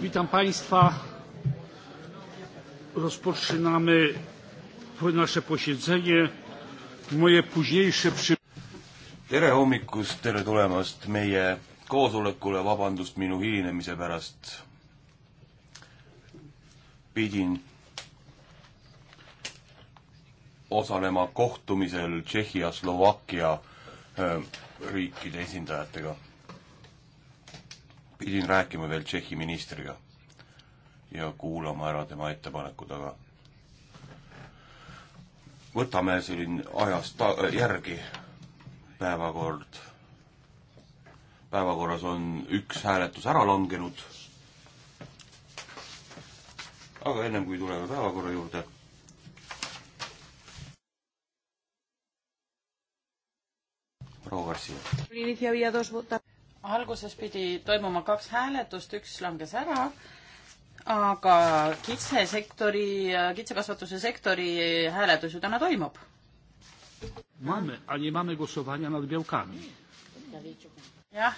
Witam Państwa. Rozpoczynamy nasze posiedzenie. Moje późniejsze przy... tere hommikust, tere tulemast meie koosolekule, vabandust minu hilinemise pärast. pidin osalema kohtumisel Tšehhi ja Slovakkia äh, riikide esindajatega pidin rääkima veel Tšehhi ministriga ja kuulama ära tema ettepanekud, aga võtame siin ajast ta-, äh, järgi päevakord. päevakorras on üks hääletus ära langenud. aga ennem kui tuleme päevakorra juurde Robertsi alguses pidi toimuma kaks hääletust, üks langes ära, aga kitsesektori, kitsekasvatuse sektori hääletus ju täna toimub. jah,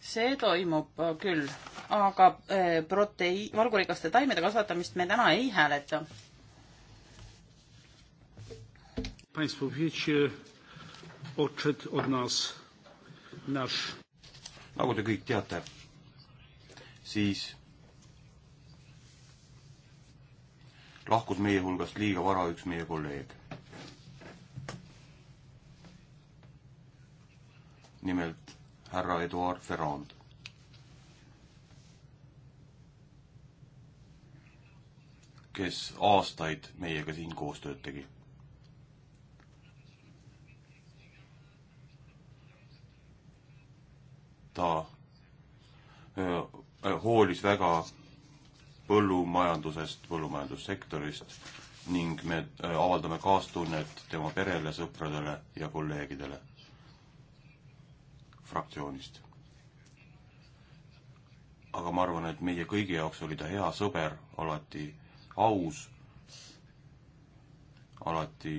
see toimub küll, aga eh, protei-, valgurikaste taimede kasvatamist me täna ei hääleta. Państwo wiecie, odszedł od nas nasz nagu te kõik teate, siis lahkus meie hulgast liiga vara üks meie kolleeg. nimelt härra Eduard Ferrand. kes aastaid meiega siin koostööd tegi ta äh, hoolis väga põllumajandusest, põllumajandussektorist ning me äh, avaldame kaastunnet tema perele, sõpradele ja kolleegidele fraktsioonist. aga ma arvan, et meie kõigi jaoks oli ta hea sõber, alati aus, alati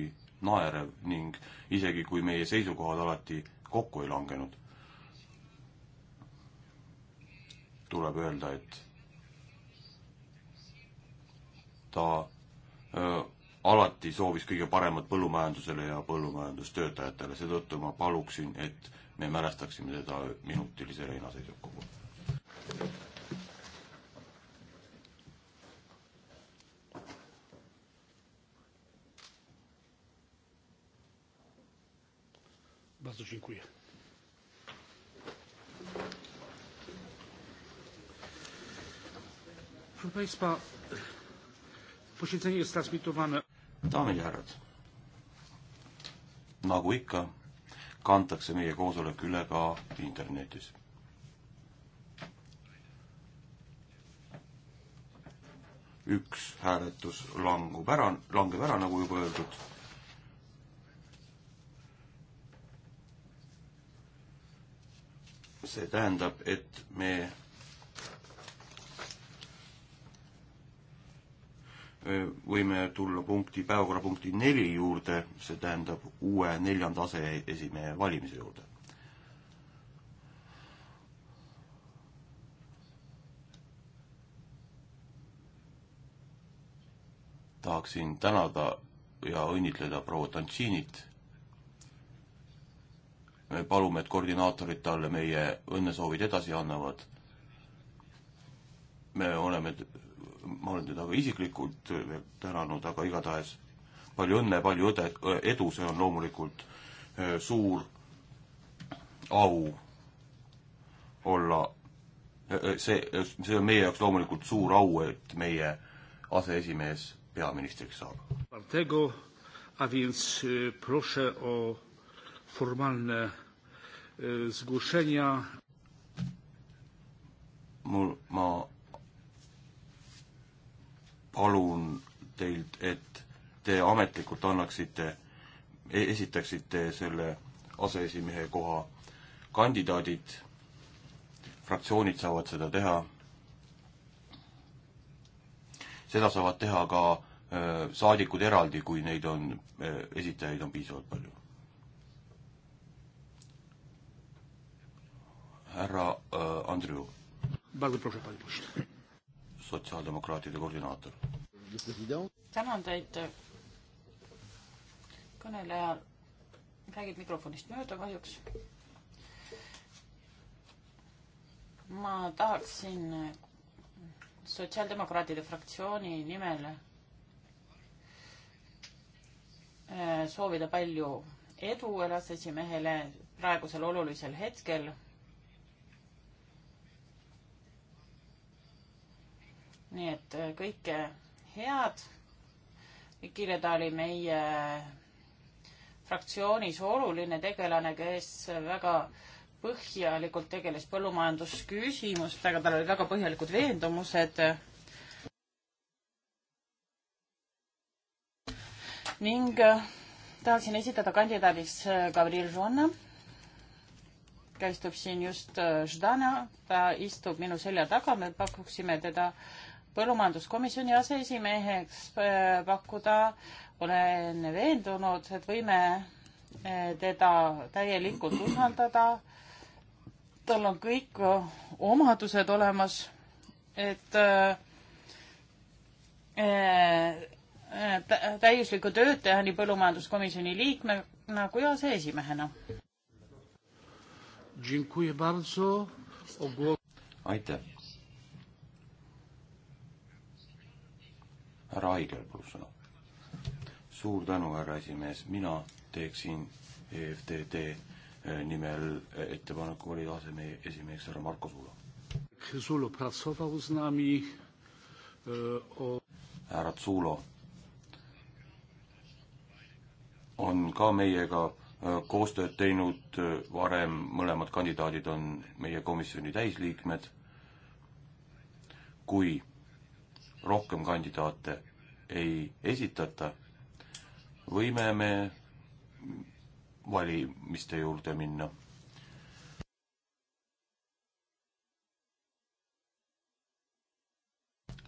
naerev ning isegi kui meie seisukohad alati kokku ei langenud, tuleb öelda, et ta öö, alati soovis kõige paremat põllumajandusele ja põllumajandustöötajatele, seetõttu ma paluksin, et me mälestaksime teda minutilise leinaseisakuga. Bardzo dziękuję. Proszę Państwa, posiedzenie jest transmitowane. Daamid ja härrad, nagu ikka, kantakse meie koosolek üle ka internetis. üks hääletus langub ära, langeb ära, nagu juba öeldud see tähendab, et me võime tulla punkti, päevakorrapunkti neli juurde, see tähendab uue neljanda aseesimehe valimise juurde. tahaksin tänada ja õnnitleda proua Tantsinit. me palume, et koordinaatorid talle meie õnnesoovid edasi annavad. me oleme ma olen teda ka isiklikult eh, tänanud, aga igatahes palju õnne, palju õde, eh, edu, see on loomulikult eh, suur au olla, see, see on meie jaoks loomulikult suur au, et meie aseesimees peaministriks saab. A więc e, proszę o formalne e, zgłoszenia. mul, ma palun teilt, et te ametlikult annaksite, e-, esitaksite selle aseesimehe koha kandidaadid, fraktsioonid saavad seda teha. seda saavad teha ka saadikud eraldi, kui neid on, esitajaid on piisavalt palju. härra Andrew. Bardzo proszę, panie pośle sotsiaaldemokraatide koordinaator. tänan teid. kõneleja räägib mikrofonist mööda kahjuks. ma tahaksin sotsiaaldemokraatide fraktsiooni nimel eh, soovida palju edu elasesimehele praegusel olulisel hetkel nii et äh, kõike head. Kire ta oli meie fraktsioonis oluline tegelane, kes väga põhjalikult tegeles põllumajandusküsimustega, tal olid väga põhjalikud veendumused. ning äh, tahaksin esitada kandidaadiks äh, Gabriel Joanna, kes istub siin just Ždana, ta istub minu selja taga, me pakuksime teda äh, põllumajanduskomisjoni aseesimeheks äh, pakkuda, olen veendunud, et võime äh, teda täielikult usaldada. tal on kõik äh, omadused olemas, et täiuslikku tööd teha nii põllumajanduskomisjoni liikmena kui aseesimehena. aitäh härra Aigel palub sõna. suur tänu, härra esimees, mina teeksin EFTD eh, nimel eh, ettepaneku valida aseme esimeheks härra Marko Zulo. Eh, härra Zulo on ka meiega koostööd teinud varem, mõlemad kandidaadid on meie komisjoni täisliikmed. kui rohkem kandidaate ei esitata, võime me valimiste juurde minna.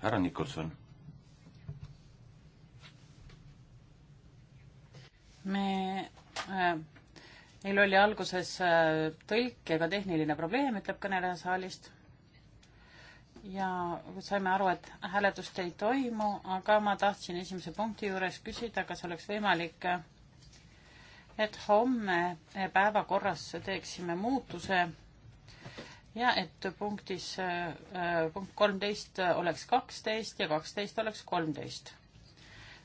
härra Nikolson. me äh,, meil oli alguses äh, tõlkega tehniline probleem, ütleb kõneleja saalist ja saime aru, et hääletust ei toimu, aga ma tahtsin esimese punkti juures küsida, kas oleks võimalik, et homme päevakorras teeksime muutuse ja et punktis, punkt kolmteist oleks kaksteist ja kaksteist oleks kolmteist.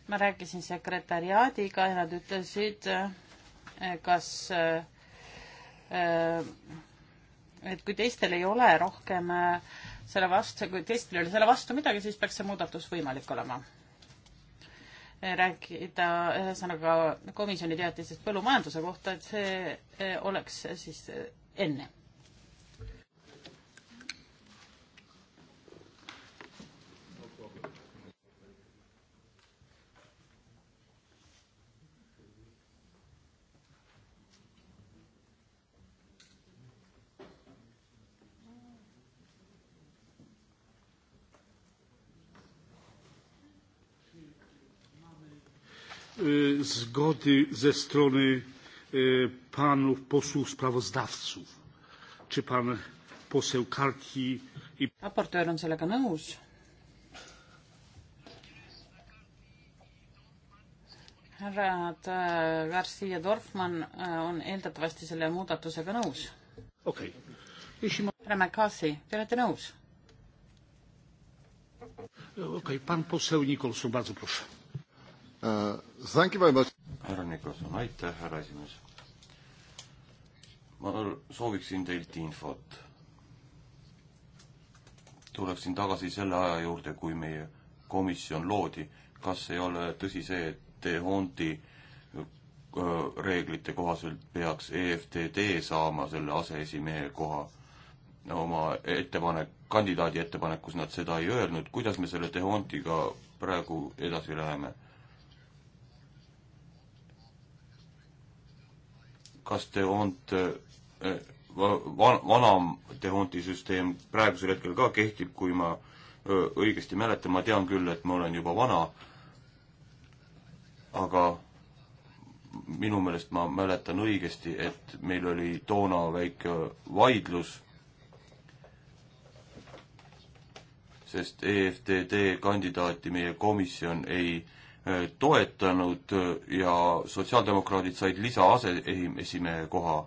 ma rääkisin sekretäriaadiga ja nad ütlesid, kas et kui teistel ei ole rohkem äh, selle vastu, kui teistel ei ole selle vastu midagi, siis peaks see muudatus võimalik olema. rääkida ühesõnaga komisjoni teatisest põllumajanduse kohta, et see eh, oleks siis eh, enne zgody ze strony panów posłów sprawozdawców. Czy pan poseł Karki i... Raportöör on sellega nõus. härra e, Garcia Dorfmann e, on eeldatavasti selle muudatusega nõus. okei okay.. härra McCarthy, te olete nõus? okei okay,, pan poseł Nikolson, bardzo proszę. Uh, härra Nikolson, aitäh, härra esimees. ma sooviksin teilt infot. tuleksin tagasi selle aja juurde, kui meie komisjon loodi. kas ei ole tõsi see, et Hondi äh, reeglite kohaselt peaks EFTD saama selle aseesimehe koha? oma ettepanek, kandidaadi ettepanekus nad seda ei öelnud, kuidas me selle Tehontiga praegu edasi läheme? kas Tehonte äh, va-, vanam Tehonti süsteem praegusel hetkel ka kehtib, kui ma õigesti mäletan, ma tean küll, et ma olen juba vana, aga minu meelest ma mäletan õigesti, et meil oli toona väike vaidlus, sest EFTD kandidaati meie komisjon ei äh, toetanud ja sotsiaaldemokraadid said lisaaseesimehe koha.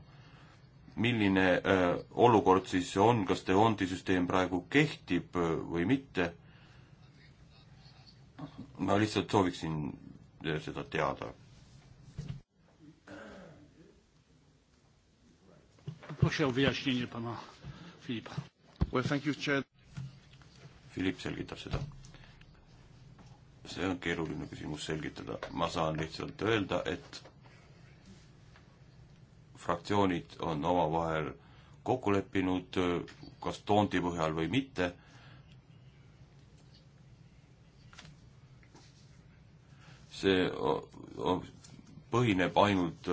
milline öö, äh, olukord siis on, kas Deonti süsteem praegu kehtib öö, äh, või mitte? ma lihtsalt sooviksin äh, seda teada. Philip selgitab seda see on keeruline küsimus selgitada, ma saan lihtsalt öelda, et fraktsioonid on omavahel kokku leppinud, kas toondi põhjal või mitte. see põhineb ainult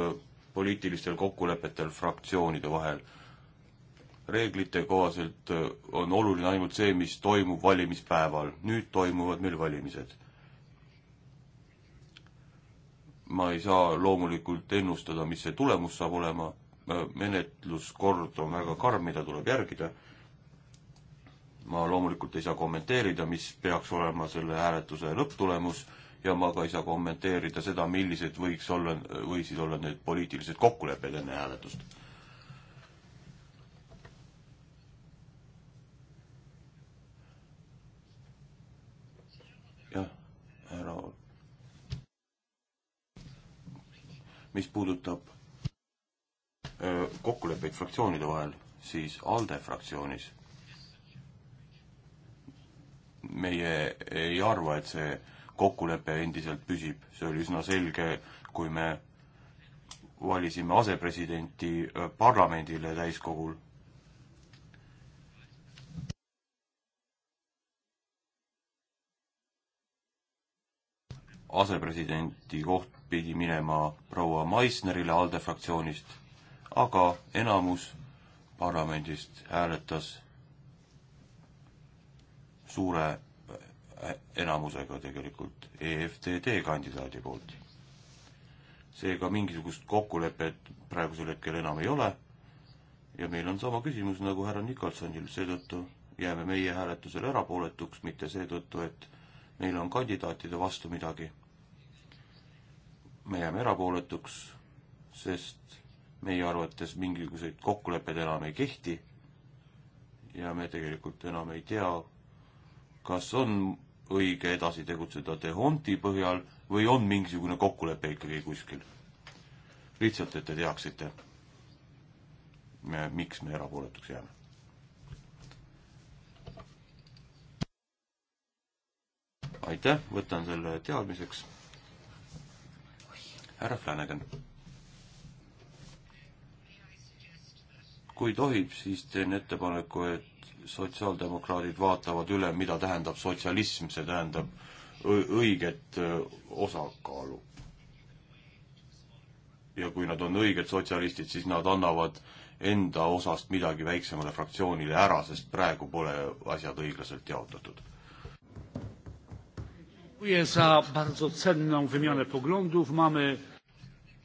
poliitilistel kokkulepetel fraktsioonide vahel. reeglite kohaselt on oluline ainult see, mis toimub valimispäeval. nüüd toimuvad meil valimised ma ei saa loomulikult ennustada, mis see tulemus saab olema, äh, menetluskord on väga karm, mida tuleb järgida, ma loomulikult ei saa kommenteerida, mis peaks olema selle hääletuse lõpptulemus ja ma ka ei saa kommenteerida seda, millised võiks olla, võisid olla need poliitilised kokkulepped enne hääletust mis puudutab kokkuleppeid fraktsioonide vahel, siis ALDE fraktsioonis meie ei arva, et see kokkulepe endiselt püsib, see oli üsna selge, kui me valisime asepresidenti parlamendile täiskogul. asepresidenti koht pidi minema proua Maisnerile ALDE fraktsioonist, aga enamus parlamendist hääletas suure enamusega tegelikult EFTD kandidaadi poolt. seega mingisugust kokkulepet praegusel hetkel enam ei ole ja meil on sama küsimus nagu härra Nikolsonil, seetõttu jääme meie hääletusel erapooletuks, mitte seetõttu, et meil on kandidaatide vastu midagi me jääme erapooletuks, sest meie arvates mingisuguseid kokkuleppeid enam ei kehti ja me tegelikult enam ei tea, kas on õige edasi tegutseda Tehonti põhjal või on mingisugune kokkulepe ikkagi kuskil. lihtsalt, et te teaksite, miks me erapooletuks jääme. aitäh, võtan selle teadmiseks härra Flanagan. kui tohib, siis teen ettepaneku, et sotsiaaldemokraadid vaatavad üle, mida tähendab sotsialism, see tähendab õiget osakaalu. ja kui nad on õiged sotsialistid, siis nad annavad enda osast midagi väiksemale fraktsioonile ära, sest praegu pole asjad õiglaselt jaotatud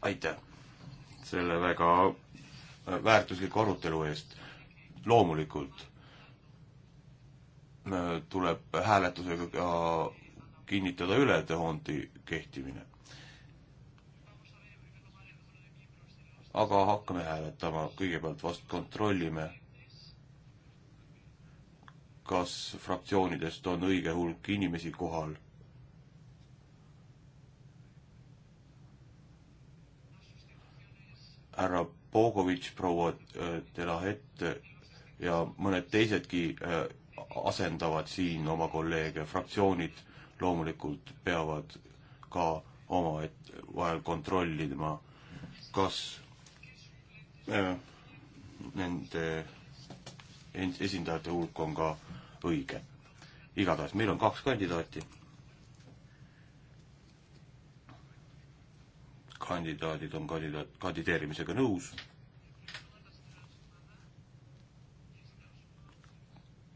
aitäh selle väga väärtusliku arutelu eest. loomulikult äh, tuleb hääletusega kinnitada üle Tehonti kehtimine. aga hakkame hääletama, kõigepealt vast kontrollime, kas fraktsioonidest on õige hulk inimesi kohal härra Bogovitš, proua äh, Delahet ja mõned teisedki äh, asendavad siin oma kolleege, fraktsioonid loomulikult peavad ka oma et-, vahel kontrollima, kas äh, nende esindajate hulk on ka õige. igatahes meil on kaks kandidaati kandidaadid on kandidaat, kandideerimisega nõus.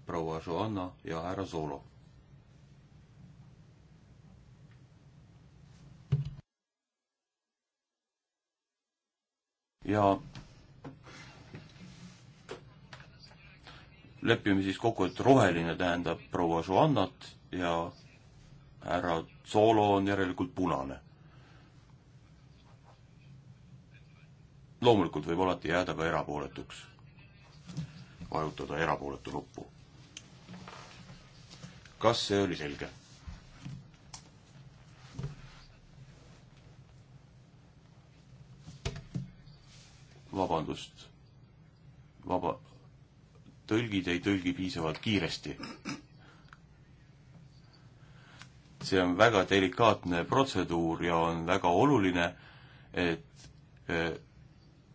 proua Joanna ja härra Zolo. ja lepime siis kokku, et roheline tähendab proua Joannat ja härra Zolo on järelikult punane. loomulikult võib alati jääda ka erapooletuks, vajutada erapooletu nuppu. kas see oli selge? vabandust, vaba, tõlgid ei tõlgi piisavalt kiiresti. see on väga delikaatne protseduur ja on väga oluline, et eh,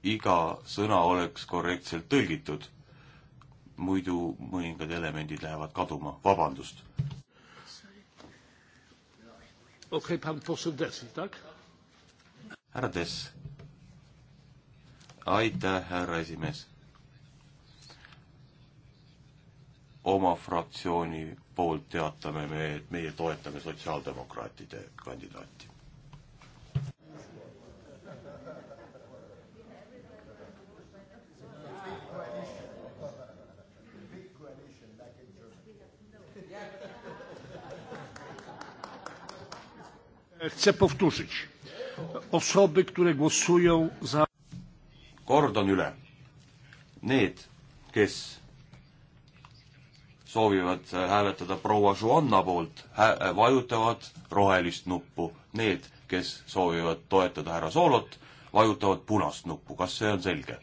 iga sõna oleks korrektselt tõlgitud. muidu mõningad elemendid lähevad kaduma, vabandust. okei, härra Tess. aitäh, härra esimees. oma fraktsiooni poolt teatame me, et meie toetame sotsiaaldemokraatide kandidaati. Chcę powtórzyć. Osoby, które głosują za... Kordan üle. Need, kes soovivad äh, hääletada proua Joanna poolt, äh, vajutavad rohelist nuppu. Need, kes soovivad toetada härra Soolot, vajutavad punast nuppu. kas see on selge?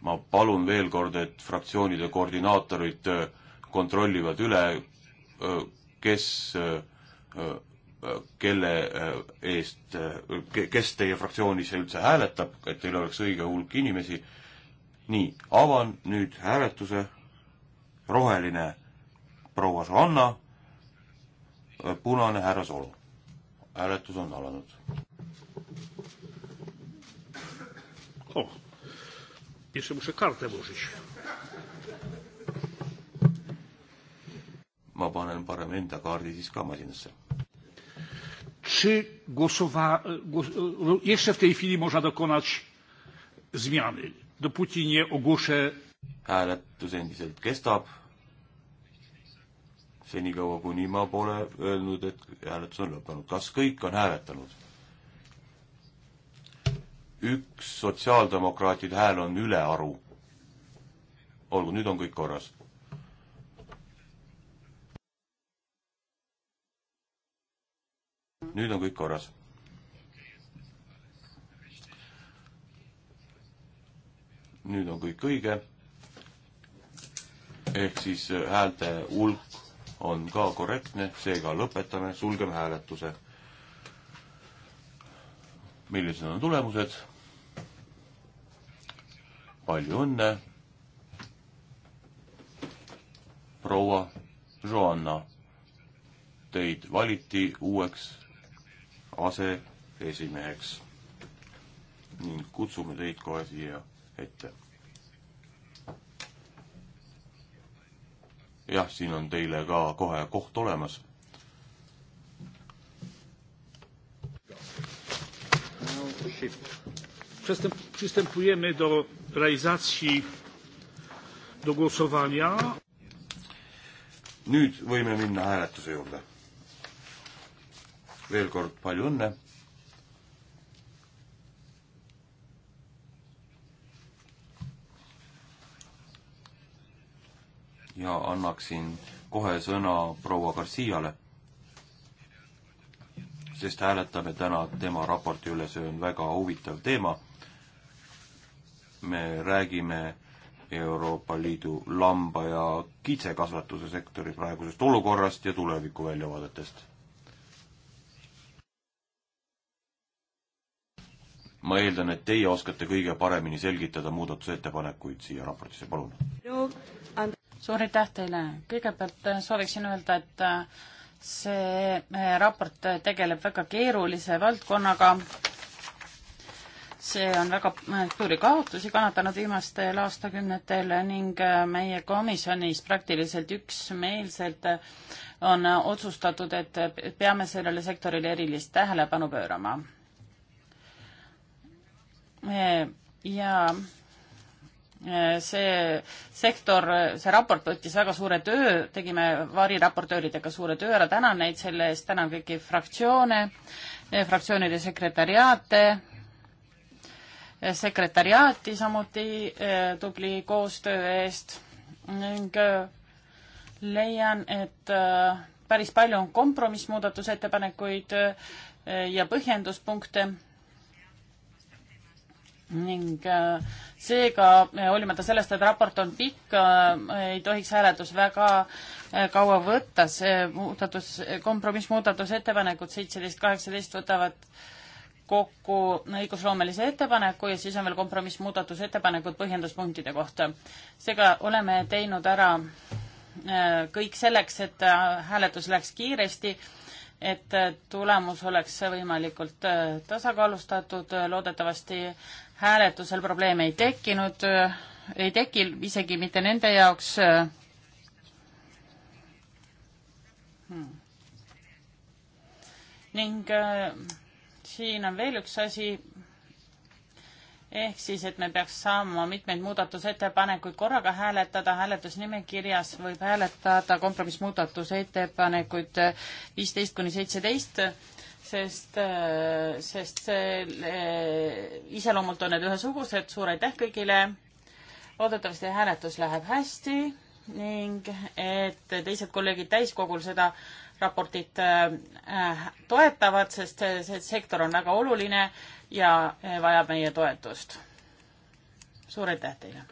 ma palun veel kord, et fraktsioonide koordinaatorid äh, kontrollivad üle, kes, kelle eest, kes teie fraktsioonis üldse hääletab, et teil oleks õige hulk inimesi. nii, avan nüüd hääletuse. roheline proua Johanna, punane härra Solo. hääletus on alanud. O, jeszcze muszę kartę włożyć. ma panen parem enda kaardi siis ka masinasse. Czy głosowa... Głos, jeszcze w tej chwili można dokonać zmiany, dopóki nie ogłoszę... Hääletus endiselt kestab. Senikaua, kuni ma pole öelnud, et hääletus on lõppenud. Kas kõik on hääletanud? Üks sotsiaaldemokraatide hääl on ülearu. Olgu, nüüd on kõik korras. nüüd on kõik korras. nüüd on kõik õige. ehk siis äh, häälte hulk on ka korrektne, seega lõpetame, sulgeme hääletuse. millised on tulemused? palju õnne, proua Joanna, teid valiti uueks aseesimeheks ning kutsume teid kohe siia ette. jah, siin on teile ka kohe koht olemas przystępujemy do realizacji do głosowania. Nüüd võime minna hääletuse juurde veel kord palju õnne. ja annaksin kohe sõna proua Garciale, sest hääletame täna tema raporti üle, see on väga huvitav teema. me räägime Euroopa Liidu lamba- ja kitsekasvatuse sektori praegusest olukorrast ja tuleviku väljavaadetest ma eeldan, et teie oskate kõige paremini selgitada muudatusettepanekuid siia raportisse, palun. suur aitäh teile, kõigepealt sooviksin öelda, et äh, see äh, raport tegeleb väga keerulise valdkonnaga, see on väga äh, suuri kaotusi kannatanud viimastel aastakümnetel ning meie komisjonis praktiliselt üksmeelselt on otsustatud, et peame sellele sektorile erilist tähelepanu pöörama ja e, see sektor, see raport võttis väga suure töö, tegime variraportööridega suure töö ära, tänan neid selle eest, tänan kõiki fraktsioone, e, fraktsioonide sekretariaate, e, sekretariaati samuti tubli koostöö eest ning leian, et päris palju on kompromissmuudatusettepanekuid ja põhjenduspunkte ning äh, seega äh, hoolimata sellest, et raport on pikk, äh, ei tohiks hääletus väga kaua võtta, see muudatus, kompromissmuudatusettepanekud seitseteist, kaheksateist võtavad kokku õigusloomelise ettepaneku ja siis on veel kompromissmuudatusettepanekud põhjenduspunktide kohta. seega oleme teinud ära kõik selleks, et hääletus läks kiiresti et tulemus oleks võimalikult tasakaalustatud, loodetavasti hääletusel probleeme ei tekkinud, ei teki isegi mitte nende jaoks hmm.. ning äh, siin on veel üks asi, ehk siis, et me peaks saama mitmeid muudatusettepanekuid korraga hääletada, hääletusnimekirjas võib hääletada kompromissmuudatuse ettepanekuid viisteist kuni seitseteist sest, äh, sest see äh, iseloomult on need ühesugused, suur aitäh kõigile. loodetavasti hääletus läheb hästi ning et teised kolleegid täiskogul seda raportit äh, toetavad, sest see, see sektor on väga oluline ja vajab meie toetust. suur aitäh teile!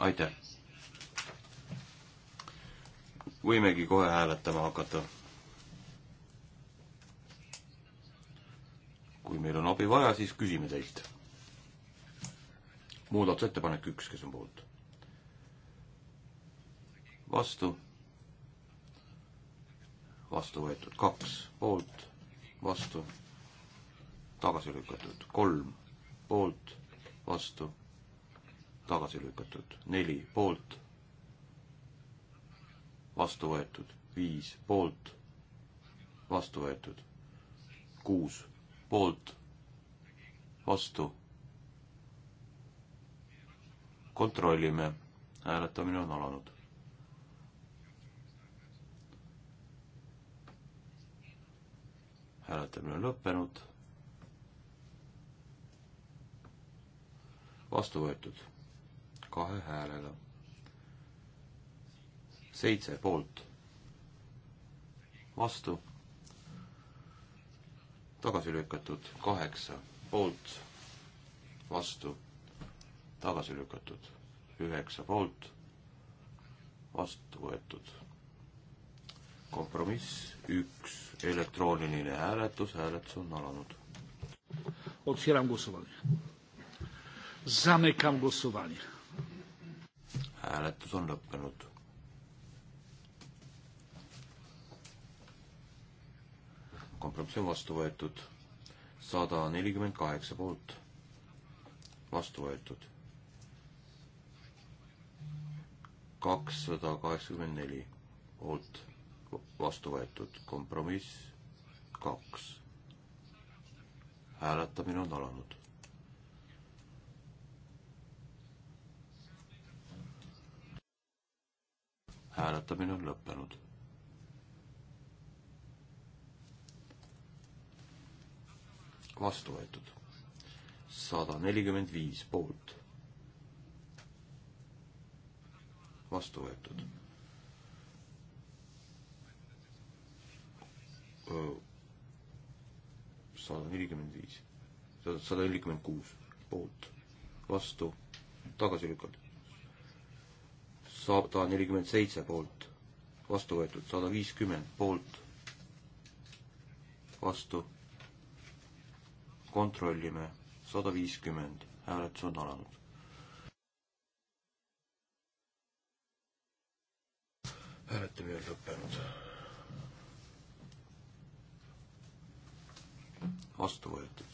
aitäh! võimegi kohe hääletama hakata. kui meil on abi vaja, siis küsime teilt. muudatusettepanek üks, kes on poolt? vastu. vastu võetud kaks, poolt, vastu. tagasi lükatud kolm, poolt, vastu. tagasi lükatud neli, poolt vastu võetud, viis poolt, vastu võetud, kuus poolt, vastu. kontrollime, hääletamine on alanud. hääletamine on lõppenud. vastu võetud kahe häälega seitse poolt, vastu, tagasi lükatud, kaheksa poolt, vastu, tagasi lükatud, üheksa poolt, vastu võetud. kompromiss üks, elektrooniline hääletus, hääletus on alanud. otsinam kutsumine. Zamykam głosowanie. Hääletus on lõppenud kompromiss on vastu võetud. sada nelikümmend kaheksa poolt vastu võetud. kakssada kaheksakümmend neli poolt vastu võetud, kompromiss kaks. hääletamine on alanud. hääletamine on lõppenud vastu võetud. sada nelikümmend viis poolt. vastu võetud. sada nelikümmend viis, sada nelikümmend kuus poolt, vastu, tagasi lükatud. sada nelikümmend seitse poolt, vastu võetud, sada viiskümmend poolt, vastu kontrollime, sada viiskümmend, hääletus on alanud. hääletamine on lõppenud. vastu võetud.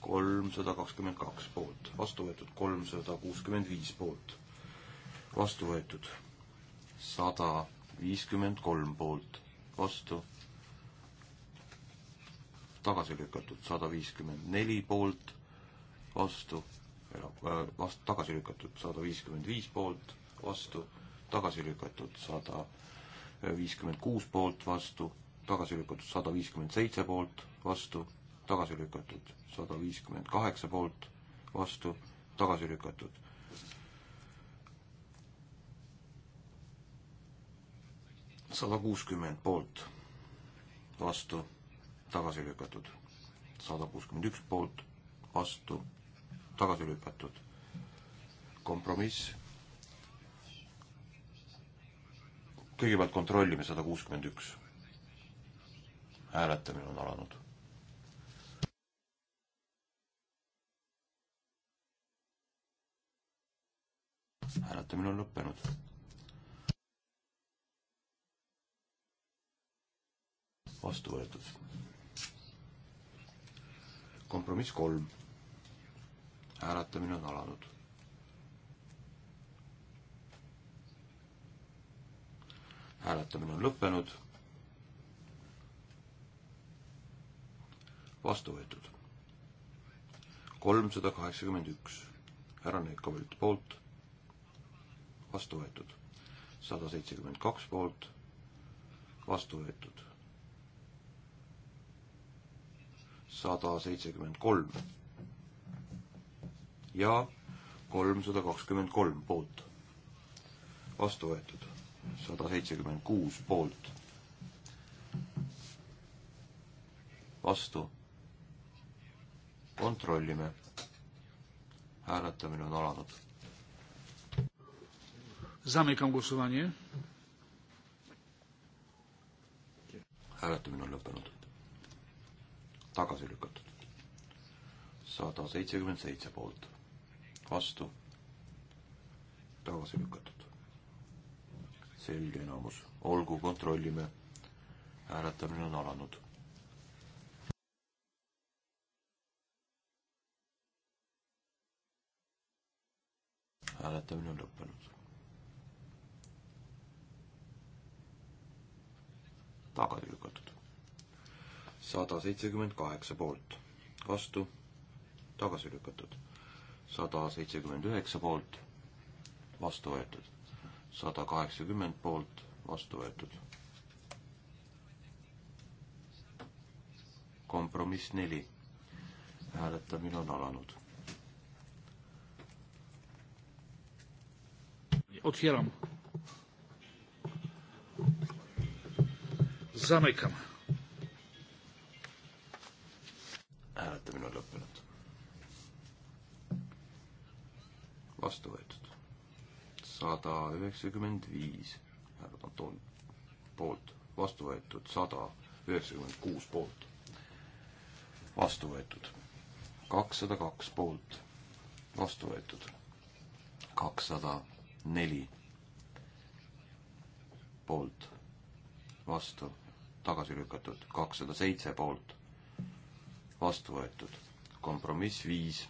kolmsada kakskümmend kaks poolt, vastu võetud kolmsada kuuskümmend viis poolt, vastu võetud sada 100 viiskümmend kolm poolt, vastu, tagasi lükatud, sada viiskümmend neli poolt, vastu, äh, vastu, tagasi lükatud, sada viiskümmend viis poolt, vastu, tagasi lükatud, sada viiskümmend kuus poolt, vastu, tagasi lükatud, sada viiskümmend seitse poolt, vastu, tagasi lükatud, sada viiskümmend kaheksa poolt, vastu, tagasi lükatud sada kuuskümmend poolt, vastu, tagasi lükatud. sada kuuskümmend üks poolt, vastu, tagasi lükatud. kompromiss. kõigepealt kontrollime sada kuuskümmend üks. hääletamine on alanud. hääletamine on lõppenud vastu võetud. kompromiss kolm. hääletamine on alanud. hääletamine on lõppenud. vastu võetud. kolmsada kaheksakümmend üks. härra Neikovilt poolt. vastu võetud. sada seitsekümmend kaks poolt. vastu võetud sada seitsekümmend kolm ja kolmsada kakskümmend kolm poolt. vastu võetud sada seitsekümmend kuus poolt. vastu. kontrollime. hääletamine on alanud. Zamykam głosowanie. hääletamine on lõppenud tagasi lükatud. sada seitsekümmend seitse poolt, vastu, tagasi lükatud. selge enamus, olgu, kontrollime. hääletamine on alanud. hääletamine on lõppenud. tagasi lükatud sada seitsekümmend kaheksa poolt, vastu, tagasi lükatud. sada seitsekümmend üheksa poolt, vastu võetud. sada kaheksakümmend poolt, vastu võetud. kompromiss neli. hääletamine on alanud. otwieram zamykam hääletamine on lõppenud. vastu võetud. sada üheksakümmend viis härra Anton poolt, vastu võetud sada üheksakümmend kuus poolt, vastu võetud kakssada kaks poolt, vastu võetud kakssada neli poolt, vastu, tagasi lükatud kakssada seitse poolt vastu võetud. kompromiss viis,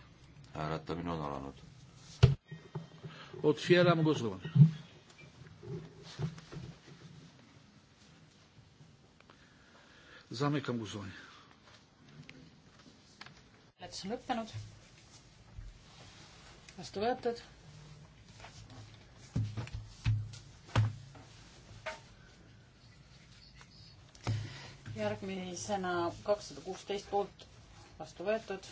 hääletamine on alanud. Otwieram głosowanie. Zamykam głosowanie. Hääletus on lõppenud. vastu võetud. järgmisena kakssada kuusteist poolt vastu võetud.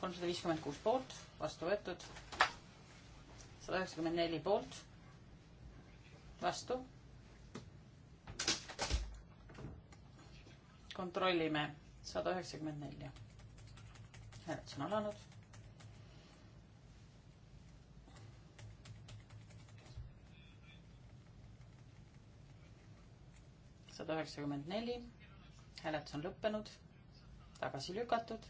kolmsada viiskümmend kuus poolt, vastu võetud. sada üheksakümmend neli poolt, vastu. kontrollime sada üheksakümmend nelja. hääletus on alanud sada üheksakümmend neli. hääletus on lõppenud tagasi lükatud.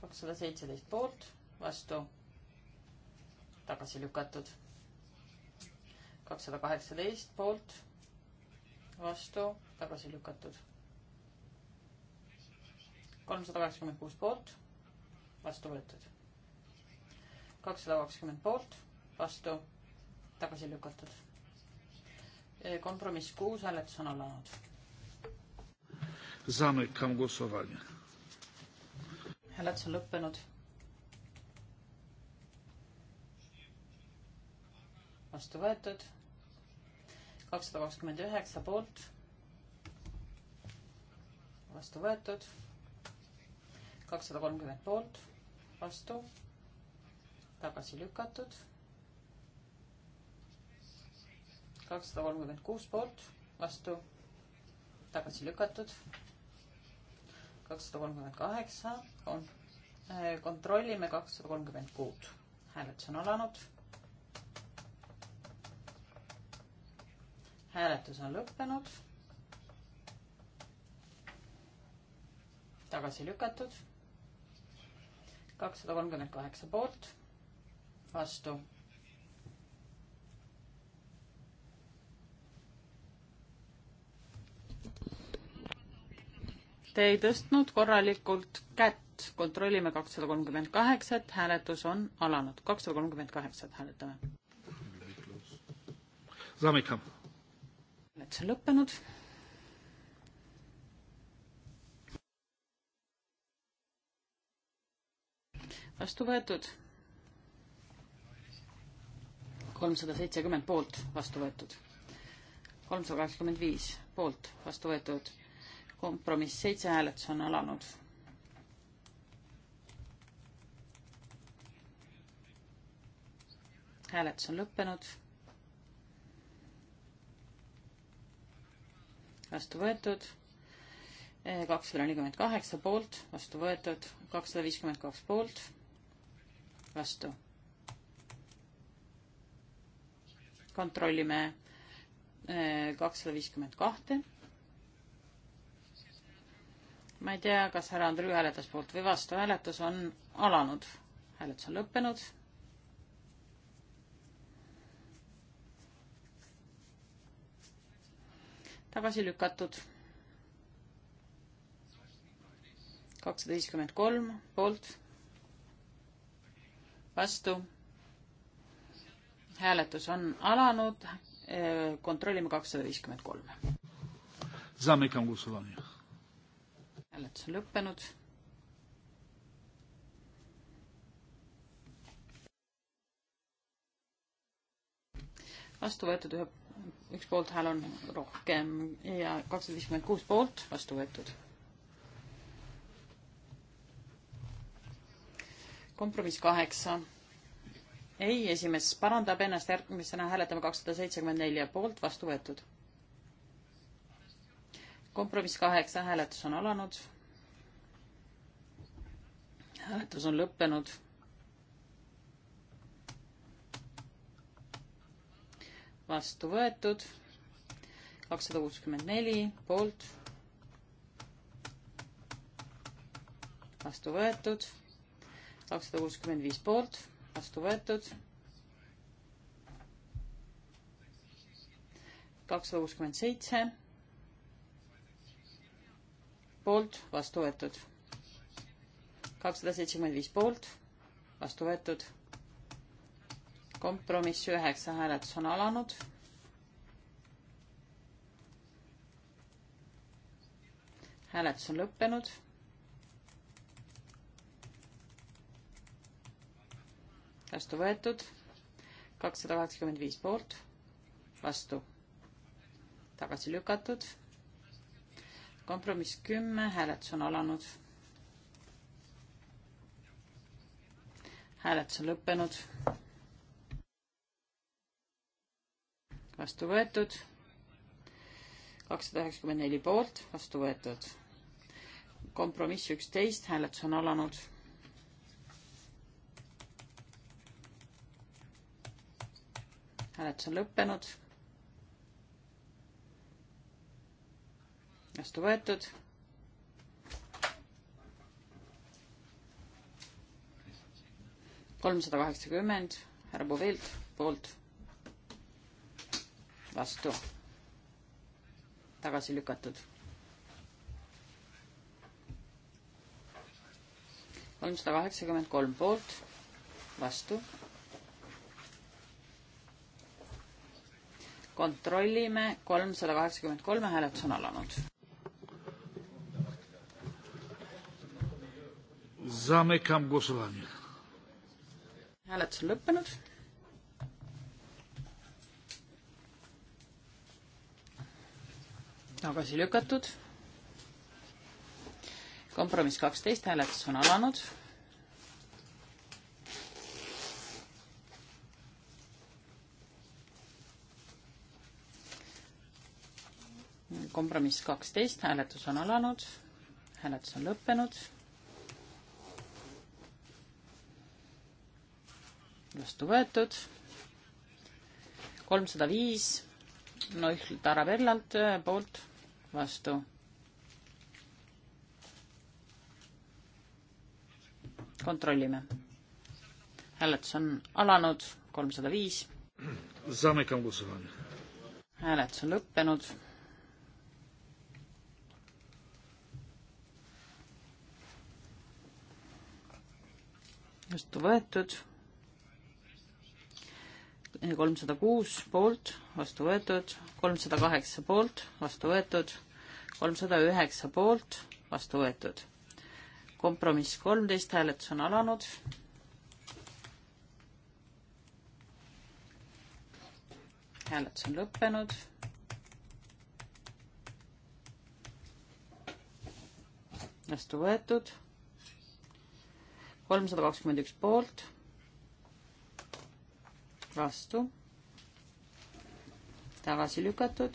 kakssada seitseteist poolt, vastu, tagasi lükatud. kakssada kaheksateist poolt, vastu, tagasi lükatud. kolmsada kaheksakümmend kuus poolt, vastu võetud. kakssada kakskümmend poolt, vastu, tagasi lükatud. kompromiss kuus, hääletus on alanud Zamykam głosowanie. Hääletus on lõppenud. vastu võetud. kakssada kakskümmend üheksa poolt. vastu võetud. kakssada kolmkümmend poolt, vastu, tagasi lükatud. kakssada kolmkümmend kuus poolt, vastu, tagasi lükatud kakssada kolmkümmend kaheksa, äh, kontrollime kakssada kolmkümmend kuut. hääletus on alanud. hääletus on lõppenud. tagasi lükatud. kakssada kolmkümmend kaheksa poolt, vastu Te ei tõstnud korralikult kätt. kontrollime kakssada kolmkümmend kaheksat, hääletus on alanud. kakssada kolmkümmend kaheksat hääletame. hääletus on lõppenud. vastu võetud. kolmsada seitsekümmend poolt vastu võetud. kolmsada kaheksakümmend viis poolt vastu võetud kompromiss seitse, hääletus on alanud. hääletus on lõppenud. vastu võetud eh, kakssada nelikümmend kaheksa poolt, vastu võetud kakssada viiskümmend kaks poolt, vastu. kontrollime eh, kakssada viiskümmend kahte ma ei tea, kas härra Andrüü hääletas poolt või vastu, hääletus on alanud, hääletus on lõppenud. tagasi lükatud. kakssada viiskümmend kolm poolt, vastu. hääletus on alanud, kontrollime kakssada viiskümmend kolm. Zamykam głosowanie hääletus on lõppenud. vastu võetud ühe, üks poolthääl on rohkem ja kakssada viiskümmend kuus poolt vastu võetud. kompromiss kaheksa ei, esimees parandab ennast, järgmisena hääletame kakssada seitsekümmend neli ja poolt vastu võetud kompromiss kaheksa, hääletus on alanud. hääletus on lõppenud. vastu võetud kakssada kuuskümmend neli poolt. vastu võetud kakssada kuuskümmend viis poolt, vastu võetud. kakssada kuuskümmend seitse poolt, vastu võetud. kakssada seitsekümmend viis poolt, vastu võetud. kompromiss üheksa, hääletus on alanud. hääletus on lõppenud. vastu võetud, kakssada kaheksakümmend viis poolt, vastu, tagasi lükatud kompromiss kümme, hääletus on alanud. hääletus on lõppenud. vastu võetud. kakssada üheksakümmend neli poolt, vastu võetud. kompromiss üksteist, hääletus on alanud. hääletus on lõppenud vastu võetud. kolmsada kaheksakümmend härra Povilt poolt, vastu, tagasi lükatud. kolmsada kaheksakümmend kolm poolt, vastu, kontrollime, kolmsada kaheksakümmend kolme hääletus on alanud. Zamykam głosowanie. Hääletus on lõppenud. tagasi lükatud. kompromiss kaksteist, hääletus on alanud. kompromiss kaksteist, hääletus on alanud, hääletus on lõppenud vastu võetud. kolmsada viis Noihl Tarabellalt äh, poolt vastu. kontrollime. hääletus on alanud, kolmsada viis. hääletus on lõppenud. vastu võetud kolmsada kuus poolt, vastu võetud, kolmsada kaheksa poolt, vastu võetud, kolmsada üheksa poolt, vastu võetud. kompromiss kolmteist, hääletus on alanud. hääletus on lõppenud. vastu võetud. kolmsada kakskümmend üks poolt vastu, tagasi lükatud.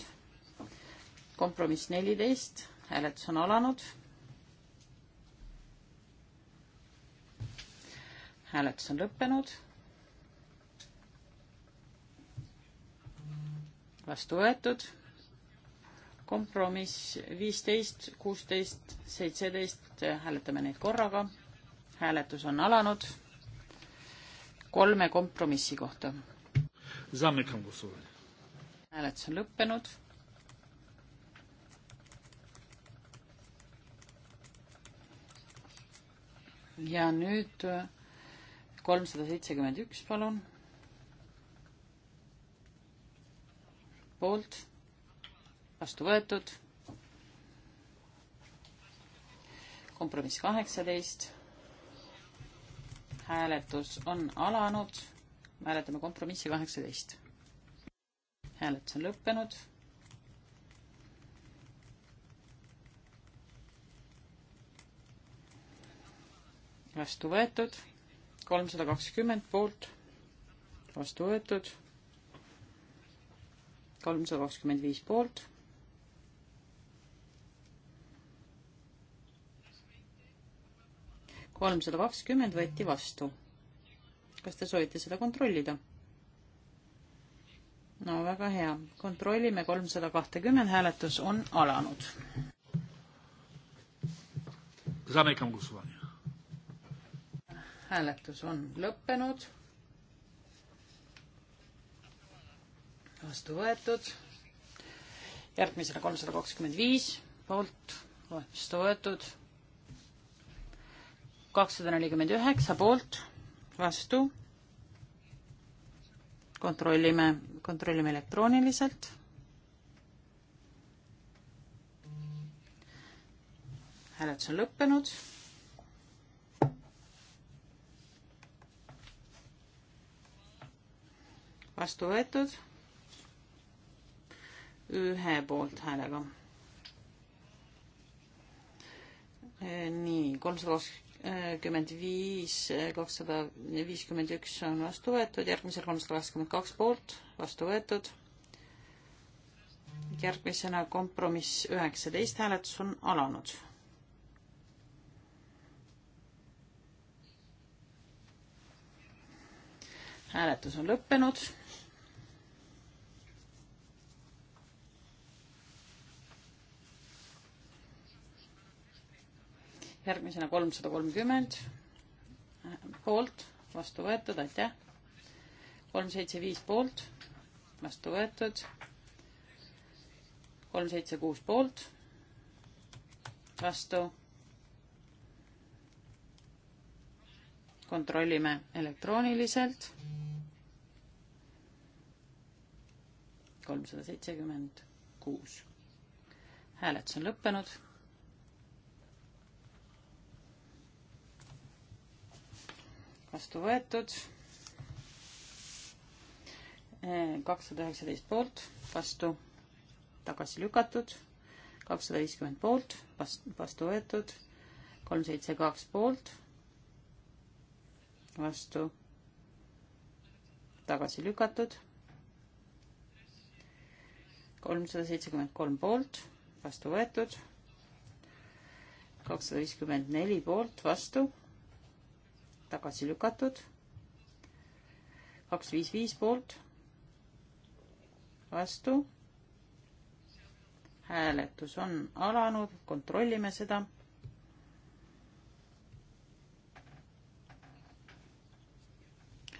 kompromiss neliteist, hääletus on alanud. hääletus on lõppenud. vastu võetud. kompromiss viisteist, kuusteist, seitseteist, hääletame neid korraga. hääletus on alanud kolme kompromissi kohta Zamykam głosowanie. Hääletus on lõppenud. ja nüüd äh, kolmsada seitsekümmend üks, palun. poolt, vastu võetud. kompromiss kaheksateist. hääletus on alanud hääletame kompromissi kaheksateist. hääletus on lõppenud. vastu võetud, kolmsada kakskümmend poolt, vastu võetud, kolmsada kakskümmend viis poolt kolmsada kakskümmend võeti vastu kas te soovite seda kontrollida? no väga hea, kontrollime kolmsada kahtekümmend, hääletus on alanud. hääletus on lõppenud. vastu võetud. järgmisena kolmsada kakskümmend viis poolt, vastu võetud. kakssada nelikümmend üheksa poolt vastu. kontrollime, kontrollime elektrooniliselt. hääletus on lõppenud. vastu võetud ühe poolthäälega. nii, kolmsada kakskümmend kakskümmend viis, kakssada viiskümmend üks on vastu võetud, järgmisel kolmsada kakskümmend kaks poolt vastu võetud. järgmisena kompromiss üheksateist hääletus on alanud. hääletus on lõppenud järgmisena kolmsada kolmkümmend poolt, vastu võetud, aitäh. kolm, seitse, viis poolt, vastu võetud. kolm, seitse, kuus poolt, vastu. kontrollime elektrooniliselt. kolmsada seitsekümmend kuus. hääletus on lõppenud vastu võetud. kakssada üheksateist poolt, vastu tagasi lükatud, kakssada viiskümmend poolt, vastu, vastu võetud, kolm seitse kaks poolt, vastu tagasi lükatud, kolmsada seitsekümmend kolm poolt, vastu võetud, kakssada viiskümmend neli poolt, vastu tagasi lükatud. kaks, viis, viis poolt, vastu. hääletus on alanud, kontrollime seda.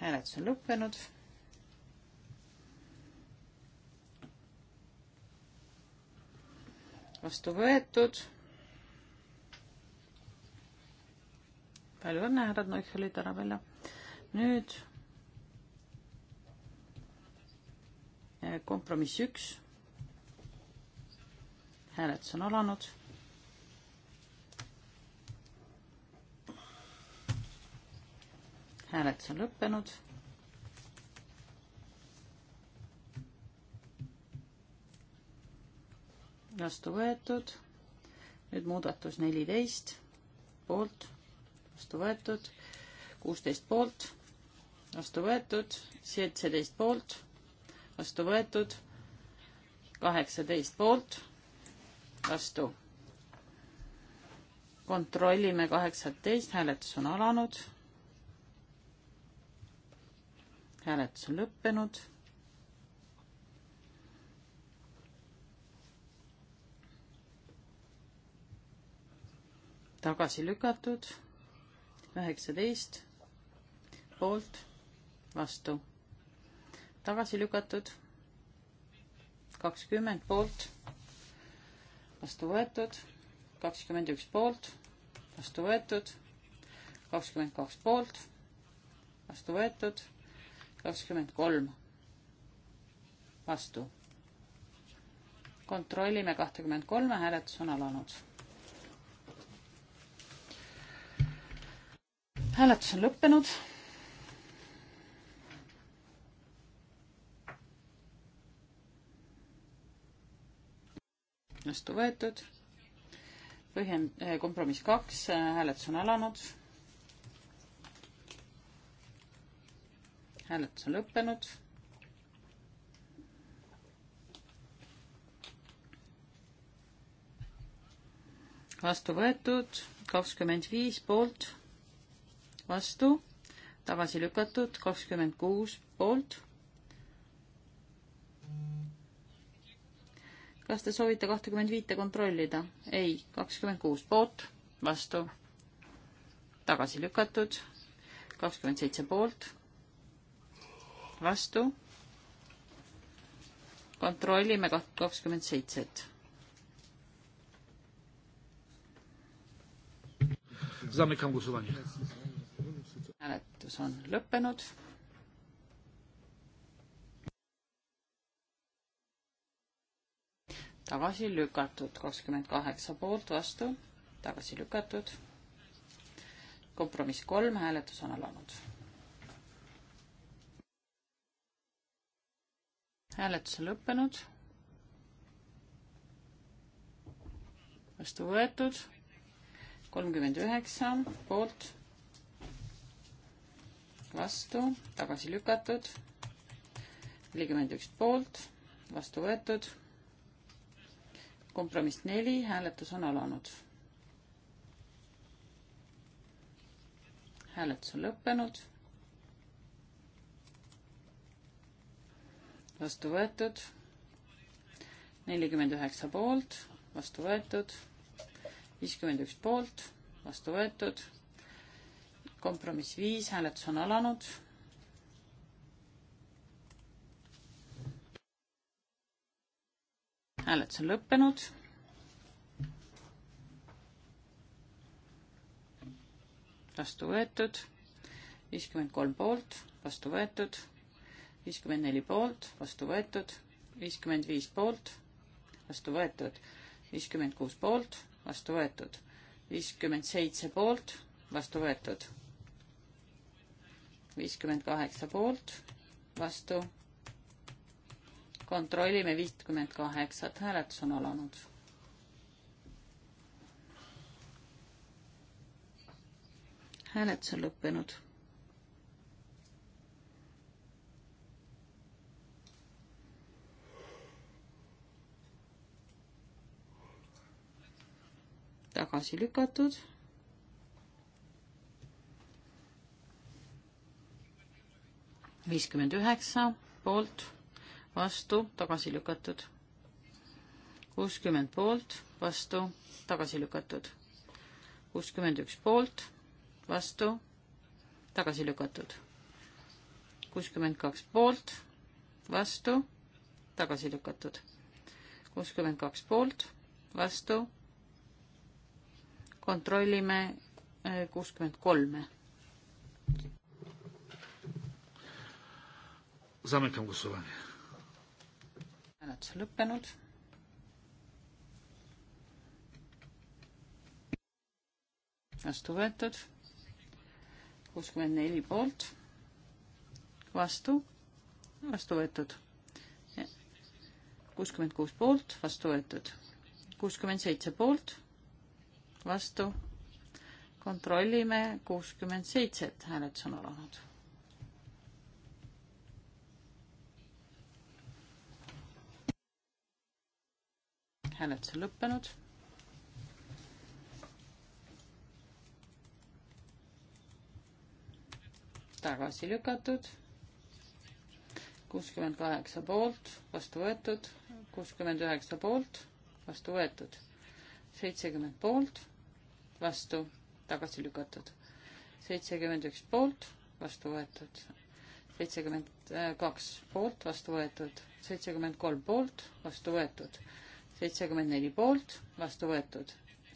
hääletus on lõppenud vastu võetud palju õnne, härrad Neuchelid, ära välja. nüüd kompromiss üks. hääletus on alanud. hääletus on lõppenud. vastu võetud. nüüd muudatus neliteist poolt vastu võetud, kuusteist poolt, vastu võetud, seitseteist poolt, vastu võetud, kaheksateist poolt, vastu. kontrollime kaheksateist, hääletus on alanud. hääletus on lõppenud tagasi lükatud üheksateist poolt, vastu, tagasi lükatud, kakskümmend poolt, vastu võetud, kakskümmend üks poolt, vastu võetud, kakskümmend kaks poolt, vastu võetud, kakskümmend kolm vastu. kontrollime kahtekümmend kolme, hääletus on alanud hääletus on lõppenud. vastu võetud. põhjend-, eh, kompromiss kaks, hääletus on alanud. hääletus on lõppenud. vastu võetud kakskümmend viis poolt vastu, tagasi lükatud, kakskümmend kuus poolt. kas te soovite kahtekümmend viite kontrollida? ei, kakskümmend kuus poolt, vastu, tagasi lükatud, kakskümmend seitse poolt, vastu. kontrollime kakskümmend seitset Zamykam głosowanie hääletus on lõppenud. tagasi lükatud, kakskümmend kaheksa poolt, vastu, tagasi lükatud. kompromiss kolm, hääletus on alanud. hääletus on lõppenud. vastu võetud, kolmkümmend üheksa poolt vastu, tagasi lükatud, nelikümmend üks poolt, vastu võetud, kompromiss neli, hääletus on alanud. hääletus on lõppenud, vastu võetud, nelikümmend üheksa poolt, vastu võetud, viiskümmend üks poolt, vastu võetud kompromiss viis, hääletus on alanud. hääletus on lõppenud. vastu võetud, viiskümmend kolm poolt, vastu võetud, viiskümmend neli poolt, vastu võetud, viiskümmend viis poolt, vastu võetud, viiskümmend kuus poolt, vastu võetud, viiskümmend seitse poolt, vastu võetud viiskümmend kaheksa poolt, vastu. kontrollime viitkümmend kaheksat, hääletus on alanud. hääletus on lõppenud. tagasi lükatud viiskümmend üheksa poolt, vastu, tagasi lükatud. kuuskümmend poolt, vastu, tagasi lükatud. kuuskümmend üks poolt, vastu, tagasi lükatud. kuuskümmend kaks poolt, vastu, tagasi lükatud. kuuskümmend kaks poolt, vastu, kontrollime kuuskümmend kolme Zamykam głosowanie. Hääletus on lõppenud. vastu võetud, kuuskümmend neli poolt, vastu, vastu võetud, kuuskümmend kuus poolt, vastu võetud, kuuskümmend seitse poolt, vastu, kontrollime kuuskümmend seitset, hääletus on alanud hääletus on lõppenud. tagasi lükatud, kuuskümmend kaheksa poolt, vastu võetud, kuuskümmend üheksa poolt, vastu võetud, seitsekümmend poolt, vastu, tagasi lükatud, seitsekümmend üks poolt, vastu võetud, seitsekümmend kaks poolt, vastu võetud, seitsekümmend kolm poolt, vastu võetud seitsekümmend neli poolt, vastu võetud.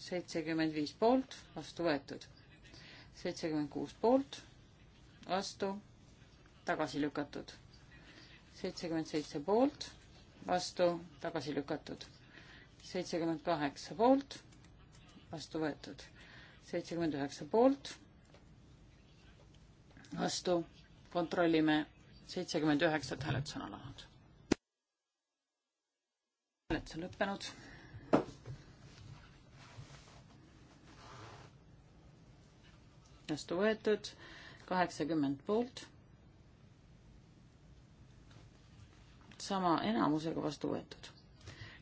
seitsekümmend viis poolt, vastu võetud. seitsekümmend kuus poolt, vastu, tagasi lükatud. seitsekümmend seitse poolt, vastu, tagasi lükatud. seitsekümmend kaheksa poolt, vastu võetud. seitsekümmend üheksa poolt, vastu, kontrollime, seitsekümmend üheksat hääletus on alanud hääletus on lõppenud. vastu võetud kaheksakümmend poolt. sama enamusega vastu võetud.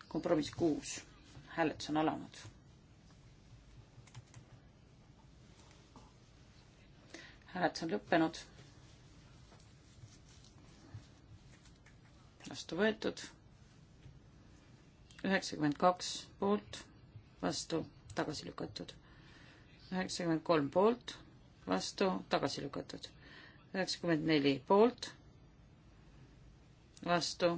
kompromiss kuus, hääletus on alanud. hääletus on lõppenud. vastu võetud üheksakümmend kaks poolt, vastu, tagasi lükatud. üheksakümmend kolm poolt, vastu, tagasi lükatud. üheksakümmend neli poolt, vastu,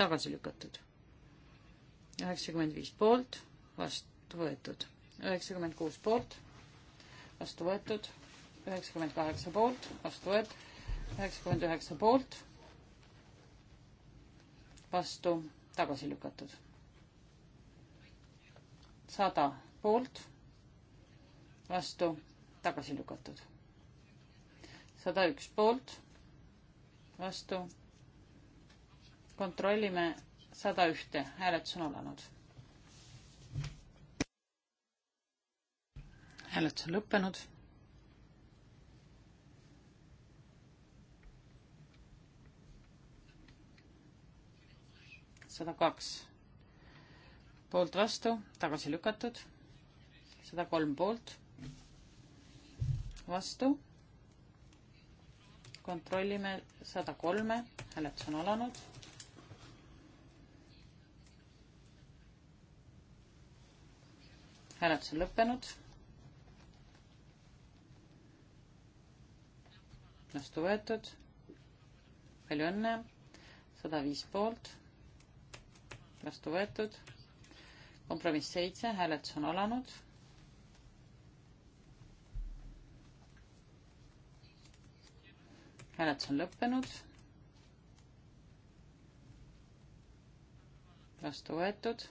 tagasi lükatud. üheksakümmend viis poolt, vastu võetud. üheksakümmend kuus poolt, vastu võetud. üheksakümmend kaheksa poolt, vastu võetud. üheksakümmend üheksa poolt vastu, tagasi lükatud. sada poolt, vastu, tagasi lükatud. sada üks poolt, vastu. kontrollime sada ühte, hääletus on alanud. hääletus on lõppenud sada kaks poolt vastu, tagasi lükatud, sada kolm poolt vastu. kontrollime sada kolme, hääletus on alanud. hääletus on lõppenud vastu võetud. palju õnne, sada viis poolt, vastu võetud. kompromiss seitse, hääletus on alanud. hääletus on lõppenud. vastu võetud.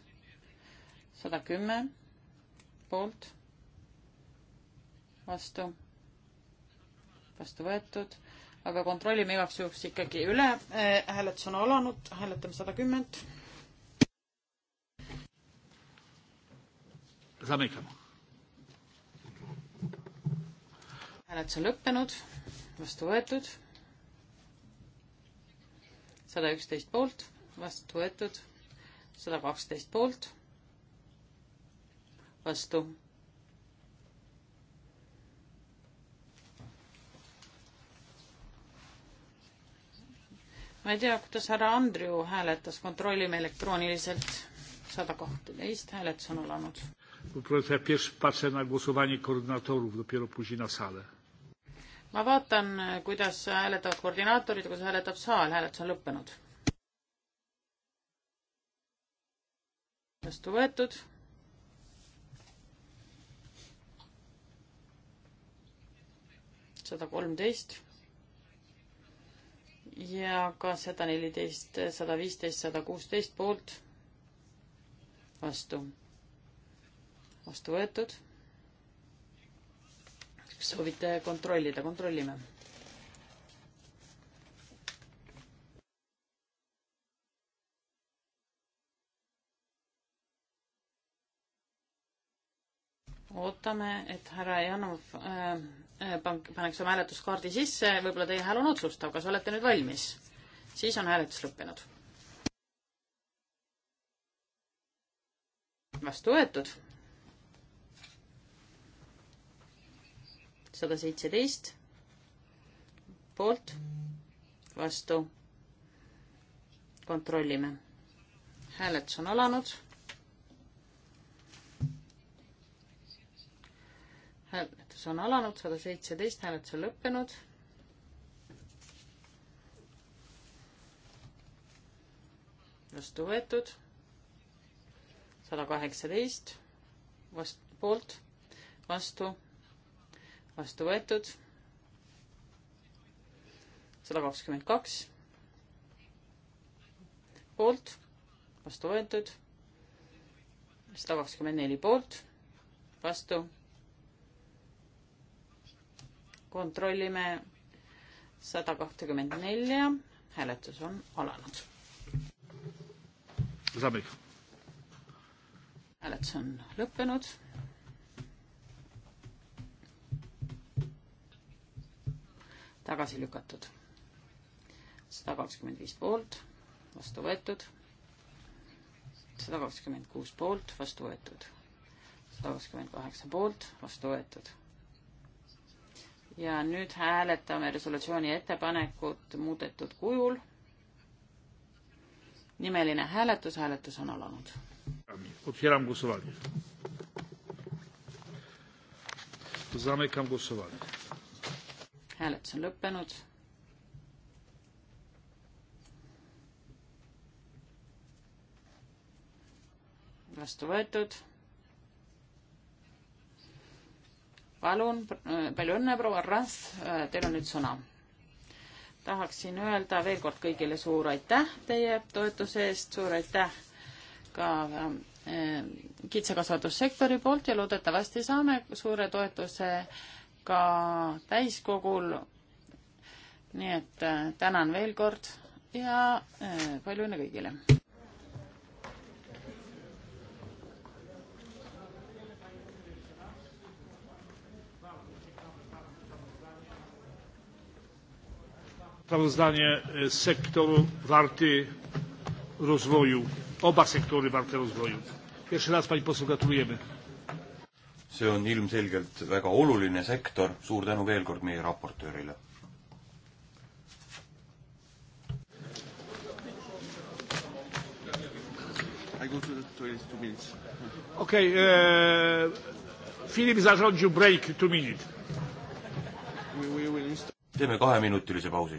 sada kümme poolt, vastu, vastu võetud aga kontrollime igaks juhuks ikkagi üle. hääletus on alanud, hääletame sada kümmend. Zamykam. hääletus on lõppenud, vastu võetud. sada üksteist poolt, vastu võetud, sada kaksteist poolt, vastu. ma ei tea, kuidas härra Andriu hääletas, kontrollime elektrooniliselt. sada kahteteist hääletus on alanud proszę, ja pierwszy patrzę na głosowanie koordynatorów, dopiero później na salę. ma vaatan, kuidas hääletavad koordinaatorid ja kuidas hääletab saal, hääletus on lõppenud. vastu võetud. sada kolmteist ja ka sada neliteist, sada viisteist, sada kuusteist poolt vastu vastu võetud. soovite kontrollida, kontrollime. ootame, et härra Janov äh, äh paneks oma hääletuskaardi sisse, võib-olla teie hääl on otsustav, kas olete nüüd valmis? siis on hääletus lõppenud. vastu võetud sada seitseteist poolt, vastu. kontrollime. hääletus on alanud. hääletus on alanud, sada seitseteist, hääletus on lõppenud vastu võetud, sada kaheksateist vast-, poolt, vastu vastu võetud. sada kakskümmend kaks poolt, vastu võetud. sada kakskümmend neli poolt, vastu. kontrollime sada kahtekümmend nelja, hääletus on alanud. hääletus on lõppenud tagasi lükatud. sada kakskümmend viis poolt, vastu võetud. sada kakskümmend kuus poolt, vastu võetud. sada kakskümmend kaheksa poolt, vastu võetud. ja nüüd hääletame resolutsiooni ettepanekut muudetud kujul. nimeline hääletus, hääletus on alanud. Otwieram głosowanie. Zamykam głosowanie hääletus on lõppenud. vastu võetud. palun, palju õnne, proua Rahv, teil on nüüd sõna. tahaksin öelda veel kord kõigile suur aitäh teie toetuse eest, suur aitäh ka eh, kitsekasvatussektori poolt ja loodetavasti saame suure toetuse äh, ka täiskogul. nii et äh, tänan veel kord ja äh, palju õnne kõigile! sprawozdanie sektor warty rozwoju oba sektory warte rozwoju. jeszcze raz pani poseł gratulujemy see on ilmselgelt väga oluline sektor, suur tänu veel kord meie raportöörile. okei, Philip Zažonju break, two minute. teeme kaheminutilise pausi.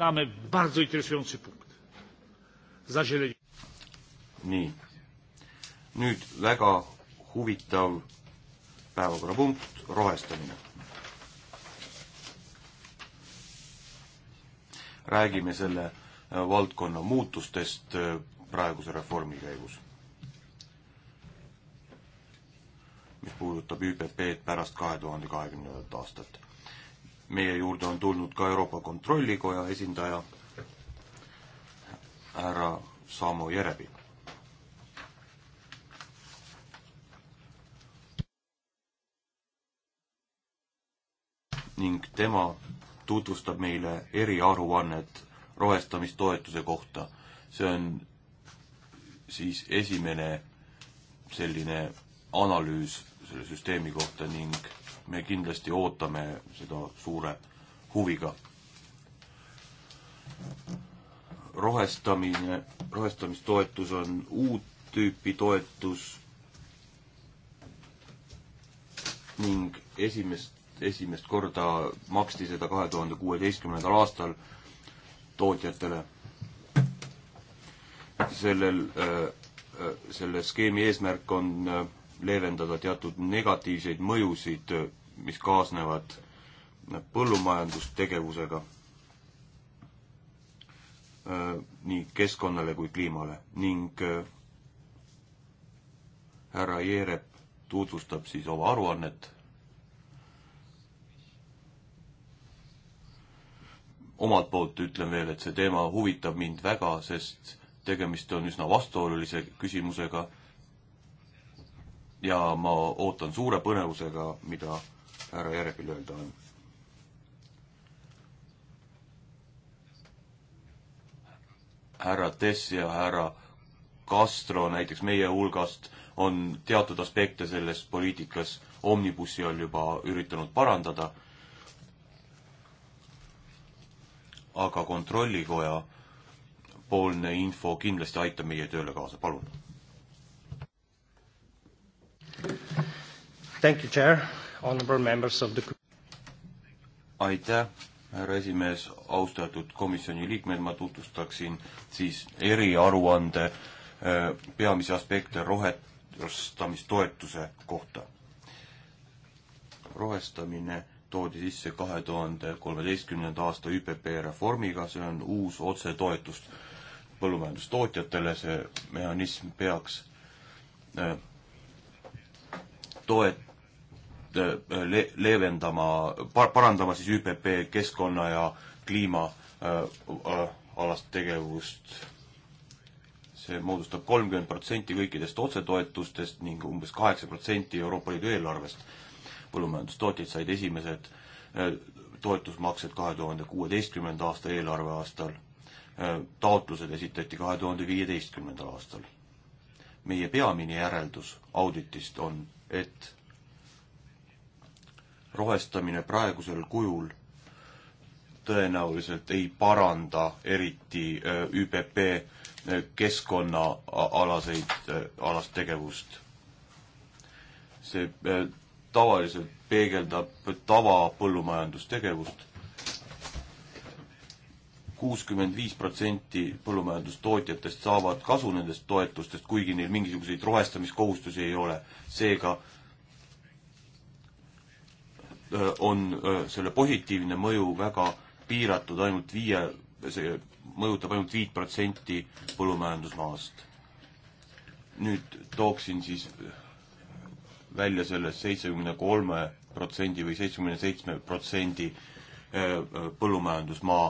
mamy bardzo interesujący punkt. Zazieleni. nii, nüüd väga huvitav päevakorrapunkt, rohestamine. räägime selle äh, valdkonna muutustest äh, praeguse reformi käigus. mis puudutab ÜPP-d pärast kahe tuhande kahekümnendat aastat meie juurde on tulnud ka Euroopa Kontrollikoja esindaja härra Saamo Järebi. ning tema tutvustab meile eriaruannet rohestamistoetuse kohta. see on siis esimene selline analüüs selle süsteemi kohta ning me kindlasti ootame seda suure huviga. rohestamine, rohestamistoetus on uut tüüpi toetus ning esimest, esimest korda maksti seda kahe tuhande kuueteistkümnendal aastal tootjatele. sellel, äh, äh, selle skeemi eesmärk on äh, leevendada teatud negatiivseid mõjusid mis kaasnevad põllumajandustegevusega äh, nii keskkonnale kui kliimale ning äh, härra Jeerep tutvustab siis oma aruannet. omalt poolt ütlen veel, et see teema huvitab mind väga, sest tegemist on üsna vastuolulise küsimusega ja ma ootan suure põnevusega, mida härra Järvil öelda on? härra Tess ja härra Castro näiteks meie hulgast on teatud aspekte selles poliitikas Omnibussi all juba üritanud parandada, aga Kontrollikoja poolne info kindlasti aitab meie tööle kaasa, palun. Thank you, chair aitäh, härra esimees, austatud komisjoni liikmed, ma tutvustaksin siis eriaruande äh, peamisi aspekte rohestamistoetuse kohta. rohestamine toodi sisse kahe tuhande kolmeteistkümnenda aasta ÜPP reformiga, see on uus otsetoetus põllumajandustootjatele, see mehhanism peaks äh, toet-, Äh, le leevendama, parandama siis ÜPP keskkonna ja kliima äh, äh, alast tegevust. see moodustab kolmkümmend protsenti kõikidest otsetoetustest ning umbes kaheksa protsenti Euroopa Liidu eelarvest. põllumajandustootjad said esimesed äh, toetusmaksed kahe tuhande kuueteistkümnenda aasta eelarveaastal äh,. taotlused esitati kahe tuhande viieteistkümnendal aastal. meie peamine järeldus auditist on, et rohestamine praegusel kujul tõenäoliselt ei paranda eriti äh, ÜPP äh, keskkonnaalaseid, äh, alast tegevust. see tavaliselt peegeldab tavapõllumajandustegevust. kuuskümmend viis protsenti põllumajandustootjatest saavad kasu nendest toetustest, kuigi neil mingisuguseid rohestamiskohustusi ei ole. seega Äh, on äh, selle positiivne mõju väga piiratud, ainult viie, see mõjutab ainult viit protsenti põllumajandusmaast. nüüd tooksin siis äh, välja selle seitsmekümne kolme protsendi või seitsmekümne seitsme protsendi põllumajandusmaa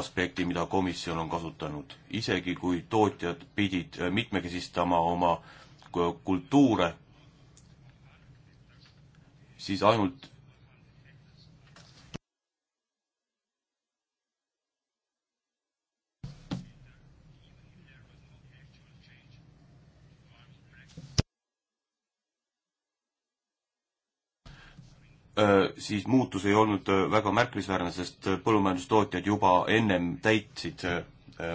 aspekti, mida komisjon on kasutanud. isegi kui tootjad pidid mitmekesistama oma kultuure, siis ainult Äh, siis muutus ei olnud äh, väga märkimisväärne, sest äh, põllumajandustootjad juba ennem täitsid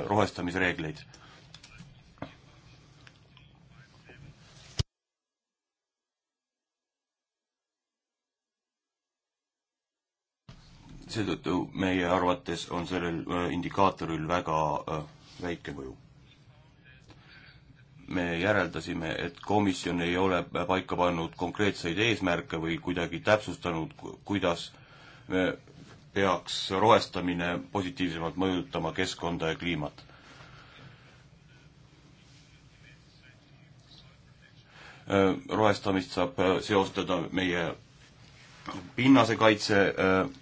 rohestamisreegleid. seetõttu meie arvates on sellel indikaatoril väga väike mõju me järeldasime, et komisjon ei ole paika pannud konkreetseid eesmärke või kuidagi täpsustanud, kuidas me äh, peaks rohestamine positiivsemalt mõjutama keskkonda ja kliimat. Äh, rohestamist saab äh, seostada meie pinnasekaitse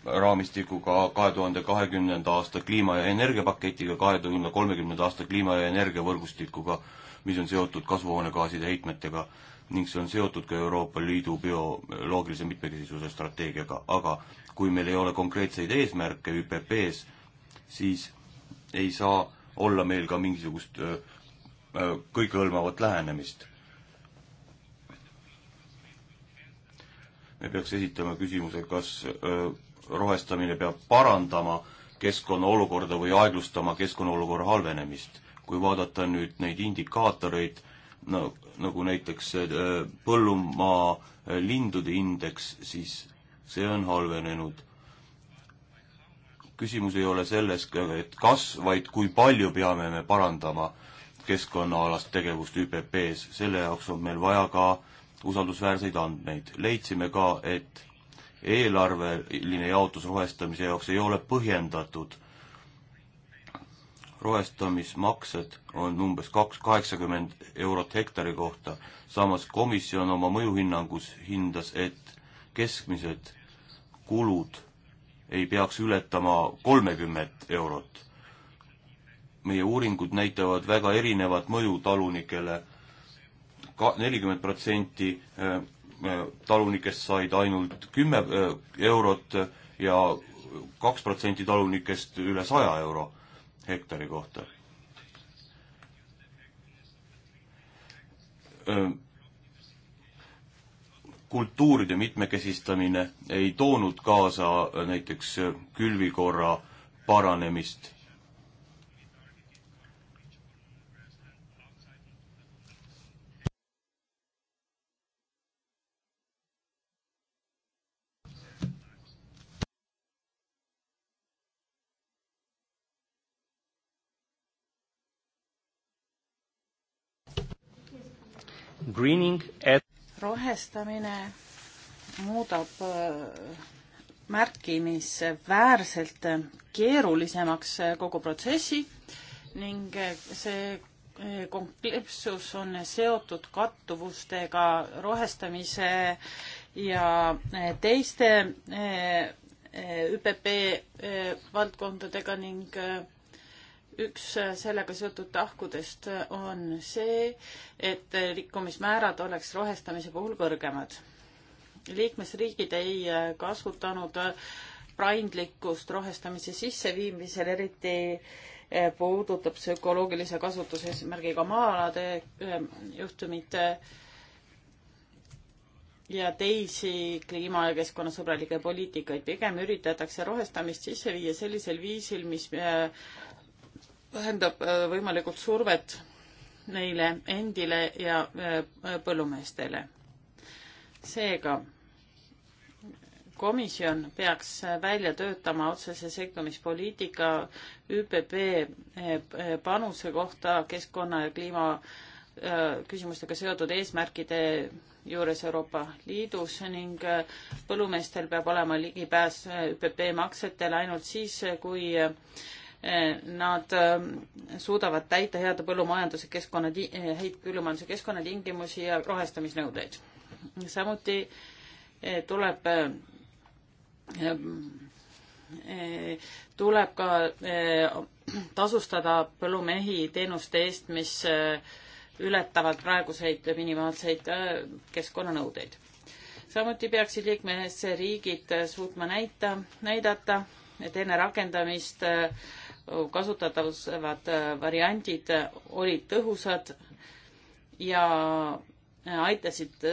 raamistikuga, kahe tuhande kahekümnenda aasta kliima- ja energiapaketiga, kahe tuhande kolmekümnenda aasta kliima- ja energiavõrgustikuga mis on seotud kasvuhoonegaaside heitmetega ning see on seotud ka Euroopa Liidu bioloogilise mitmekesisuse strateegiaga, aga kui meil ei ole konkreetseid eesmärke ÜPP-s, siis ei saa olla meil ka mingisugust kõikehõlmavat lähenemist. me peaks esitama küsimuse, kas rohestamine peab parandama keskkonna olukorda või aeglustama keskkonna olukorra halvenemist kui vaadata nüüd neid indikaatoreid, no nagu näiteks äh, põllumaa äh, lindude indeks, siis see on halvenenud. küsimus ei ole selles, et kas, vaid kui palju peame me parandama keskkonnaalast tegevust ÜPP-s, selle jaoks on meil vaja ka usaldusväärseid andmeid. leidsime ka, et eelarveline jaotus rohestamise jaoks ei ole põhjendatud rohestamismaksed on umbes kaks, kaheksakümmend eurot hektari kohta, samas komisjon oma mõjuhinnangus hindas, et keskmised kulud ei peaks ületama kolmekümmet eurot. meie uuringud näitavad väga erinevat mõju talunikele, ka nelikümmend protsenti äh, äh, talunikest said ainult kümme äh, eurot ja kaks protsenti talunikest üle saja euro hektari kohta. kultuuride mitmekesistamine ei toonud kaasa näiteks külvikorra paranemist greening at rohestamine muudab äh, märkimisväärselt keerulisemaks äh, kogu protsessi ning äh, see komplekssus on seotud kattuvustega rohestamise ja teiste ÜPP valdkondadega ning üks äh, sellega seotud tahkudest äh, on see, et äh, rikkumismäärad oleks rohestamise puhul kõrgemad. liikmesriigid ei kasutanud paindlikkust rohestamise sisseviimisel, eriti puudutab see ökoloogilise kasutuse eesmärgiga maa-alade juhtumit ja teisi kliima- ja keskkonnasõbralikke poliitikaid. pigem üritatakse rohestamist sisse viia sellisel viisil, mis vähendab äh, võimalikult survet neile endile ja äh, põllumeestele. seega komisjon peaks äh, välja töötama otsese sekkumispoliitika ÜPP panuse kohta keskkonna ja kliima küsimustega seotud eesmärkide juures Euroopa Liidus ning põllumeestel peab olema ligipääs ÜPP maksetele ainult siis, kui nad ähm, suudavad täita head põllumajanduse keskkonna, eh, häid põllumajanduse keskkonnatingimusi ja rohestamisnõudeid. samuti eh, tuleb, eh, tuleb ka tasustada põllumehi teenuste eest, mis ületavad praeguseid minimaalseid keskkonnanõudeid. samuti peaksid liikmesriigid suutma näita, näidata, et enne rakendamist äh, kasutatavad äh, variandid äh, olid tõhusad ja äh, aitasid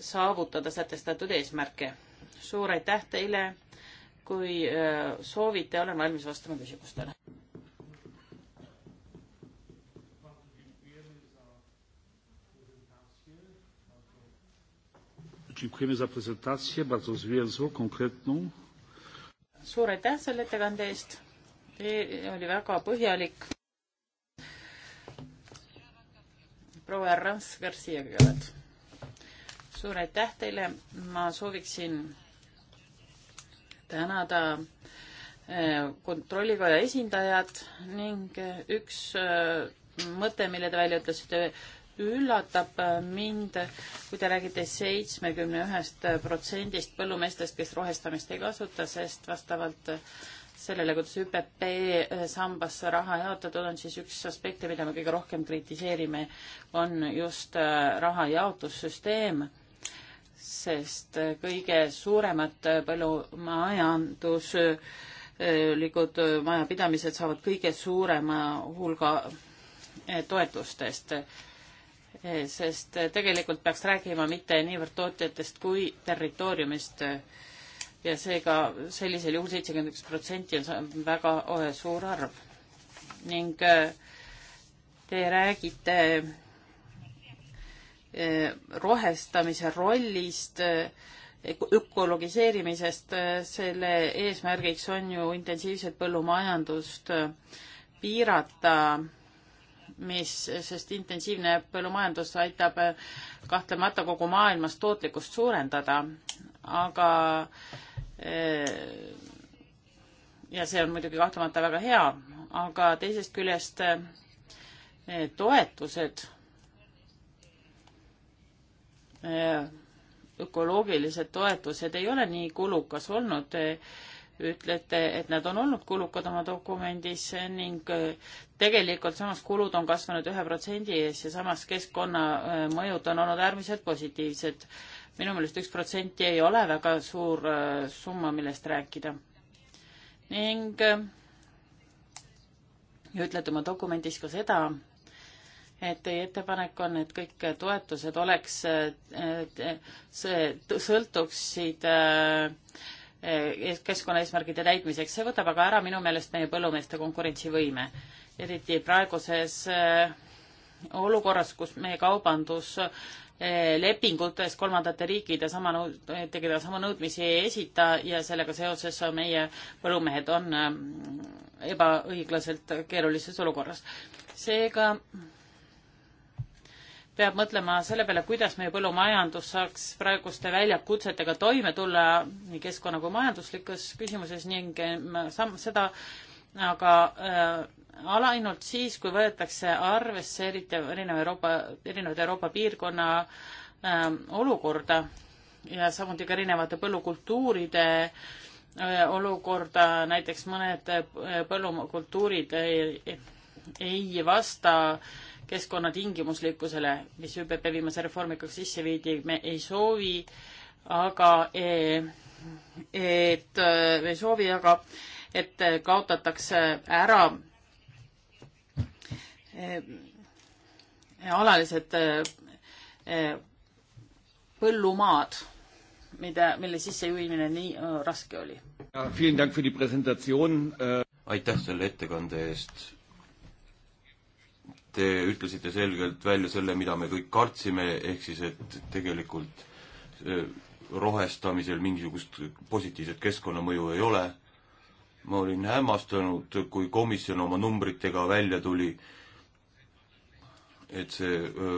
saavutada sätestatud eesmärke. suur aitäh teile, kui soovite, olen valmis vastama küsimustele. Dziękujemy za prezentację, bardzo zwięzłą, konkretną. Suur aitäh selle ettekande eest Tee oli väga põhjalik. proua Rans Garcia kõigepealt. suur aitäh teile, ma sooviksin tänada eh, kontrollikoja esindajad ning eh, üks eh, mõte, mille te välja ütlesite, üllatab mind, kui te räägite seitsmekümne ühest protsendist põllumeestest, kes rohestamist ei kasuta, sest vastavalt sellele, kuidas ÜPP äh, sambasse raha jaotatud on, siis üks aspekte, mida me kõige rohkem kritiseerime, on just äh, raha jaotussüsteem, sest äh, kõige suuremad põllumajanduslikud majapidamised saavad kõige suurema hulga toetustest sest tegelikult peaks rääkima mitte niivõrd tootjatest kui territooriumist ja seega sellisel juhul seitsekümmend üks protsenti on väga suur arv. ning äh, te räägite äh, rohestamise rollist, äh, ökologiseerimisest, selle eesmärgiks on ju intensiivset põllumajandust piirata, mis, sest intensiivne põllumajandus aitab kahtlemata kogu maailmas tootlikkust suurendada, aga äh, Äh, ja see on muidugi kahtlemata väga hea, aga teisest küljest äh, toetused, äh, ökoloogilised toetused ei ole nii kulukas olnud. ütlete, et nad on olnud kulukad oma dokumendis ning tegelikult samas kulud on kasvanud ühe protsendi ees ja samas keskkonnamõjud on olnud äärmiselt positiivsed minu meelest üks protsenti ei ole väga suur äh, summa, millest rääkida. ning äh, ütlete oma dokumendis ka seda, et teie ettepanek on, et kõik toetused oleks, äh, see sõltuksid e-, keskkonnaeesmärgide täitmiseks, see võtab aga ära minu meelest meie põllumeeste konkurentsivõime. eriti praeguses olukorras, kus meie kaubandus Eh, lepingutes kolmandate riikide sama nõud-, tegeda sama nõudmisi ei esita ja sellega seoses meie põllumehed on mm, ebaõiglaselt keerulises olukorras. seega peab mõtlema selle peale, kuidas meie põllumajandus saaks praeguste väljakutsetega toime tulla nii keskkonna kui majanduslikus küsimuses ning eh, seda aga äh, ainult siis, kui võetakse arvesse eriti erineva Euroopa, erinevate Euroopa piirkonna äh, olukorda ja samuti ka erinevate põllukultuuride äh, olukorda, näiteks mõned äh, põllukultuurid ei, ei vasta keskkonnatingimuslikkusele, mis ÜPP viimase reformiga sisse viidi, me ei soovi, aga äh, et, et äh, me ei soovi, aga et kaotatakse ära Ehm, alalised eh, eh, põllumaad, mida, mille sissejuhimine nii raske oli. Äh, aitäh selle ettekande eest. Te ütlesite selgelt välja selle, mida me kõik kartsime, ehk siis, et tegelikult rohestamisel mingisugust positiivset keskkonnamõju ei ole. ma olin hämmastunud, kui komisjon oma numbritega välja tuli et see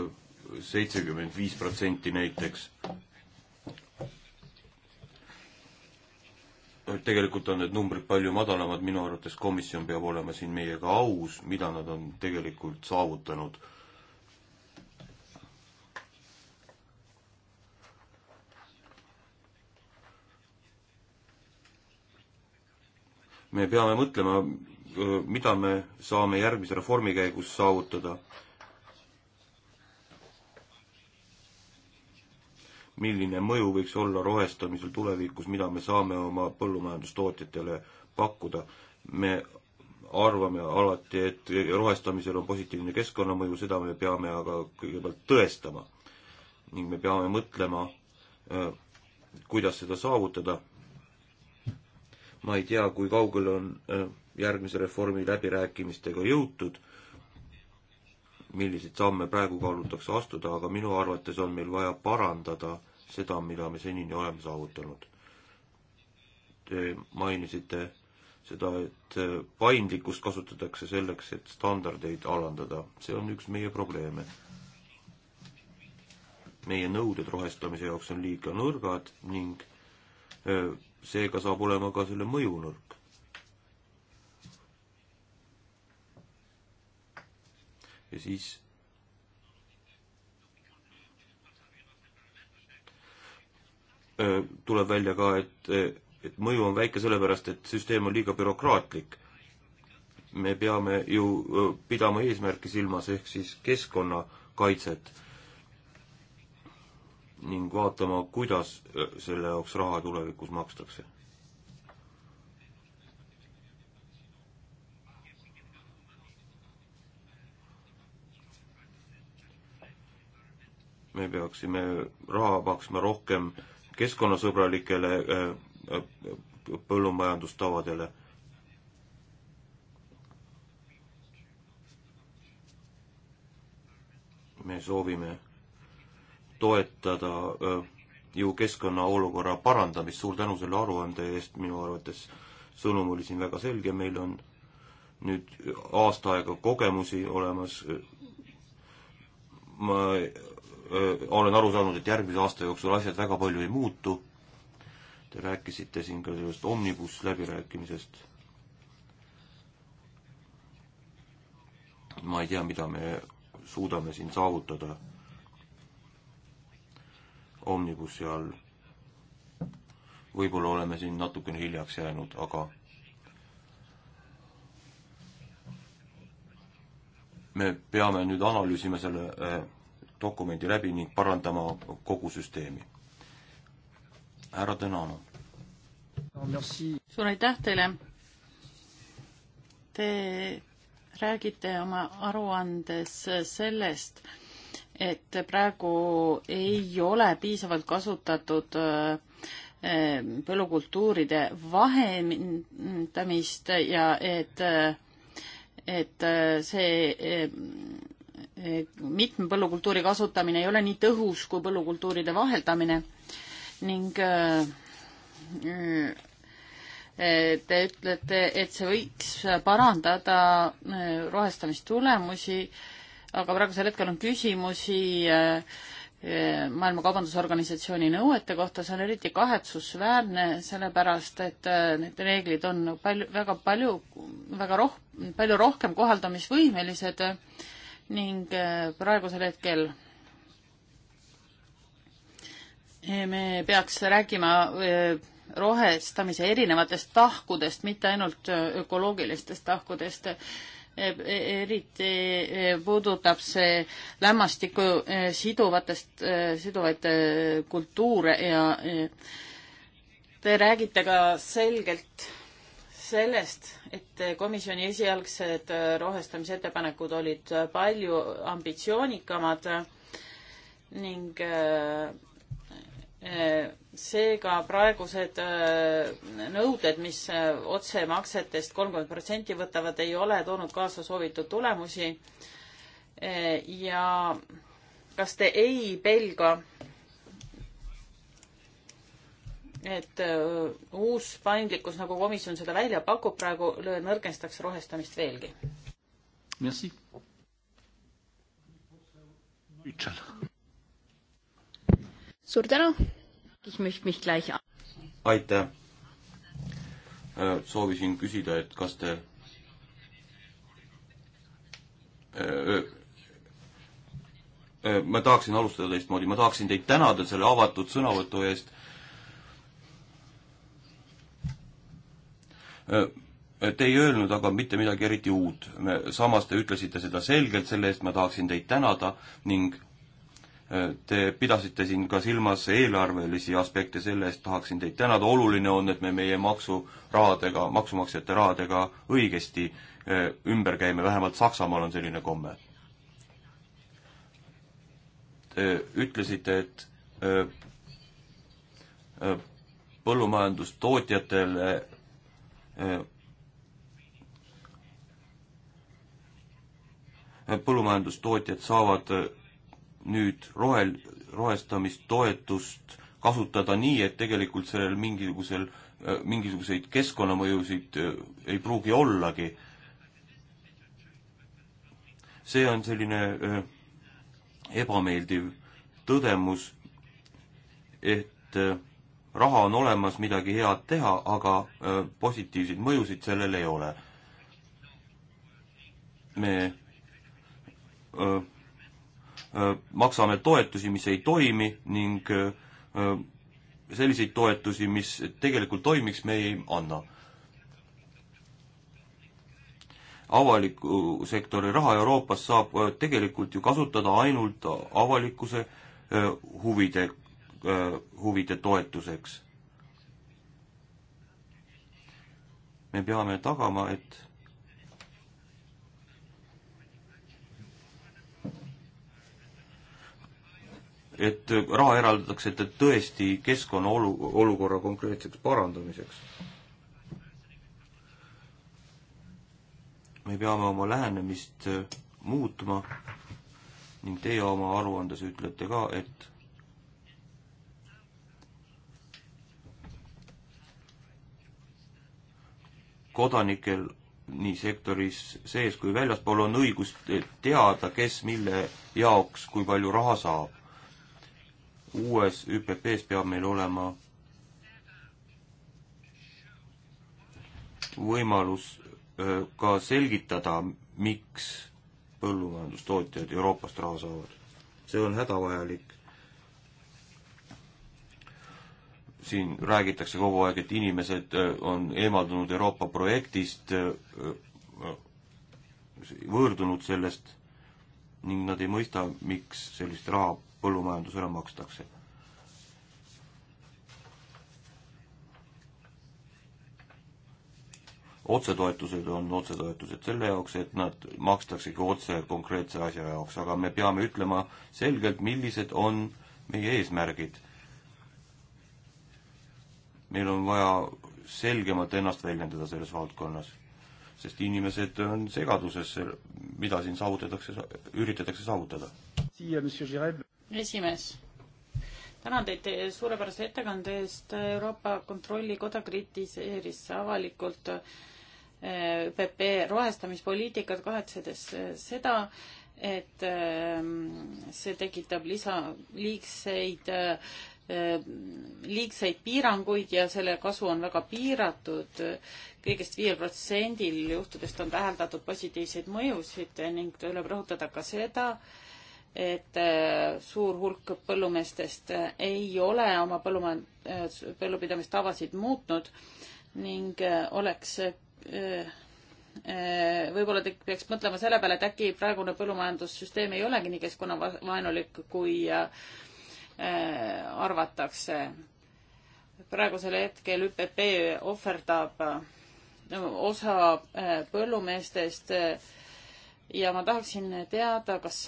seitsekümmend viis protsenti näiteks. tegelikult on need numbrid palju madalamad, minu arvates komisjon peab olema siin meiega aus, mida nad on tegelikult saavutanud me peame mõtlema, mida me saame järgmise reformi käigus saavutada. milline mõju võiks olla rohestamisel tulevikus, mida me saame oma põllumajandustootjatele pakkuda. me arvame alati, et rohestamisel on positiivne keskkonnamõju, seda me peame aga kõigepealt tõestama. ning me peame mõtlema, äh, kuidas seda saavutada. ma ei tea, kui kaugel on äh, järgmise reformi läbirääkimistega jõutud milliseid samme praegu kaalutakse astuda, aga minu arvates on meil vaja parandada seda, mida me senini oleme saavutanud. Te mainisite seda, et paindlikkust kasutatakse selleks, et standardeid alandada. see on üks meie probleeme. meie nõuded rohestamise jaoks on liiga nõrgad ning seega saab olema ka selle mõju nõrk. ja siis tuleb välja ka, et, et mõju on väike sellepärast, et süsteem on liiga bürokraatlik. me peame ju pidama eesmärki silmas, ehk siis keskkonnakaitset ning vaatama, kuidas selle jaoks raha tulevikus makstakse me peaksime raha maksma rohkem keskkonnasõbralikele äh, põllumajandustavadele. me soovime toetada äh, ju keskkonna olukorra parandamist, suur tänu selle aruande eest, minu arvates sõnum oli siin väga selge, meil on nüüd aasta aega kogemusi olemas, ma olen aru saanud, et järgmise aasta jooksul asjad väga palju ei muutu. Te rääkisite siin ka sellest omnibus läbirääkimisest. ma ei tea, mida me suudame siin saavutada omnibussi all. võib-olla oleme siin natukene hiljaks jäänud, aga me peame nüüd analüüsima selle äh, dokumendi läbi ning parandama kogu süsteemi. härra Tõnano. suur aitäh teile. Te räägite oma aruandes sellest, et praegu ei ole piisavalt kasutatud äh, põllukultuuride vahendamist ja et et äh, see äh, mitmpõllukultuuri kasutamine ei ole nii tõhus kui põllukultuuride vaheldamine ning äh, äh, te ütlete, et see võiks parandada äh, rohestamistulemusi, aga praegusel hetkel on küsimusi Maailma Kaubandusorganisatsiooni nõuete kohta, see on eriti kahetsusväärne, sellepärast et need reeglid on palju, väga palju, väga roh-, palju rohkem kohaldamisvõimelised äh, ning äh, praegusel hetkel äh, me peaks rääkima äh, rohestamise erinevatest tahkudest, mitte ainult ökoloogilistest tahkudest. eriti puudutab see lämmastikku siduvatest, siduvaid kultuure ja te räägite ka selgelt sellest, et komisjoni esialgsed äh, rohestamise ettepanekud olid äh, palju ambitsioonikamad ning äh, seega praegused nõuded, mis otsemaksetest kolmkümmend protsenti võtavad, ei ole toonud kaasa soovitud tulemusi. ja kas te ei pelga et äh, uus paindlikkus, nagu komisjon seda välja pakub praegu, nõrgestaks rohestamist veelgi. Merci. suur tänu. aitäh. Äh, soovisin küsida, et kas te äh, ma tahaksin alustada teistmoodi, ma tahaksin teid tänada selle avatud sõnavõtu eest Te ei öelnud aga mitte midagi eriti uut. samas te ütlesite seda selgelt, selle eest ma tahaksin teid tänada ning Te pidasite siin ka silmas eelarvelisi aspekte, selle eest tahaksin teid tänada. oluline on, et me meie maksurahadega, maksumaksjate rahadega õigesti ümber käime, vähemalt Saksamaal on selline komme. Te ütlesite, et põllumajandustootjatele Äh, põllumajandustootjad saavad äh, nüüd rohel, rohestamistoetust kasutada nii, et tegelikult sellel mingisugusel, äh, mingisuguseid keskkonnamõjusid ei pruugi ollagi. see on selline ebameeldiv tõdemus, et raha on olemas, midagi head teha, aga positiivseid mõjusid sellel ei ole. me öö, öö, maksame toetusi, mis ei toimi ning öö, selliseid toetusi, mis tegelikult toimiks, me ei anna. avaliku sektori raha Euroopas saab tegelikult ju kasutada ainult avalikkuse huvide Äh, huvide toetuseks. me peame tagama, et et raha eraldatakse tõesti keskkonna olu, olukorra konkreetseks parandamiseks. me peame oma lähenemist muutma ning teie oma aruandes ütlete ka, et kodanikel nii sektoris sees kui väljaspool on õigus teada, kes mille jaoks kui palju raha saab. uues ÜPP-s peab meil olema võimalus ka selgitada, miks põllumajandustootjad Euroopast raha saavad. see on hädavajalik siin räägitakse kogu aeg, et inimesed äh, on eemaldunud Euroopa projektist, äh, äh, võõrdunud sellest ning nad ei mõista, miks sellist raha põllumajandusele makstakse. otsetoetused on otsetoetused selle jaoks, et nad makstaksegi otse konkreetse asja jaoks, aga me peame ütlema selgelt, millised on meie eesmärgid Neil on vaja selgemalt ennast väljendada selles valdkonnas, sest inimesed on segaduses, mida siin saavutatakse, üritatakse saavutada. esimees, tänan teid suurepärase ettekande eest, Euroopa Kontrollikoda kritiseeris avalikult eh, ÜPP rohestamispoliitikat, kahetsedes seda, et ehm, see tekitab lisa, liigseid Äh, liigseid piiranguid ja selle kasu on väga piiratud kõigest. kõigest viiel protsendil juhtudest on täheldatud positiivseid mõjusid ning tuleb rõhutada ka seda, et äh, suur hulk põllumeestest äh, ei ole oma põllumaja, põllupidamistavasid muutnud ning oleks võib-olla te peaks mõtlema selle peale, et äkki praegune põllumajandussüsteem ei olegi nii keskkonnavaenulik, kui Äh, arvatakse. praegusel hetkel ÜPP ohverdab äh, osa äh, põllumeestest ja ma tahaksin teada, kas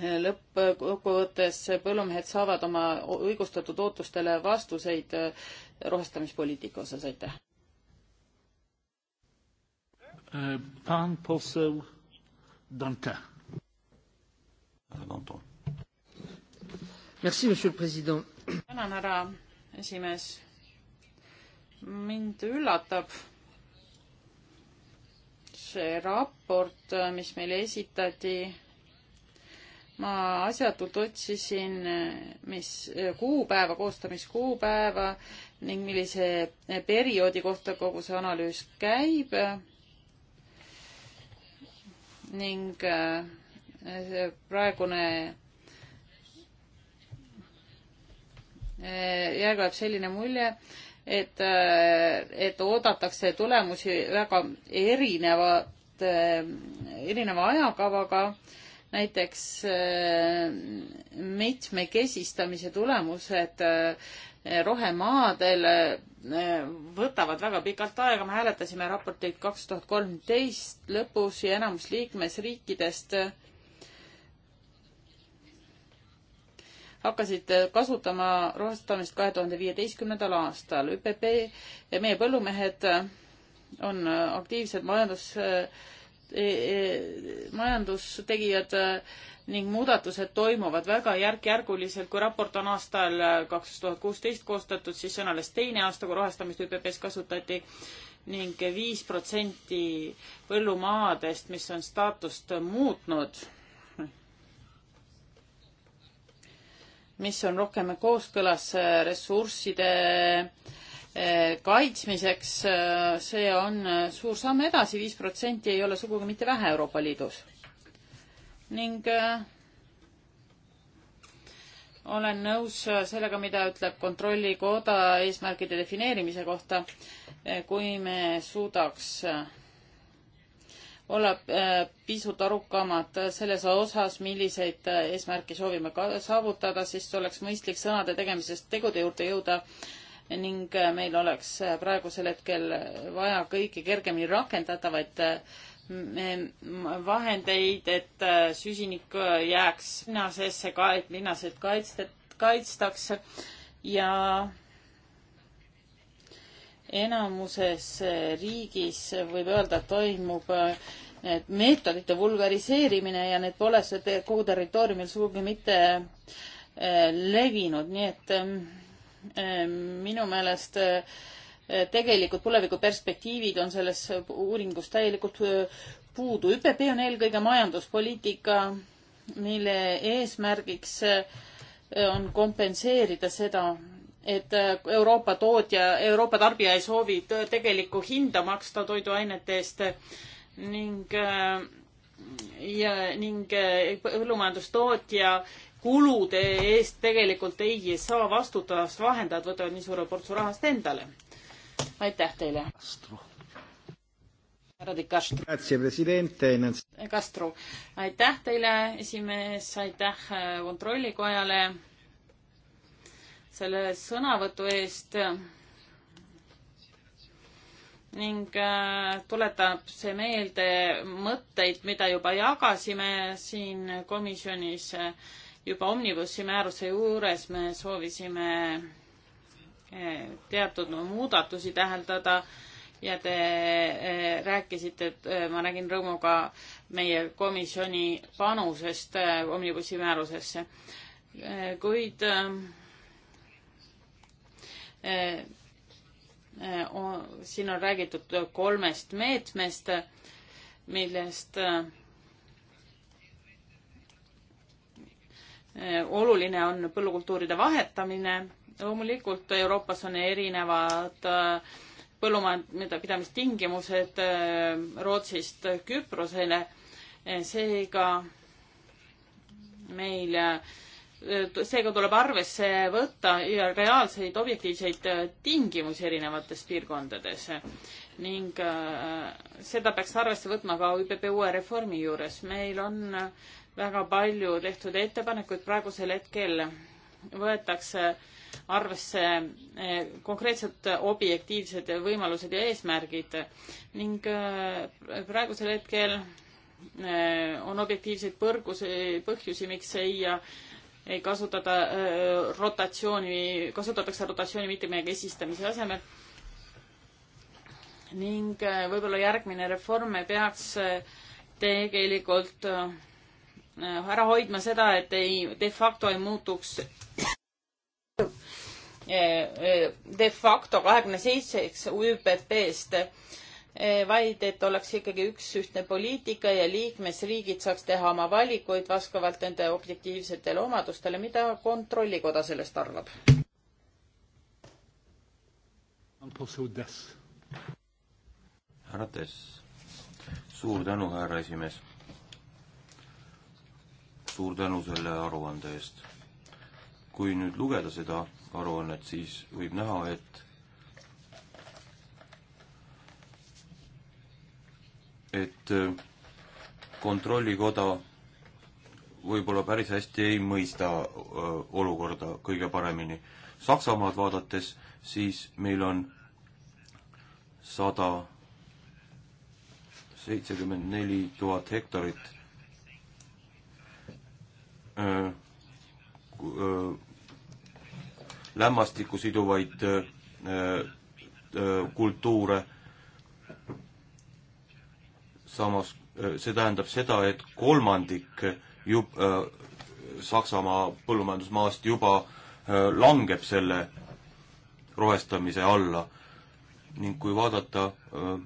lõppkokkuvõttes põllumehed saavad oma õigustatud ootustele vastuseid rohestamispoliitika osas, aitäh. Pan poseł Dante. Danton tänan, härra esimees. mind üllatab see raport, mis meile esitati. ma asjatult otsisin, mis kuupäeva, koostamiskuupäeva ning millise perioodi kohta kogu see analüüs käib. ning äh, praegune Eh, jääb selline mulje, et, eh, et oodatakse tulemusi väga erinevat, eh, erineva ajakavaga, näiteks mitmekesistamise tulemused rohemaadel võtavad väga pikalt aega, me hääletasime raporteid kaks tuhat kolmteist lõpus ja enamus liikmesriikidest äh, hakkasid eh, kasutama rohestamist kahe tuhande viieteistkümnendal aastal. ÜPP ja meie põllumehed eh, on eh, aktiivsed majandus, majandustegijad ning muudatused toimuvad väga järk-järguliselt. kui raport on aastal kaks tuhat kuusteist koostatud, siis see on alles teine aasta, kui rohestamist ÜPP-s kasutati ning viis protsenti põllumaadest, mis on staatust muutnud mis on rohkem kooskõlas äh, ressursside äh, kaitsmiseks, äh, see on suur samm edasi, viis protsenti ei ole sugugi mitte vähe Euroopa Liidus. ning olen nõus sellega, mida ütleb Kontrollikoda eesmärkide defineerimise kohta. kui me suudaks olla äh, pisut arukamad selles osas, milliseid äh, eesmärke soovime ka saavutada, siis oleks mõistlik sõnade tegemisest tegude juurde jõuda ning äh, meil oleks praegusel hetkel vaja kõiki kergemini rakendatavaid vahendeid, et süsinik jääks linnasesse, et linnased kaitstet-, kaitstakse ja enamuses eh, riigis võib öelda, et toimub eh, meetodite vulgariseerimine ja need pole eh, kogu territooriumil sugugi mitte levinud, nii et minu meelest tegelikult tulevikuperspektiivid on selles uuringus täielikult puudu. ÜPP on eelkõige majanduspoliitika, mille eesmärgiks on kompenseerida seda, et äh, Euroopa tootja, Euroopa tarbija ei soovi tegelikku hinda maksta toiduainete eest ning äh, ja ning äh, põllumajandustootja kulude eest tegelikult ei saa vastutada, sest vahendajad võtavad nii suure portsu rahast endale. aitäh teile. härra Di Castro. Castro, aitäh teile, esimees, aitäh kontrollikojale selle sõnavõtu eest ning äh, tuletab see meelde mõtteid, mida juba jagasime siin komisjonis. Äh, juba Omnibussi määruse juures me soovisime äh, teatud muudatusi täheldada ja te rääkisite, et ma nägin rõõmuga meie komisjoni panusest Omnibussi määrusesse. kuid Eh, eh, siin on räägitud kolmest meetmest, millest eh, oluline on põllukultuuride vahetamine. loomulikult Euroopas on erinevad põllumajandamistingimused Rootsist Küprosele, seega meil seega tuleb arvesse võtta reaalseid objektiivseid äh, tingimusi erinevates piirkondades ning äh, seda peaks arvesse võtma ka ÜPP uue reformi juures. meil on äh, väga palju tehtud ettepanekuid, praegusel hetkel võetakse arvesse konkreetsed objektiivsed võimalused ja eesmärgid ning praegusel hetkel on objektiivseid põrgusi, põhjusi, miks ei ei kasutata äh, rotatsiooni, kasutatakse rotatsiooni mitmekesistamise asemel. ning äh, võib-olla järgmine reform peaks äh, tegelikult ära hoidma seda, et ei, de facto ei muutuks de facto kahekümne seitseks ÜPP-st Eh, vaid et oleks ikkagi üks ühtne poliitika ja liikmesriigid saaks teha oma valikuid vastavalt nende objektiivsetele omadustele. mida Kontrollikoda sellest arvab? härra Tess, suur tänu, härra esimees. suur tänu selle aruande eest. kui nüüd lugeda seda aruannet, siis võib näha, et et äh, kontrollikoda võib-olla päris hästi ei mõista äh, olukorda kõige paremini. Saksamaad vaadates, siis meil on sada seitsekümmend neli tuhat hektarit äh, lämmastikku siduvaid kultuure samas äh, see tähendab seda, et kolmandik jub- äh,, Saksamaa põllumajandusmaast juba äh, langeb selle rohestamise alla. ning kui vaadata äh,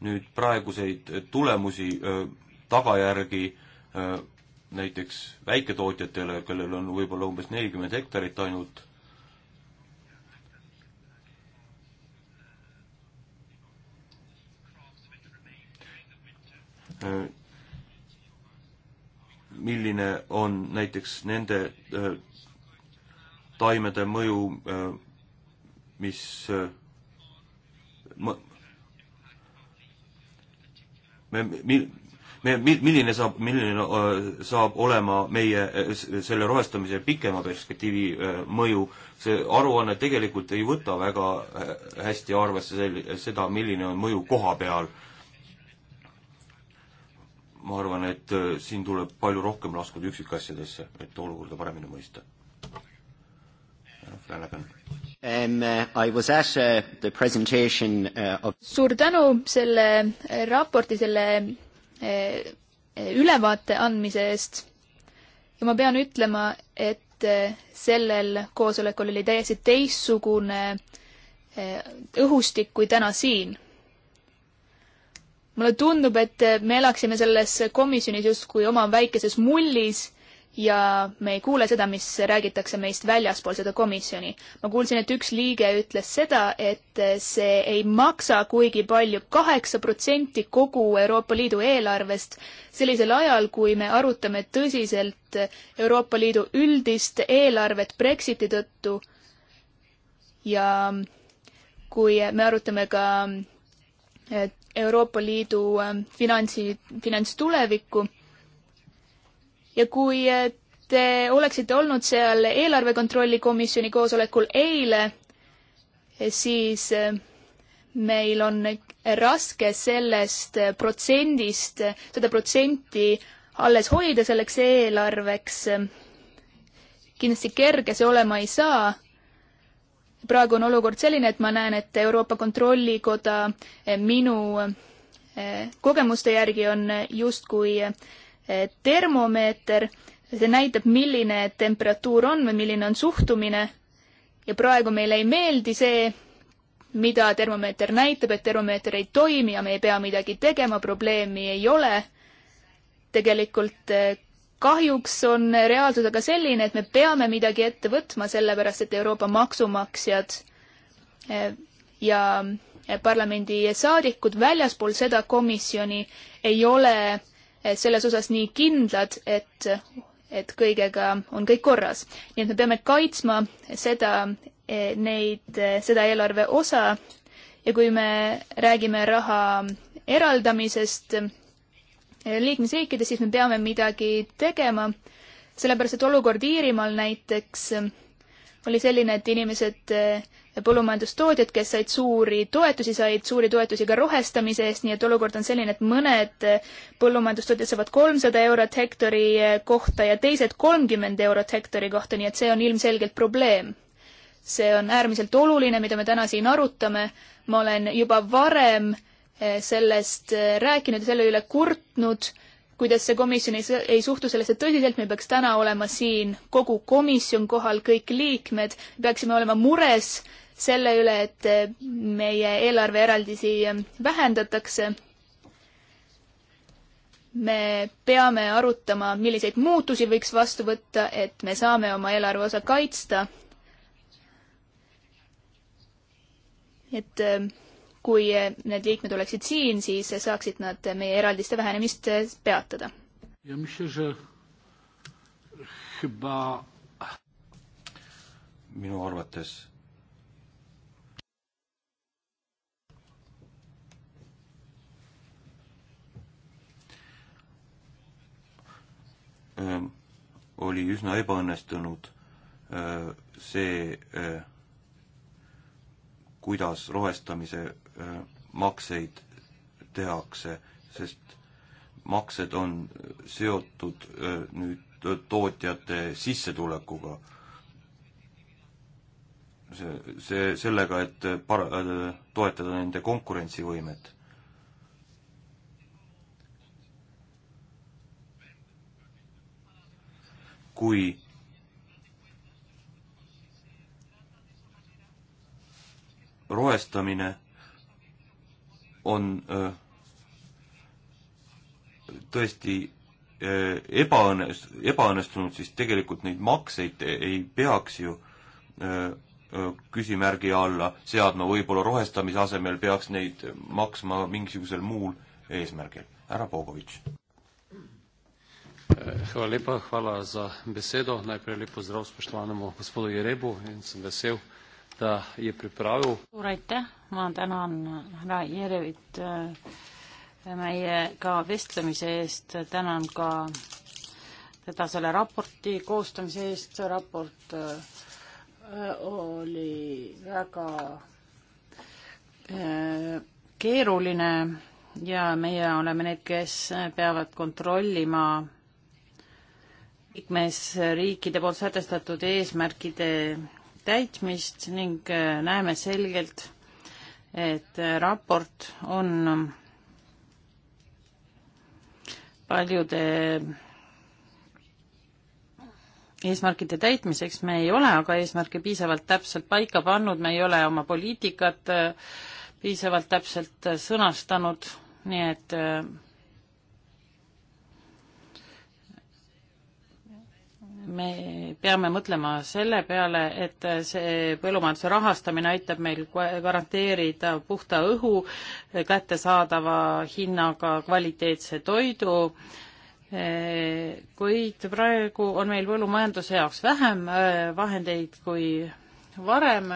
nüüd praeguseid tulemusi, äh, tagajärgi äh, näiteks väiketootjatele, kellel on võib-olla umbes nelikümmend hektarit ainult Äh, milline on näiteks nende äh, taimede mõju, äh, mis me, mil-, me, mil-, milline saab, milline saab olema meie selle rohestamise pikema perspektiivi mõju, see aruanne tegelikult ei võta väga hästi arvesse sel-, seda, milline on mõju koha peal äh, ma arvan, et äh, siin tuleb palju rohkem laskuda üksikasjadesse, et olukorda paremini mõista. Flanagan. Um, uh, I was at uh, the presentation uh, of suur tänu selle äh, raporti, selle uh, ülevaate andmise eest ja ma pean ütlema, et sellel koosolekul oli täiesti teistsugune õhustik kui täna siin mulle tundub, et me elaksime selles komisjonis justkui oma väikeses mullis ja me ei kuule seda, mis räägitakse meist väljaspool seda komisjoni. ma kuulsin, et üks liige ütles seda, et see ei maksa kuigi palju, kaheksa protsenti kogu Euroopa Liidu eelarvest, sellisel ajal, kui me arutame tõsiselt Euroopa Liidu üldist eelarvet Brexiti tõttu ja kui me arutame ka Euroopa Liidu ähm, finantsi, finantstulevikku. ja kui äh, te oleksite olnud seal eelarve kontrolli komisjoni koosolekul eile, siis äh, meil on raske sellest äh, protsendist, seda protsenti alles hoida selleks eelarveks. kindlasti kerge see olema ei saa praegu on olukord selline, et ma näen, et Euroopa Kontrollikoda eh, minu eh, kogemuste järgi on justkui eh, termomeeter, see näitab, milline temperatuur on või milline on suhtumine ja praegu meile ei meeldi see, mida termomeeter näitab, et termomeeter ei toimi ja me ei pea midagi tegema, probleemi ei ole. tegelikult kahjuks on reaalsus aga selline, et me peame midagi ette võtma, sellepärast et Euroopa maksumaksjad eh, ja parlamendi saadikud väljaspool seda komisjoni ei ole eh, selles osas nii kindlad, et, et kõigega on kõik korras. nii et me peame kaitsma seda, eh, neid, seda eelarve osa ja kui me räägime raha eraldamisest, liikmesriikides, siis me peame midagi tegema, sellepärast et olukord Iirimaal näiteks oli selline, et inimesed, eh, põllumajandustootjad, kes said suuri toetusi, said suuri toetusi ka rohestamise eest, nii et olukord on selline, et mõned eh, põllumajandustootjad saavad kolmsada eurot hektari eh, kohta ja teised kolmkümmend eurot hektari kohta, nii et see on ilmselgelt probleem. see on äärmiselt oluline, mida me täna siin arutame. ma olen juba varem äh, Eh, sellest eh, rääkinud ja selle üle kurtnud, kuidas see komisjon ei, ei suhtu sellesse tõsiselt, meil peaks täna olema siin kogu komisjon kohal, kõik liikmed, peaksime olema mures selle üle, et eh, meie eelarveeraldisi vähendatakse. me peame arutama, milliseid muutusi võiks vastu võtta, et me saame oma eelarve osa kaitsta. et kui need liikmed oleksid siin, siis saaksid nad meie eraldiste vähenemist peatada. ja mis see, see hüba? minu arvates ähm, oli üsna ebaõnnestunud äh, see äh, kuidas rohestamise Äh, makseid tehakse, sest maksed on seotud äh, nüüd tootjate sissetulekuga. see, see, sellega, et äh, par-, toetada nende konkurentsivõimet. kui rohestamine on äh, tõesti äh, ebaõnnes-, ebaõnnestunud, siis tegelikult neid makseid ei peaks ju äh, küsimärgi alla seadma, võib-olla rohestamise asemel peaks neid maksma mingisugusel muul eesmärgil. härra Pogovitš. Hvala lepa, hvala za besedo. Najprej lep pozdrav spoštovanemu gospodu Jerebu in sem vesel, ta je pripravil. suur aitäh, ma tänan härra Jerevit äh, meiega vestlemise eest, tänan ka teda selle raporti koostamise eest, see raport äh, oli väga äh, keeruline ja meie oleme need, kes peavad kontrollima liikmesriikide poolt sätestatud eesmärkide täitmist ning äh, näeme selgelt, et äh, raport on ähm, paljude eesmärkide täitmiseks, me ei ole aga eesmärke piisavalt täpselt paika pannud, me ei ole oma poliitikat äh, piisavalt täpselt sõnastanud, nii et me peame mõtlema selle peale, et see põllumajanduse rahastamine aitab meil garanteerida puhta õhu, kättesaadava hinnaga kvaliteetse toidu, kuid praegu on meil põllumajanduse jaoks vähem äh, vahendeid kui varem.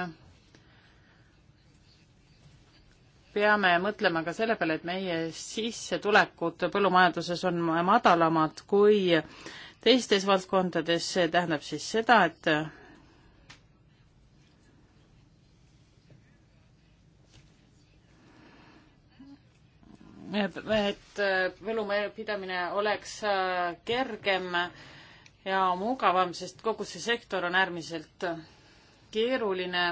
peame mõtlema ka selle peale, et meie sissetulekud põllumajanduses on madalamad kui teistes valdkondades, see tähendab siis seda, et et, et põllumajapidamine oleks kergem ja mugavam, sest kogu see sektor on äärmiselt keeruline.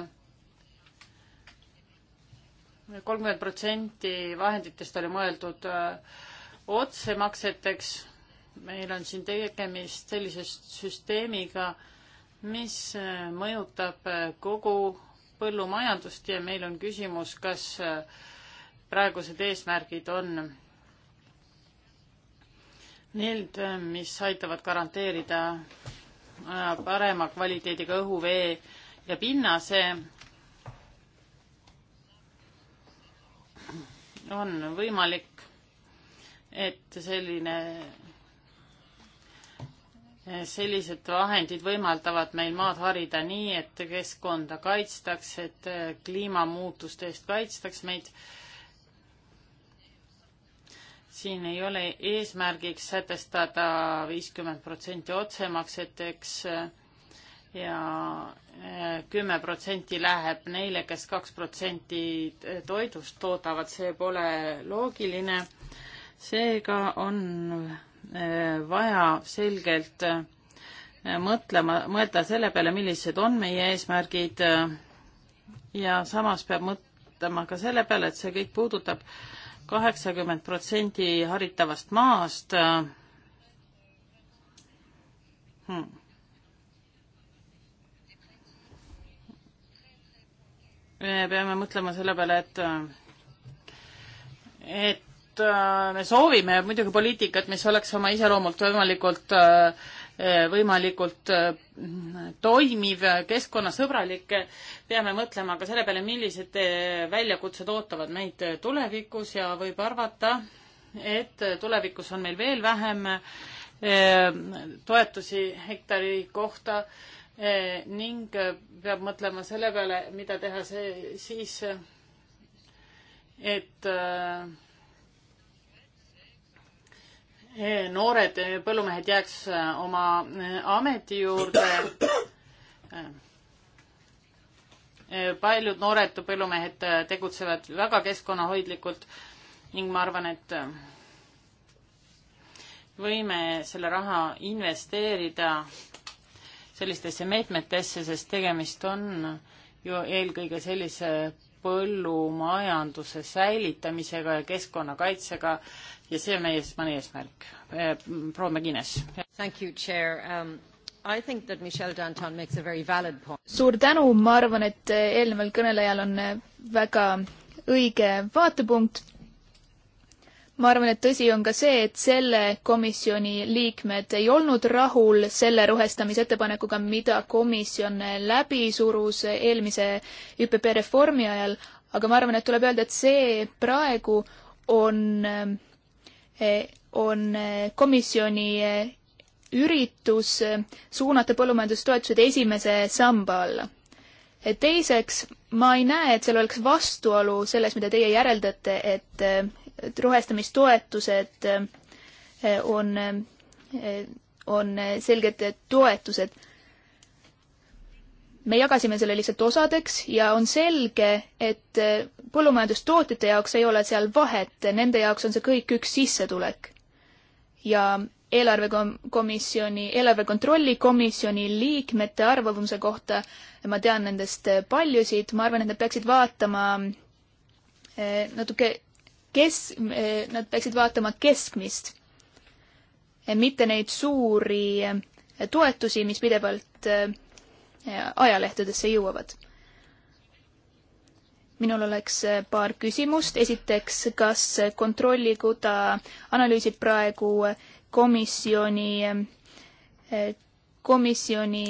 kolmkümmend protsenti vahenditest oli mõeldud otsemakseteks meil on siin tegemist sellise süsteemiga, mis äh, mõjutab äh, kogu põllumajandust ja meil on küsimus, kas äh, praegused eesmärgid on need, mis aitavad garanteerida parema kvaliteediga õhu, vee ja pinnase, on võimalik, et selline sellised vahendid võimaldavad meil maad harida nii, et keskkonda kaitstakse, et äh, kliimamuutuste eest kaitstaks meid. siin ei ole eesmärgiks sätestada viiskümmend protsenti otsemakseteks äh, ja äh, kümme protsenti läheb neile kes, kes kaks protsenti toidust toodavad, see pole loogiline. seega on Eh, vaja selgelt eh, mõtlema, mõelda selle peale, millised on meie eesmärgid eh, ja samas peab mõtlema ka selle peale, et see kõik puudutab kaheksakümmend protsenti haritavast maast hmm.. me peame mõtlema selle peale, et et loomulikult äh, me soovime muidugi poliitikat, mis oleks oma iseloomult võimalikult, äh, äh, võimalikult toimiv, keskkonnasõbralik. peame mõtlema ka selle peale, millised väljakutsed ootavad meid tulevikus ja võib arvata, et tulevikus on meil veel vähem toetusi hektari kohta ning peab mõtlema selle peale, mida teha see siis, et äh, noored põllumehed jääks äh, oma äh, ameti juurde. Äh, paljud noored põllumehed tegutsevad väga keskkonnahoidlikult ning ma arvan, et võime selle raha investeerida sellistesse meetmetesse, sest tegemist on ju eelkõige sellise põllumajanduse säilitamisega ja keskkonnakaitsega ja see on meie esmane eesmärk. Eh, proua Mäkines. Um, suur tänu, ma arvan, et eh, eelneval kõnelejal on eh, väga õige vaatepunkt ma arvan, et tõsi on ka see, et selle komisjoni liikmed ei olnud rahul selle rohestamisettepanekuga, mida komisjon läbi surus eelmise ÜPP reformi ajal, aga ma arvan, et tuleb öelda, et see praegu on, on komisjoni üritus suunata põllumajandustoetused esimese samba alla. teiseks, ma ei näe, et seal oleks vastuolu selles, mida teie järeldate, et rohestamistoetused eh, on, eh, on selged toetused. me jagasime selle lihtsalt osadeks ja on selge, et eh, põllumajandustootjate jaoks ei ole seal vahet, nende jaoks on see kõik üks sissetulek. ja eelarvekomisjoni, eelarve kontrolli komisjoni liikmete arvamuse kohta ma tean nendest paljusid, ma arvan, et nad peaksid vaatama natuke kes, eh, nad peaksid vaatama keskmist, eh, mitte neid suuri eh, toetusi, mis pidevalt ajalehtedesse jõuavad. minul oleks paar küsimust. esiteks, kas Kontrollikoda analüüsib praegu komisjoni, komisjoni,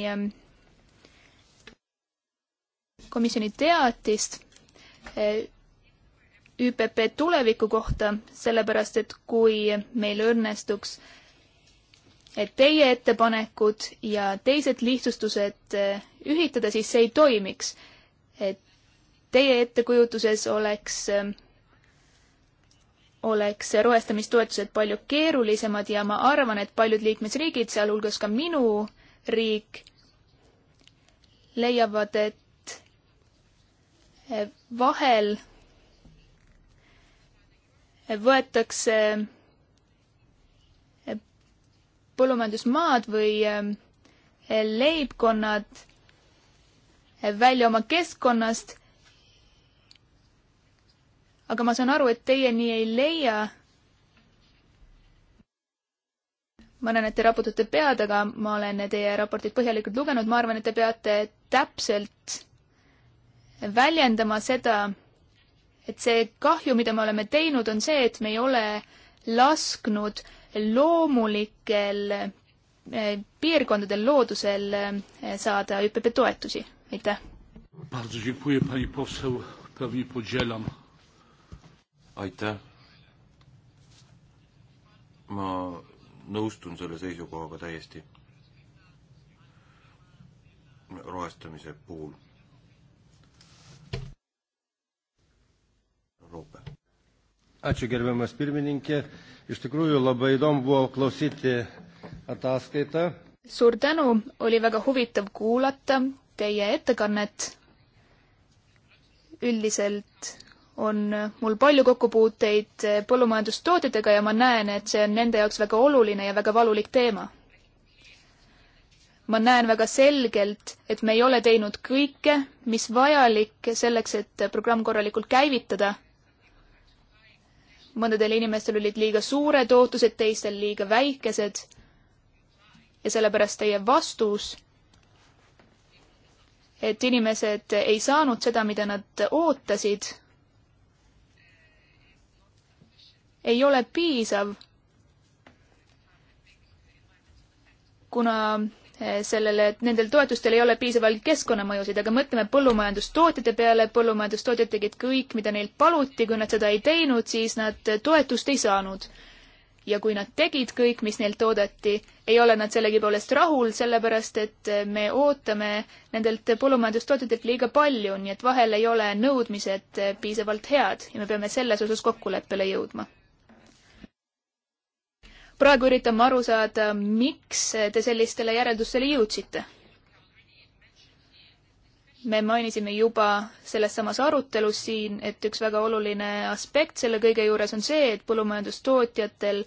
komisjoni teatist ÜPP tuleviku kohta, sellepärast et kui meil õnnestuks, et teie ettepanekud ja teised lihtsustused eh, ühitada, siis see ei toimiks. et teie ettekujutuses oleks, eh, oleks rohestamistoetused palju keerulisemad ja ma arvan, et paljud liikmesriigid, sealhulgas ka minu riik, leiavad, et eh, vahel võetakse eh, põllumajandusmaad või eh, leibkonnad eh, välja oma keskkonnast. aga ma saan aru, et teie nii ei leia. ma näen, et te raputate pead, aga ma olen teie raportit põhjalikult lugenud, ma arvan, et te peate täpselt väljendama seda, et see kahju, mida me oleme teinud, on see, et me ei ole lasknud loomulikel eh, piirkondadel, loodusel eh, saada ÜPP toetusi, aitäh. aitäh. ma nõustun selle seisukohaga täiesti rohestamise puhul Rope. Ačiū gerbiamas pirmininkė. Iš tikrųjų labai įdomu buvo klausyti ataskaitą. suur tänu, oli väga huvitav kuulata teie ettekannet. üldiselt on mul palju kokkupuuteid põllumajandustootjatega ja ma näen, et see on nende jaoks väga oluline ja väga valulik teema. ma näen väga selgelt, et me ei ole teinud kõike, mis vajalik selleks, et programm korralikult käivitada mõndadel inimestel olid liiga suured ootused, teistel liiga väikesed. ja sellepärast teie vastus, et inimesed ei saanud seda, mida nad ootasid, ei ole piisav kuna Eh, sellele, et nendel toetustel ei ole piisavalt keskkonnamõjusid, aga mõtleme põllumajandustootjate peale, põllumajandustootjad tegid kõik, mida neilt paluti, kui nad seda ei teinud, siis nad eh, toetust ei saanud. ja kui nad tegid kõik, mis neilt oodati, ei ole nad sellegipoolest rahul, sellepärast et eh, me ootame nendelt põllumajandustootjatelt liiga palju, nii et vahel ei ole nõudmised piisavalt head ja me peame selles osas kokkuleppele jõudma praegu üritame aru saada, miks te sellistele järeldustele jõudsite. me mainisime juba selles samas arutelus siin, et üks väga oluline aspekt selle kõige juures on see, et põllumajandustootjatel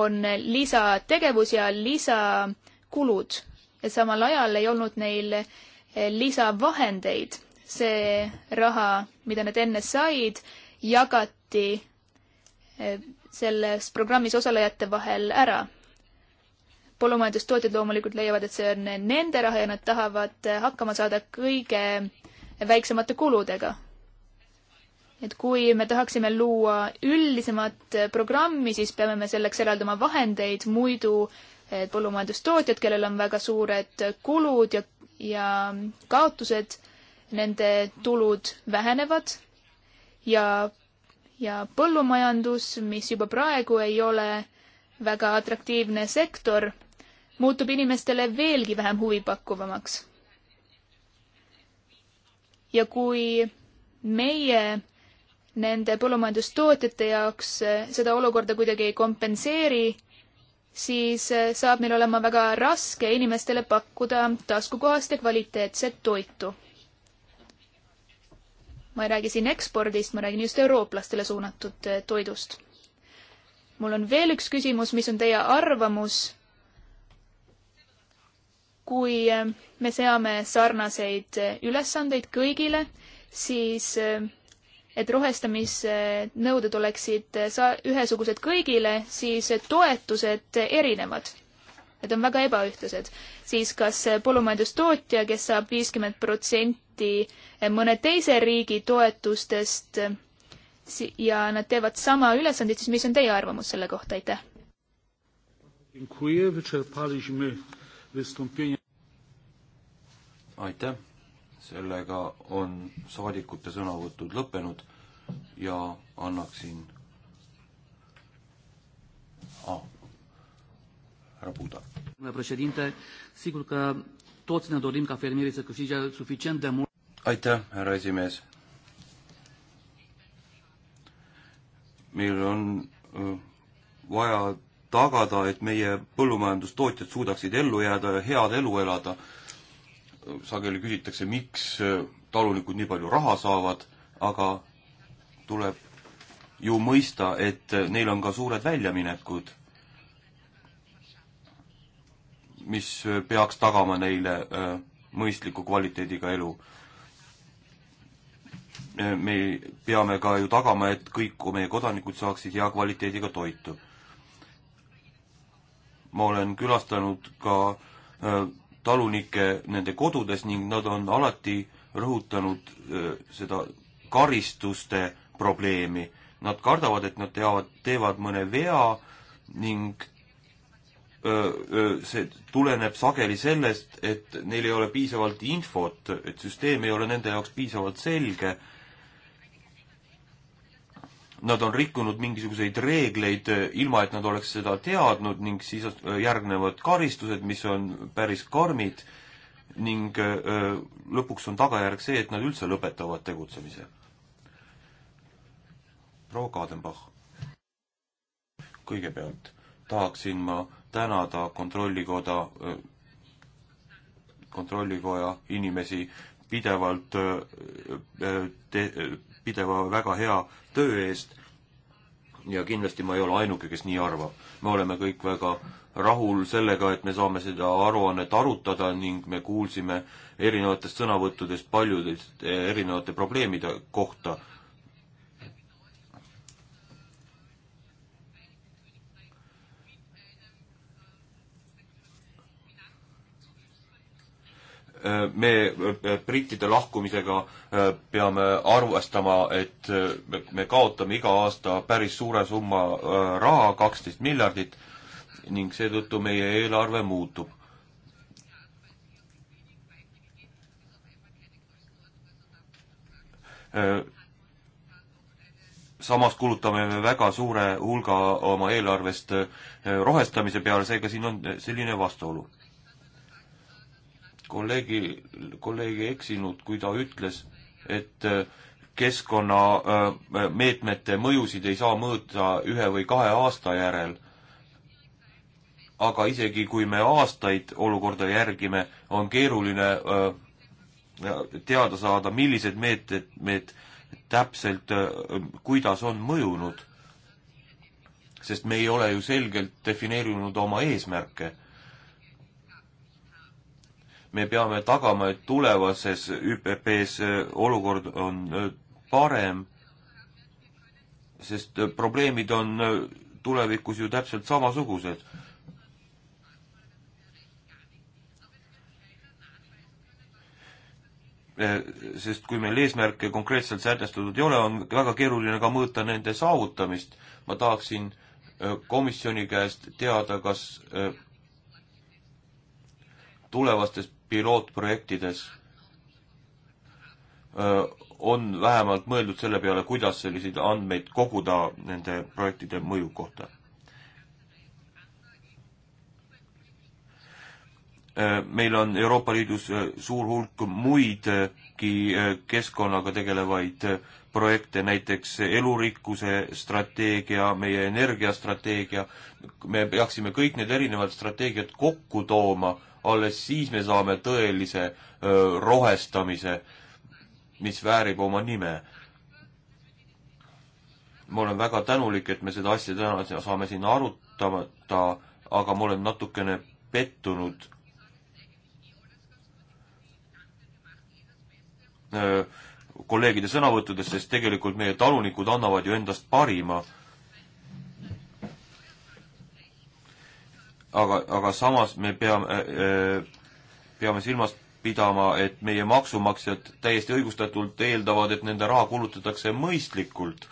on lisategevus ja lisakulud ja samal ajal ei olnud neil lisavahendeid. see raha, mida nad enne said, jagati selles programmis osalejate vahel ära. põllumajandustootjad loomulikult leiavad, et see on nende raha ja nad tahavad hakkama saada kõige väiksemate kuludega. et kui me tahaksime luua üldisemat programmi, siis peame me selleks eraldama vahendeid, muidu eh, põllumajandustootjad, kellel on väga suured kulud ja, ja kaotused, nende tulud vähenevad ja ja põllumajandus, mis juba praegu ei ole väga atraktiivne sektor, muutub inimestele veelgi vähem huvipakkuvamaks. ja kui meie nende põllumajandustootjate jaoks seda olukorda kuidagi ei kompenseeri, siis saab meil olema väga raske inimestele pakkuda taskukohast ja kvaliteetset toitu ma ei räägi siin ekspordist, ma räägin just eurooplastele suunatud eh, toidust. mul on veel üks küsimus, mis on teie arvamus? kui eh, me seame sarnaseid eh, ülesandeid kõigile, siis et rohestamisnõuded oleksid sa-, ühesugused kõigile, siis toetused erinevad. Need on väga ebaühtlased. siis kas põllumajandustootja, kes saab viiskümmend protsenti protsenti eh, mõne teise riigi toetustest ja nad teevad sama ülesandit, siis mis on teie arvamus selle kohta, aitäh? aitäh, sellega on saadikute sõnavõtud lõppenud ja annaksin ah, härra Puda. sigur ka toți ne dorim ca fermierii să câștige suficient de mult aitäh, härra esimees. meil on vaja tagada, et meie põllumajandustootjad suudaksid ellu jääda ja head elu elada. sageli küsitakse, miks talunikud nii palju raha saavad, aga tuleb ju mõista, et neil on ka suured väljaminekud, mis peaks tagama neile mõistliku kvaliteediga elu me peame ka ju tagama, et kõik meie kodanikud saaksid hea kvaliteediga toitu. ma olen külastanud ka äh, talunikke nende kodudes ning nad on alati rõhutanud äh, seda karistuste probleemi. Nad kardavad, et nad teavad, teevad mõne vea ning äh, see tuleneb sageli sellest, et neil ei ole piisavalt infot, et süsteem ei ole nende jaoks piisavalt selge nad on rikkunud mingisuguseid reegleid, eh, ilma et nad oleks seda teadnud ning siis eh, järgnevad karistused, mis on päris karmid ning eh, lõpuks on tagajärg see, et nad üldse lõpetavad tegutsemise. proua Kadenbach. kõigepealt tahaksin ma tänada Kontrollikoda, kontrollikoja inimesi pidevalt te, pideva väga hea töö eest. ja kindlasti ma ei ole ainuke, kes nii arvab. me oleme kõik väga rahul sellega, et me saame seda aruannet arutada ning me kuulsime erinevatest sõnavõttudest paljude erinevate probleemide kohta Äh, me äh, brittide lahkumisega äh, peame arvestama, et me kaotame iga aasta päris suure summa raha, kaksteist miljardit, ning seetõttu meie eelarve muutub. samas kulutame me väga suure hulga oma eelarvest rohestamise peale, seega siin on selline vastuolu kolleegi, kolleeg ei eksinud, kui ta ütles, et äh, keskkonnameetmete äh, mõjusid ei saa mõõta ühe või kahe aasta järel. aga isegi, kui me aastaid olukorda järgime, on keeruline äh, teada saada, millised meetmed, meet täpselt, kuidas on mõjunud. sest me ei ole ju selgelt defineerinud oma eesmärke me peame tagama, et tulevases ÜPP-s äh, olukord on äh, parem, sest äh, probleemid on tulevikus ju täpselt samasugused. sest kui meil eesmärke konkreetselt sätestatud ei ole, on väga keeruline ka mõõta nende saavutamist. ma tahaksin komisjoni käest teada, kas tulevastes pilootprojektides on vähemalt mõeldud selle peale, kuidas selliseid andmeid koguda nende projektide mõju kohta. meil on Euroopa Liidus suur hulk muidki keskkonnaga tegelevaid projekte, näiteks elurikkuse strateegia, meie energiastrateegia, me peaksime kõik need erinevad strateegiad kokku tooma, alles siis me saame tõelise öö, rohestamise, mis väärib oma nime. ma olen väga tänulik, et me seda asja täna saame siin arutamata, aga ma olen natukene pettunud. kolleegide sõnavõttudes, sest tegelikult meie talunikud annavad ju endast parima aga, aga samas me peame, äh, peame silmas pidama, et meie maksumaksjad täiesti õigustatult eeldavad, et nende raha kulutatakse mõistlikult.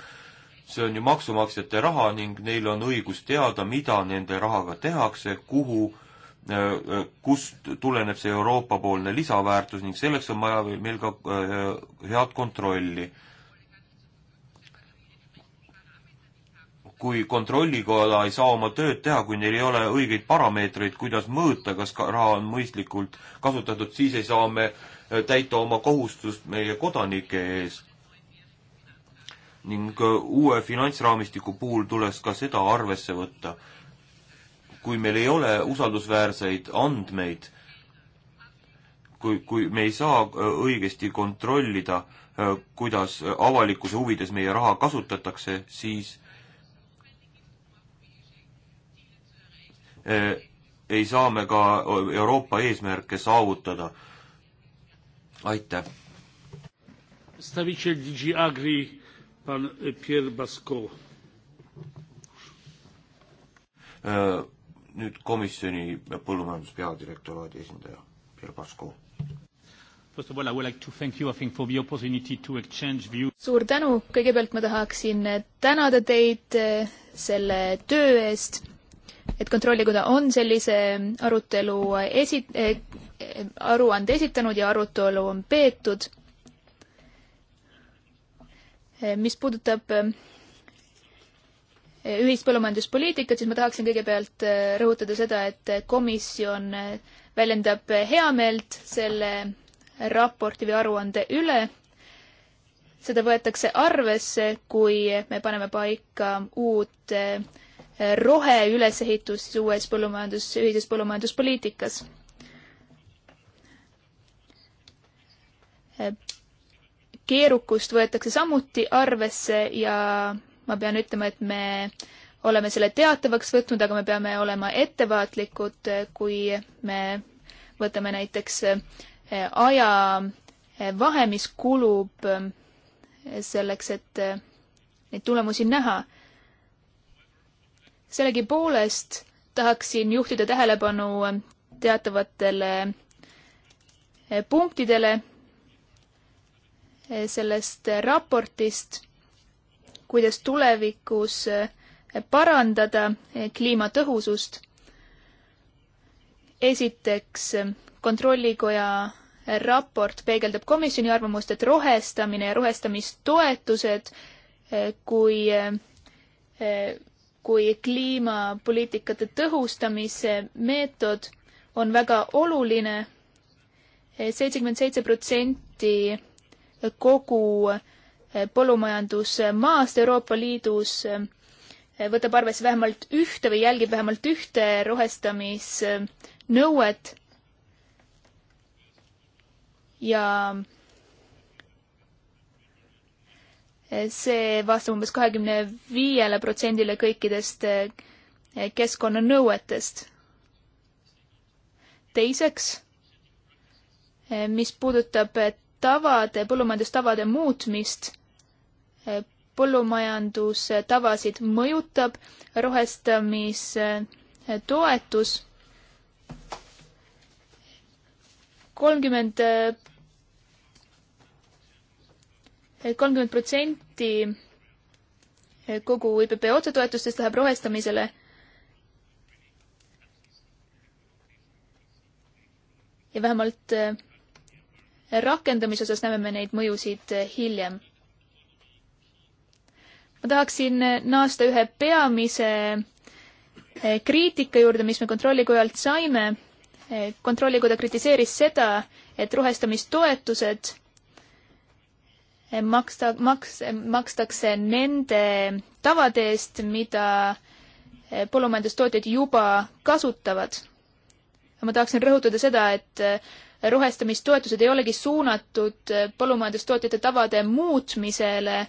see on ju maksumaksjate raha ning neil on õigus teada, mida nende rahaga tehakse, kuhu, äh, äh, kust tuleneb see Euroopa-poolne lisaväärtus ning selleks on vaja meil ka head kontrolli kui kontrollikoda ei saa oma tööd teha, kui neil ei ole õigeid parameetreid, kuidas mõõta, kas ka raha on mõistlikult kasutatud, siis ei saa me äh, täita oma kohustust meie kodanike ees. ning äh, uue finantsraamistiku puhul tuleks ka seda arvesse võtta. kui meil ei ole usaldusväärseid andmeid, kui, kui me ei saa äh, õigesti kontrollida, kuidas avalikkuse huvides meie raha kasutatakse, siis E, ei saa me ka Euroopa eesmärke saavutada. aitäh. Przedstawiciel DG Agri, pan Pierre Basko. E, nüüd komisjoni põllumajanduspeadirektoraadi esindaja Pierre Basko. First of all, I would like to thank you, I think, for the opportunity to exchange views. suur tänu, kõigepealt ma tahaksin tänada teid e, selle töö eest et Kontrollikoda on sellise arutelu esi-, eh, aruande esitanud ja arutelu on peetud. Eh, mis puudutab eh, ühist põllumajanduspoliitikat, siis ma tahaksin kõigepealt rõhutada seda, et komisjon väljendab heameelt selle raporti või aruande üle. seda võetakse arvesse, kui me paneme paika uut roheülesehitus uues põllumajandus, ühises põllumajanduspoliitikas. keerukust võetakse samuti arvesse ja ma pean ütlema, et me oleme selle teatavaks võtnud, aga me peame olema ettevaatlikud, kui me võtame näiteks eh, aja eh, vahe, mis kulub eh, selleks, et neid tulemusi näha sellegipoolest tahaksin juhtida tähelepanu teatavatele eh, punktidele eh, sellest raportist, kuidas tulevikus eh, parandada kliimatõhusust. esiteks, Kontrollikoja raport peegeldab komisjoni arvamust, et rohestamine ja rohestamistoetused kui kui kliimapoliitikate tõhustamise meetod on väga oluline. seitsekümmend seitse protsenti kogu põllumajandusmaast Euroopa Liidus võtab arvesse vähemalt ühte või jälgib vähemalt ühte rohestamisnõuet ja see vastab umbes kahekümne viiele protsendile kõikidest eh, keskkonnanõuetest. teiseks, eh, mis puudutab eh, tavade, põllumajandustavade muutmist, põllumajandustavasid mõjutab rohestamistoetus kolmkümmend 30 kolmkümmend protsenti kogu ÜPP otsetoetustest läheb rohestamisele. ja vähemalt äh, rakendamise osas näeme me neid mõjusid äh, hiljem. ma tahaksin äh, naasta ühe peamise kriitika juurde, mis me Kontrollikojalt saime. kontrollikoda kritiseeris seda, et rohestamistoetused maksta, maks, makstakse nende tavade eest, mida eh, põllumajandustootjad juba kasutavad. ma tahaksin rõhutada seda, et eh, rohestamistoetused ei olegi suunatud eh, põllumajandustootjate tavade muutmisele.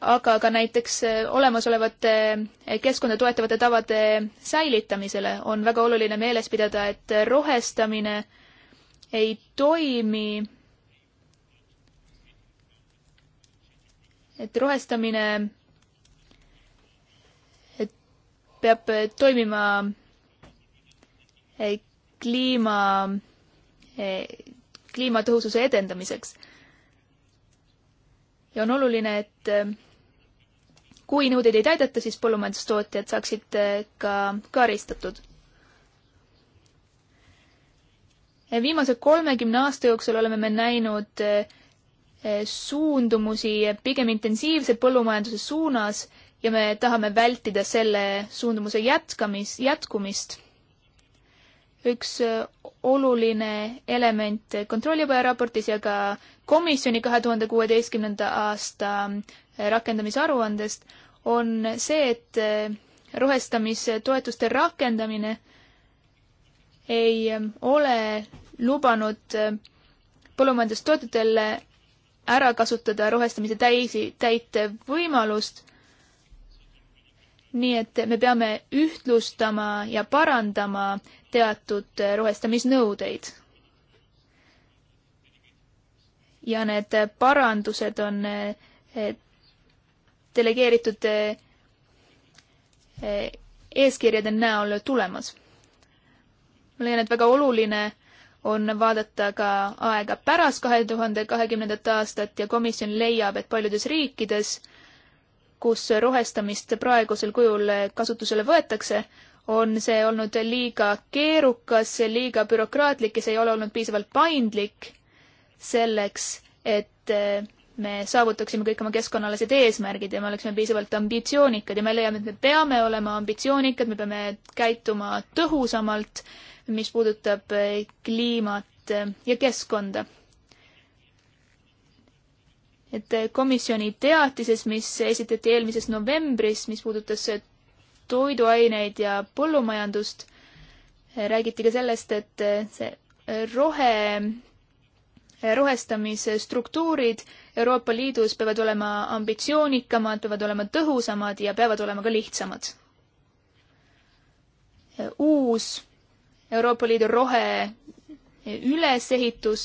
aga ka näiteks olemasolevate keskkonda toetavate tavade säilitamisele on väga oluline meeles pidada, et rohestamine ei toimi. et rohestamine et peab toimima eh, kliima, eh, kliimatõhususe edendamiseks. ja on oluline, et eh, kui nõudeid ei täideta, siis põllumajandustootjad saaksid ka karistatud viimase kolmekümne aasta jooksul oleme me näinud eh, eh, suundumusi pigem intensiivse põllumajanduse suunas ja me tahame vältida selle suundumuse jätkamis, jätkumist. üks eh, oluline element Kontrollikoja raportis ja ka komisjoni kahe tuhande kuueteistkümnenda aasta rakendamisaruandest on see, et rohestamistoetuste rakendamine ei ole lubanud äh, põllumajandustootjatel ära kasutada rohestamise täisi, täit võimalust. nii et me peame ühtlustama ja parandama teatud äh, rohestamisnõudeid. ja need parandused on äh, delegeeritud eeskirjade näol tulemas. ma leian, et väga oluline on vaadata ka aega pärast kahe tuhande kahekümnendat aastat ja komisjon leiab, et paljudes riikides, kus rohestamist praegusel kujul kasutusele võetakse, on see olnud liiga keerukas, liiga bürokraatlik ja see ei ole olnud piisavalt paindlik selleks, et me saavutaksime kõik oma keskkonnaalased eesmärgid ja me oleksime piisavalt ambitsioonikad ja me leiame, et me peame olema ambitsioonikad, me peame käituma tõhusamalt mis puudutab eh, kliimat eh, ja keskkonda. et eh, komisjoni teatises, mis esitati eelmises novembris, mis puudutas toiduaineid ja põllumajandust, räägiti ka sellest, et see rohe, rohestamisstruktuurid Euroopa Liidus peavad olema ambitsioonikamad, peavad olema tõhusamad ja peavad olema ka lihtsamad uus Euroopa Liidu rohe ülesehitus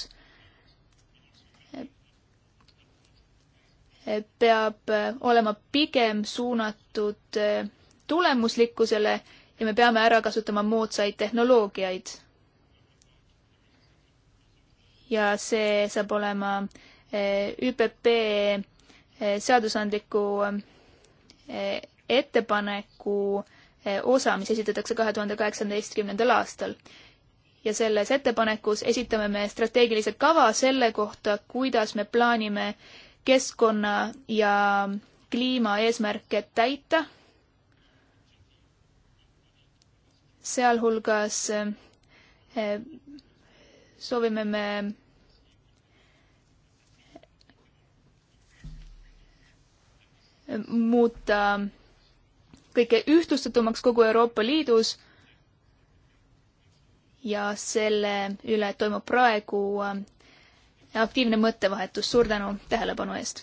peab olema pigem suunatud tulemuslikkusele ja me peame ära kasutama moodsaid tehnoloogiaid. ja see saab olema eh, ÜPP eh, seadusandliku eh, ettepaneku äh, osa, mis esitatakse kahe tuhande kaheksateistkümnendal aastal. ja selles ettepanekus esitame me strateegilise kava selle kohta, kuidas me plaanime keskkonna ja kliimaeesmärke täita, sealhulgas eh, soovime me muuta kõige ühtlustatumaks kogu Euroopa Liidus. ja selle üle toimub praegu äh, aktiivne mõttevahetus. suur tänu tähelepanu eest!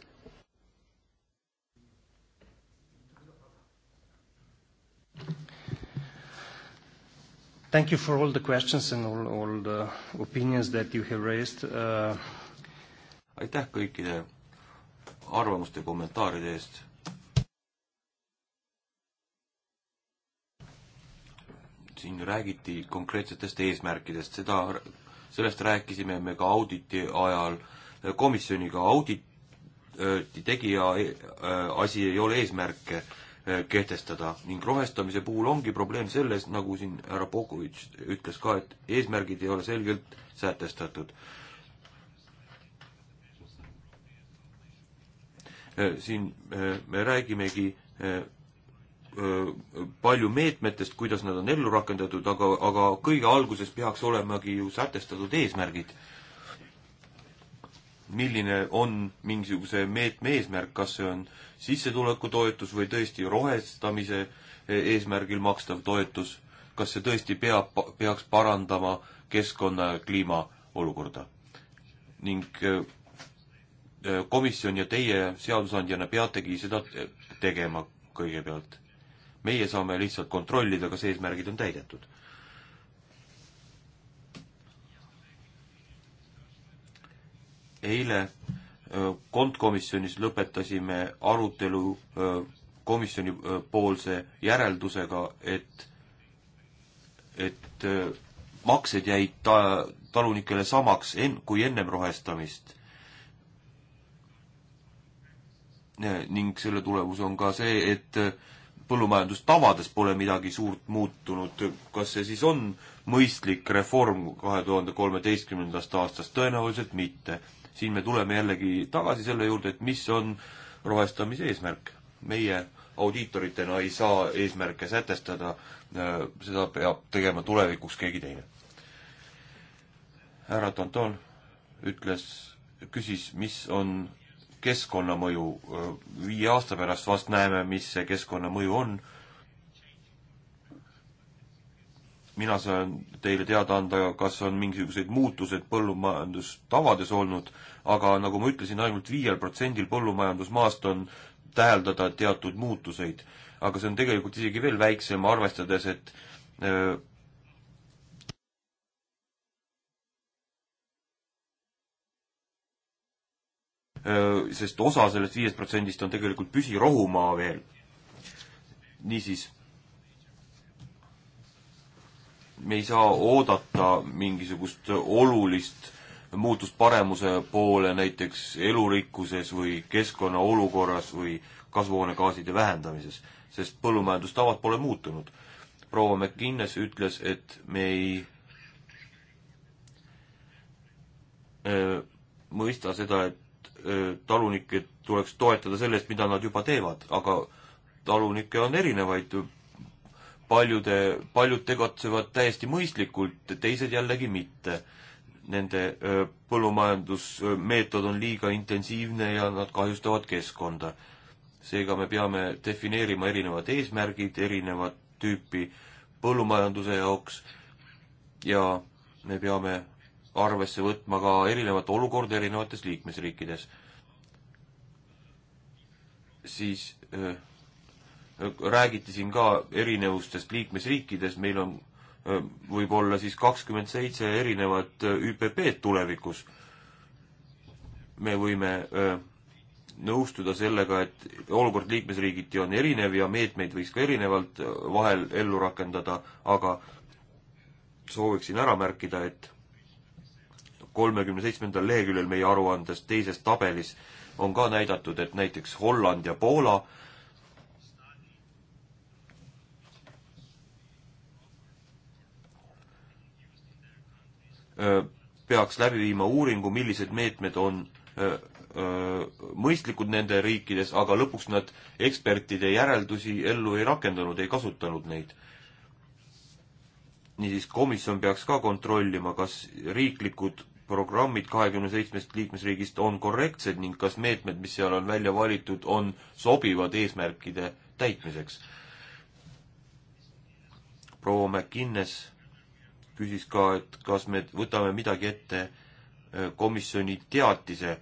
Thank you for all the questions and all, all the opinions that you have raised uh.... aitäh kõikide arvamuste ja kommentaaride eest siin räägiti konkreetsetest eesmärkidest, seda, sellest rääkisime me ka auditi ajal komisjoniga, auditi tegija e, e, asi ei ole eesmärke e, kehtestada ning rohestamise puhul ongi probleem selles, nagu siin härra Pokovitš ütles ka, et eesmärgid ei ole selgelt sätestatud. siin me räägimegi Äh, palju meetmetest, kuidas nad on ellu rakendatud, aga, aga kõige alguses peaks olemagi ju sätestatud eesmärgid. milline on mingisuguse meetme eesmärk, kas see on sissetulekutoetus või tõesti rohestamise eesmärgil makstav toetus, kas see tõesti peab, peaks parandama keskkonna ja kliima olukorda? ning äh, komisjon ja teie seadusandjana peategi seda tegema kõigepealt meie saame lihtsalt kontrollida, kas eesmärgid on täidetud. eile kontkomisjonis lõpetasime arutelu komisjoni poolse järeldusega, et, et maksed jäid ta-, talunikele samaks en-, kui ennem rohestamist. ning selle tulemus on ka see, et põllumajandustavades pole midagi suurt muutunud, kas see siis on mõistlik reform kahe tuhande kolmeteistkümnendast aastast, tõenäoliselt mitte. siin me tuleme jällegi tagasi selle juurde, et mis on rohestamise eesmärk. meie audiitoritena ei saa eesmärke sätestada, seda peab tegema tulevikuks keegi teine. härra Danton ütles, küsis, mis on keskkonnamõju, viie aasta pärast vast näeme, mis see keskkonnamõju on. mina saan teile teada anda, kas on mingisugused muutused põllumajandustavades olnud, aga nagu ma ütlesin ainult, ainult viiel protsendil põllumajandusmaast on täheldada teatud muutuseid. aga see on tegelikult isegi veel väiksem, arvestades, et sest osa sellest viiest protsendist on tegelikult püsirohumaa veel. niisiis, me ei saa oodata mingisugust olulist muutust paremuse poole näiteks elurikkuses või keskkonna olukorras või kasvuhoonegaaside vähendamises, sest põllumajandustavad pole muutunud. proua McInnes ütles, et me ei öö, mõista seda, et Äh, talunikke tuleks toetada sellest, mida nad juba teevad, aga talunikke on erinevaid. paljude, paljud tegutsevad täiesti mõistlikult, teised jällegi mitte. Nende äh, põllumajandusmeetod on liiga intensiivne ja nad kahjustavad keskkonda. seega me peame defineerima erinevad eesmärgid, erinevat tüüpi põllumajanduse jaoks ja me peame arvesse võtma ka erinevat olukorda erinevates liikmesriikides. siis äh, räägiti siin ka erinevustest liikmesriikides, meil on äh, võib-olla siis kakskümmend seitse erinevat äh, ÜPP-d tulevikus. me võime nõustuda sellega, et olukord liikmesriigiti on erinev ja meetmeid võiks ka erinevalt vahel ellu rakendada, aga sooviksin ära märkida, et kolmekümne seitsmendal leheküljel meie aruandes teises tabelis on ka näidatud, et näiteks Holland ja Poola peaks läbi viima uuringu, millised meetmed on öö, öö, mõistlikud nende riikides, aga lõpuks nad ekspertide järeldusi ellu ei rakendanud, ei kasutanud neid. niisiis, komisjon peaks ka kontrollima, kas riiklikud programmid kahekümne seitsmest liikmesriigist on korrektsed ning kas meetmed, mis seal on välja valitud, on sobivad eesmärkide täitmiseks. proua McInnes küsis ka, et kas me võtame midagi ette äh, komisjoni teatisega,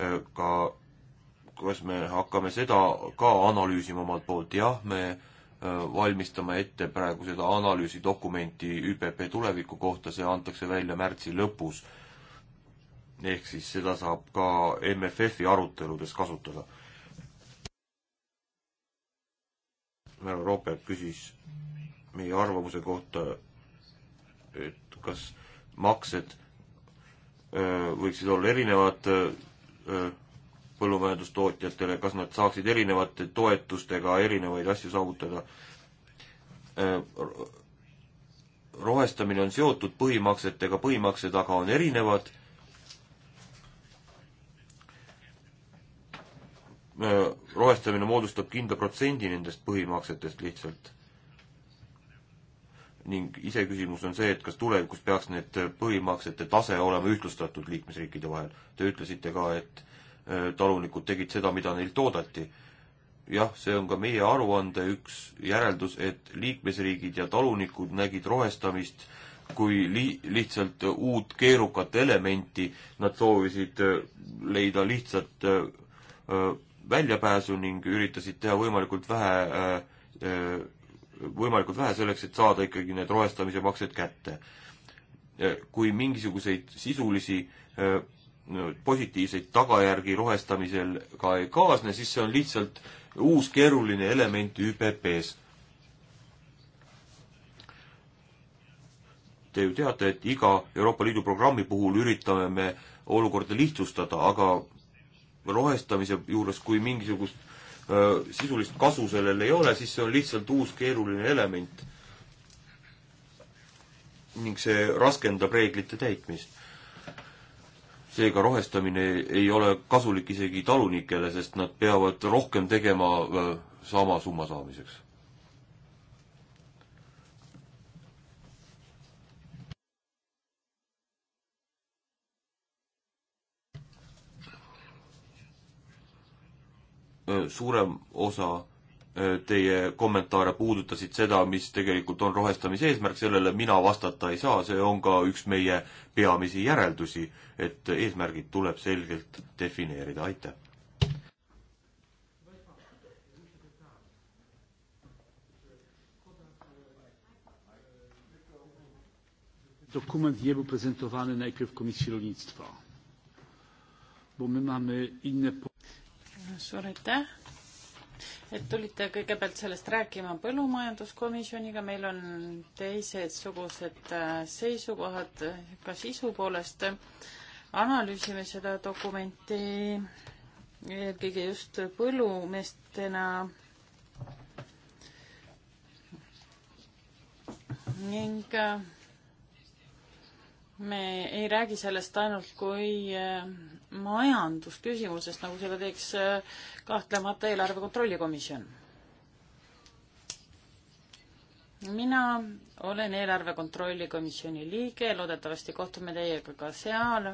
äh, kas me hakkame seda ka analüüsima omalt poolt, jah, me äh, valmistame ette praegu seda analüüsidokumenti ÜPP tuleviku kohta, see antakse välja märtsi lõpus ehk siis seda saab ka MFF-i aruteludes kasutada. härra Roopet küsis meie arvamuse kohta, et kas maksed öö, äh, võiksid olla erinevad öö, äh, põllumajandustootjatele, kas nad saaksid erinevate toetustega erinevaid asju saavutada äh, rohestamine on seotud põhimaksetega, põhimaksed aga on erinevad rohestamine moodustab kindla protsendi nendest põhimaksetest lihtsalt. ning iseküsimus on see, et kas tulevikus peaks need põhimaksete tase olema ühtlustatud liikmesriikide vahel. Te ütlesite ka, et talunikud tegid seda, mida neilt oodati. jah, see on ka meie aruande üks järeldus, et liikmesriigid ja talunikud nägid rohestamist kui li-, lihtsalt uut keerukat elementi, nad soovisid leida lihtsat öö, väljapääsu ning üritasid teha võimalikult vähe, äh, äh, võimalikult vähe selleks, et saada ikkagi need rohestamise maksed kätte. Äh, kui mingisuguseid sisulisi positiivseid tagajärgi rohestamisel ka ei kaasne, siis see on lihtsalt uus keeruline element ÜPP-s. Te ju teate, et iga Euroopa Liidu programmi puhul üritame me olukorda lihtsustada, aga rohestamise juures, kui mingisugust öö, sisulist kasu sellel ei ole, siis see on lihtsalt uus keeruline element. ning see raskendab reeglite täitmist. seega rohestamine ei ole kasulik isegi talunikele, sest nad peavad rohkem tegema öö, sama summa saamiseks suurem osa teie kommentaare puudutasid seda, mis tegelikult on rohestamise eesmärk, sellele mina vastata ei saa, see on ka üks meie peamisi järeldusi, et eesmärgid tuleb selgelt defineerida, aitäh. Dokument nie był prezentowany najpierw Komisji Rolnictwa, bo my mamy inne suur aitäh, et tulite kõigepealt sellest rääkima põllumajanduskomisjoniga, meil on teisesugused äh, seisukohad ka sisu poolest. analüüsime seda dokumenti eelkõige just põllumeestena ning äh, me ei räägi sellest ainult kui äh, majandusküsimusest, nagu seda teeks äh, kahtlemata eelarve kontrolli komisjon. mina olen eelarve kontrolli komisjoni liige, loodetavasti kohtume teiega ka seal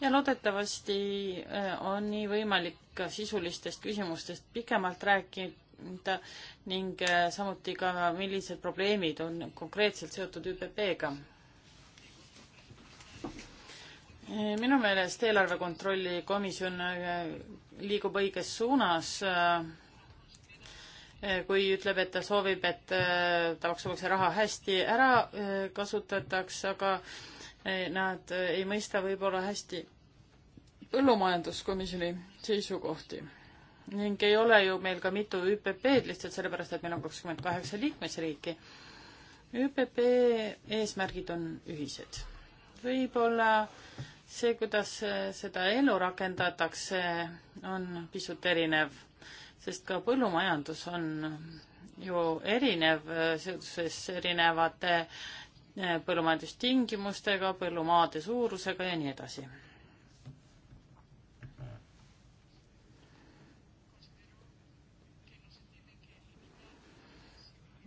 ja loodetavasti äh, on nii võimalik ka sisulistest küsimustest pikemalt rääkida ning äh, samuti ka, millised probleemid on konkreetselt seotud ÜPP-ga minu meelest eelarve kontrolli komisjon äh, liigub õiges suunas, äh, kui ütleb, et ta soovib, et äh, tavaksuvaksi raha hästi ära kasutatakse, aga nad ei mõista võib-olla hästi põllumajanduskomisjoni seisukohti. ning ei ole ju meil ka mitu ÜPP-d lihtsalt sellepärast, et meil on kakskümmend kaheksa liikmesriiki. ÜPP eesmärgid on ühised. võib-olla äh, see, kuidas seda ellu rakendatakse, on pisut erinev, sest ka põllumajandus on ju erinev seoses erinevate eh, põllumajandustingimustega, põllumaade suurusega ja nii edasi.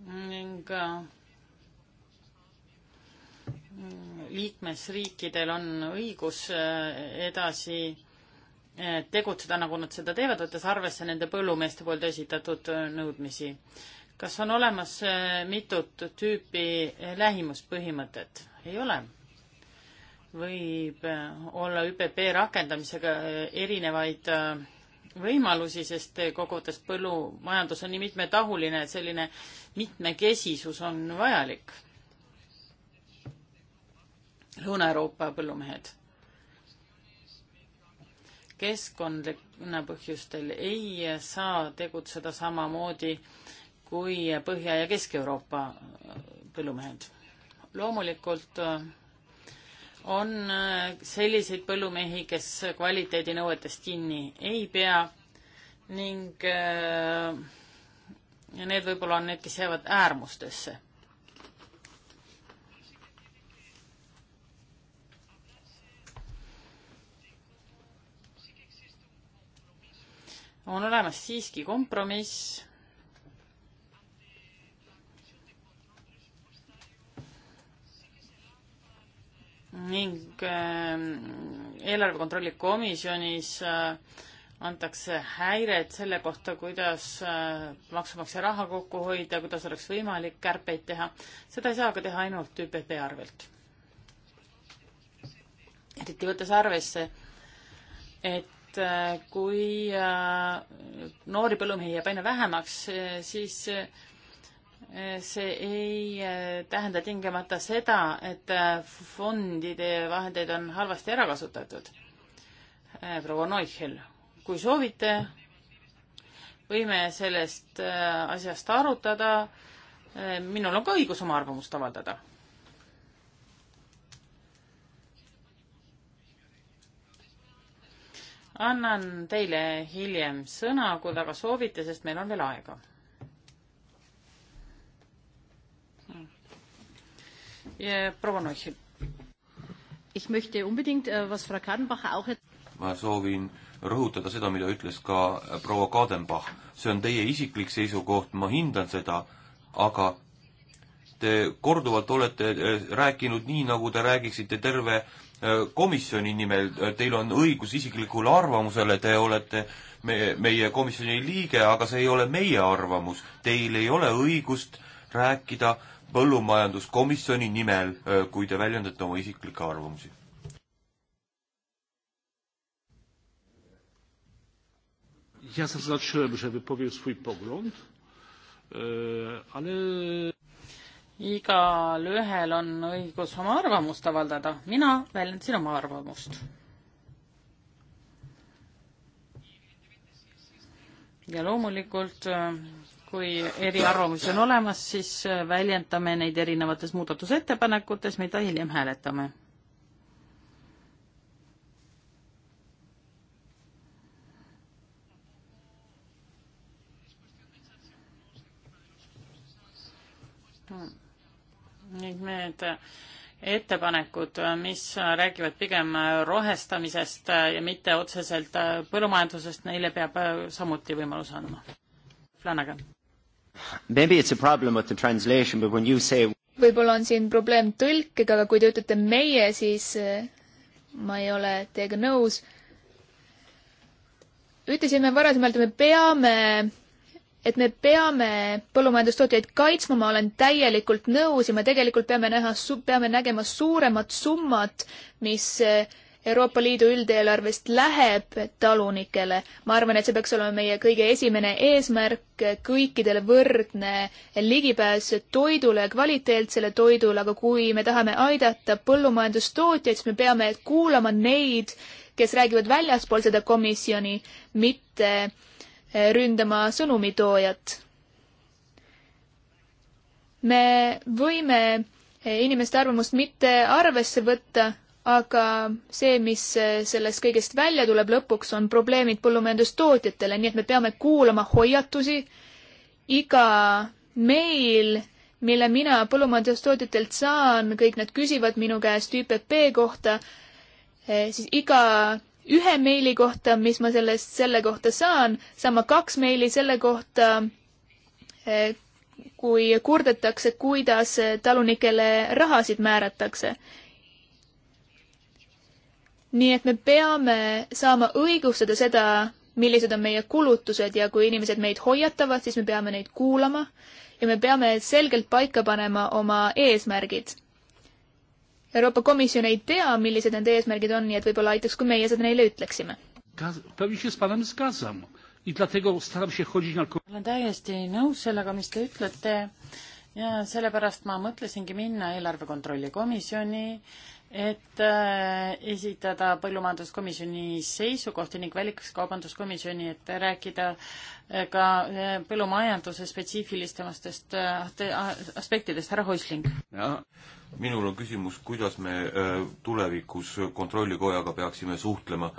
ning eh, liikmesriikidel on õigus eh, edasi eh, tegutseda, nagu nad seda teevad, võttes arvesse nende põllumeeste poolt esitatud eh, nõudmisi. kas on olemas mitut tüüpi lähimuspõhimõtet? ei ole. võib olla ÜPP rakendamisega erinevaid võimalusi, sest kogudes põllumajandus on nii mitmetahuline, et selline mitmekesisus on vajalik Lõuna-Euroopa põllumehed. keskkonnapõhjustel ei saa tegutseda samamoodi kui Põhja- ja Kesk-Euroopa äh, põllumehed. loomulikult äh, on äh, selliseid põllumehi, kes kvaliteedinõuetest kinni ei pea ning ja need võib-olla on need, kes jäävad äärmustesse on olemas siiski kompromiss. ning ähm, eelarve kontrolli komisjonis äh, antakse häired selle kohta, kuidas äh, maksumaksja raha kokku hoida, kuidas oleks võimalik kärpeid teha. seda ei saa aga teha ainult ÜPP arvelt. eriti võttes arvesse, et et äh, kui äh, noori põllumehi jääb aina vähemaks, äh, siis see ei tähenda tingimata seda, et fondide vahendeid on halvasti ära kasutatud. proua Neuchel, kui soovite, võime sellest asjast arutada. minul on ka õigus oma arvamust avaldada annan teile hiljem sõna, kui väga soovite, sest meil on veel aega. ja proua Neuchel. Äh, ma soovin rõhutada seda, mida ütles ka äh, proua Kadenbach. see on teie isiklik seisukoht, ma hindan seda, aga te korduvalt olete äh, rääkinud nii, nagu te räägiksite terve äh, Äh, komisjoni nimel, äh, teil on õigus isiklikule arvamusele, te olete me, meie komisjoni liige, aga see ei ole meie arvamus. Teil ei ole õigust rääkida põllumajanduskomisjoni nimel, äh, kui te väljendate oma isiklikke arvamusi. Ja zaznaczyłem, że wypowiem swój pogląd, e, ale igal ühel on õigus oma arvamust avaldada, mina väljendasin oma arvamust. ja loomulikult, kui eriarvamusi on olemas, siis väljendame neid erinevates muudatusettepanekutes, mida hiljem hääletame hmm ning need ettepanekud, mis räägivad pigem rohestamisest ja mitte otseselt põllumajandusest, neile peab samuti võimaluse andma. Flanagan. Maybe it's a problem with the translation, but when you say võib-olla on siin probleem tõlkega, aga kui te ütlete meie, siis eh, ma ei ole teiega nõus. ütlesime varasemalt, et me peame et me peame põllumajandustootjaid kaitsma, ma olen täielikult nõus ja me tegelikult peame näha, peame nägema suuremat summat, mis eh, Euroopa Liidu üldeelarvest läheb talunikele. ma arvan, et see peaks olema meie kõige esimene eesmärk, kõikidele võrdne ligipääs toidule, kvaliteetsele toidule, aga kui me tahame aidata põllumajandustootjaid, siis me peame kuulama neid, kes räägivad väljaspool seda komisjoni, mitte äh, ründama sõnumitoojat. me võime inimeste arvamust mitte arvesse võtta, aga see, mis sellest kõigest välja tuleb lõpuks, on probleemid põllumajandustootjatele, nii et me peame kuulama hoiatusi. iga meil, mille mina põllumajandustootjatelt saan, kõik nad küsivad minu käest ÜPP kohta, eh, siis iga ühe meili kohta, mis ma sellest, selle kohta saan, saan ma kaks meili selle kohta, eh, kui kurdetakse, kuidas talunikele rahasid määratakse. nii et me peame saama õigustada seda, millised on meie kulutused ja kui inimesed meid hoiatavad, siis me peame neid kuulama ja me peame selgelt paika panema oma eesmärgid Euroopa Komisjon ei tea, millised nende eesmärgid on, nii et võib-olla aitaks, kui meie seda neile ütleksime. olen täiesti nõus sellega, mis te ütlete ja sellepärast ma mõtlesingi minna eelarve kontrolli komisjoni et äh, esitada põllumajanduskomisjoni seisukohti ning väliskaubanduskomisjoni, et rääkida äh, ka äh, põllumajanduse spetsiifilistematest aspektidest. härra Hoisling. minul on küsimus, kuidas me tulevikus Kontrollikojaga peaksime suhtlema?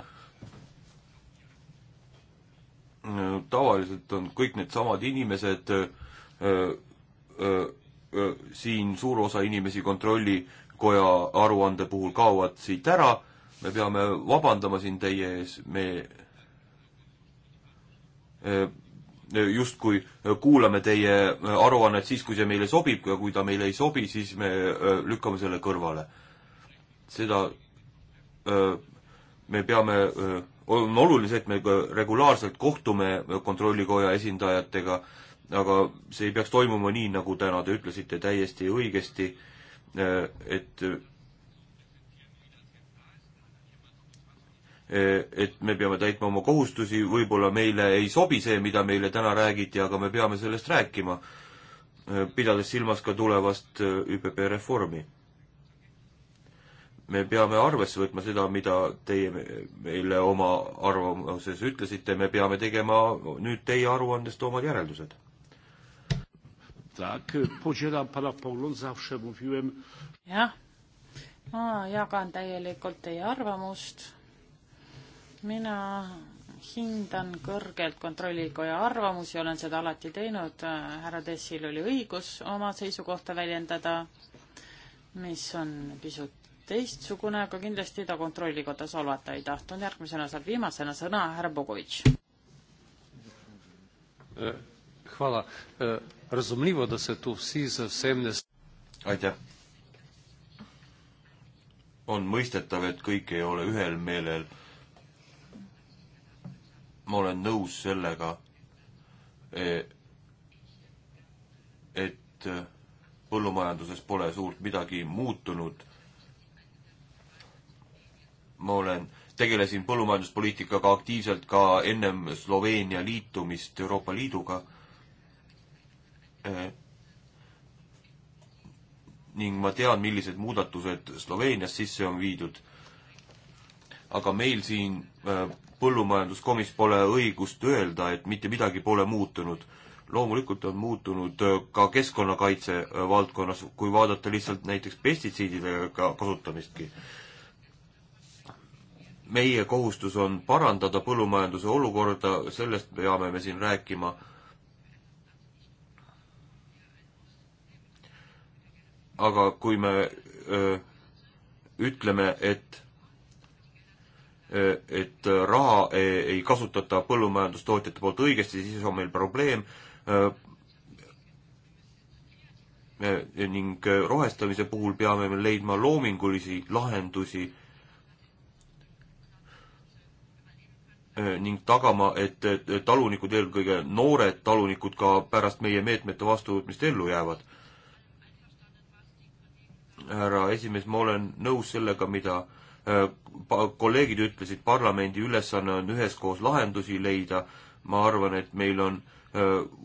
tavaliselt on kõik needsamad inimesed, siin suur osa inimesi kontrolli äh, kontrollikoja aruande puhul kaovad siit ära, me peame vabandama siin teie ees, me eh, justkui kuulame teie aruannet siis, kui see meile sobib ja kui ta meile ei sobi, siis me eh, lükkame selle kõrvale. seda eh, me peame, on oluline see, et me regulaarselt kohtume kontrollikoja esindajatega, aga see ei peaks toimuma nii, nagu täna te ütlesite täiesti õigesti Äh, et äh, et me peame täitma oma kohustusi, võib-olla meile ei sobi see, mida meile täna räägiti, aga me peame sellest rääkima, äh, pidades silmas ka tulevast ÜPP reformi. me peame arvesse võtma seda, mida teie meile oma arvamuses ütlesite, me peame tegema nüüd teie aruandest omad järeldused. Tak, podzielam pana pogląd, zawsze mówiłem. jah, ma jagan täielikult teie arvamust. mina hindan kõrgelt Kontrollikoja arvamusi, olen seda alati teinud, härra Tessil oli õigus oma seisukohta väljendada, mis on pisut teistsugune, aga kindlasti ta Kontrollikoda solvata ei tahtnud, järgmisena saab viimasena sõna härra Bogovitš. Hvala razumljivo, da se tu vsi z vsem ne. aitäh. on mõistetav, et kõik ei ole ühel meelel. ma olen nõus sellega, e, et põllumajanduses pole suurt midagi muutunud. ma olen, tegelesin põllumajanduspoliitikaga aktiivselt ka ennem Sloveenia liitumist Euroopa Liiduga Äh, ning ma tean, millised muudatused Sloveenias sisse on viidud. aga meil siin äh, põllumajanduskomis pole õigust öelda, et mitte midagi pole muutunud. loomulikult on muutunud äh, ka keskkonnakaitse valdkonnas, kui vaadata lihtsalt näiteks pestitsiididega kasutamistki. meie kohustus on parandada põllumajanduse olukorda, sellest peame me siin rääkima aga kui me öö, ütleme, et et raha ei kasutata põllumajandustootjate poolt õigesti, siis on meil probleem ning rohestamise puhul peame me leidma loomingulisi lahendusi ning tagama, et talunikud, eelkõige noored talunikud ka pärast meie meetmete vastuvõtmist ellu jäävad härra esimees, ma olen nõus sellega, mida äh, kolleegid ütlesid, parlamendi ülesanne on üheskoos lahendusi leida, ma arvan, et meil on äh,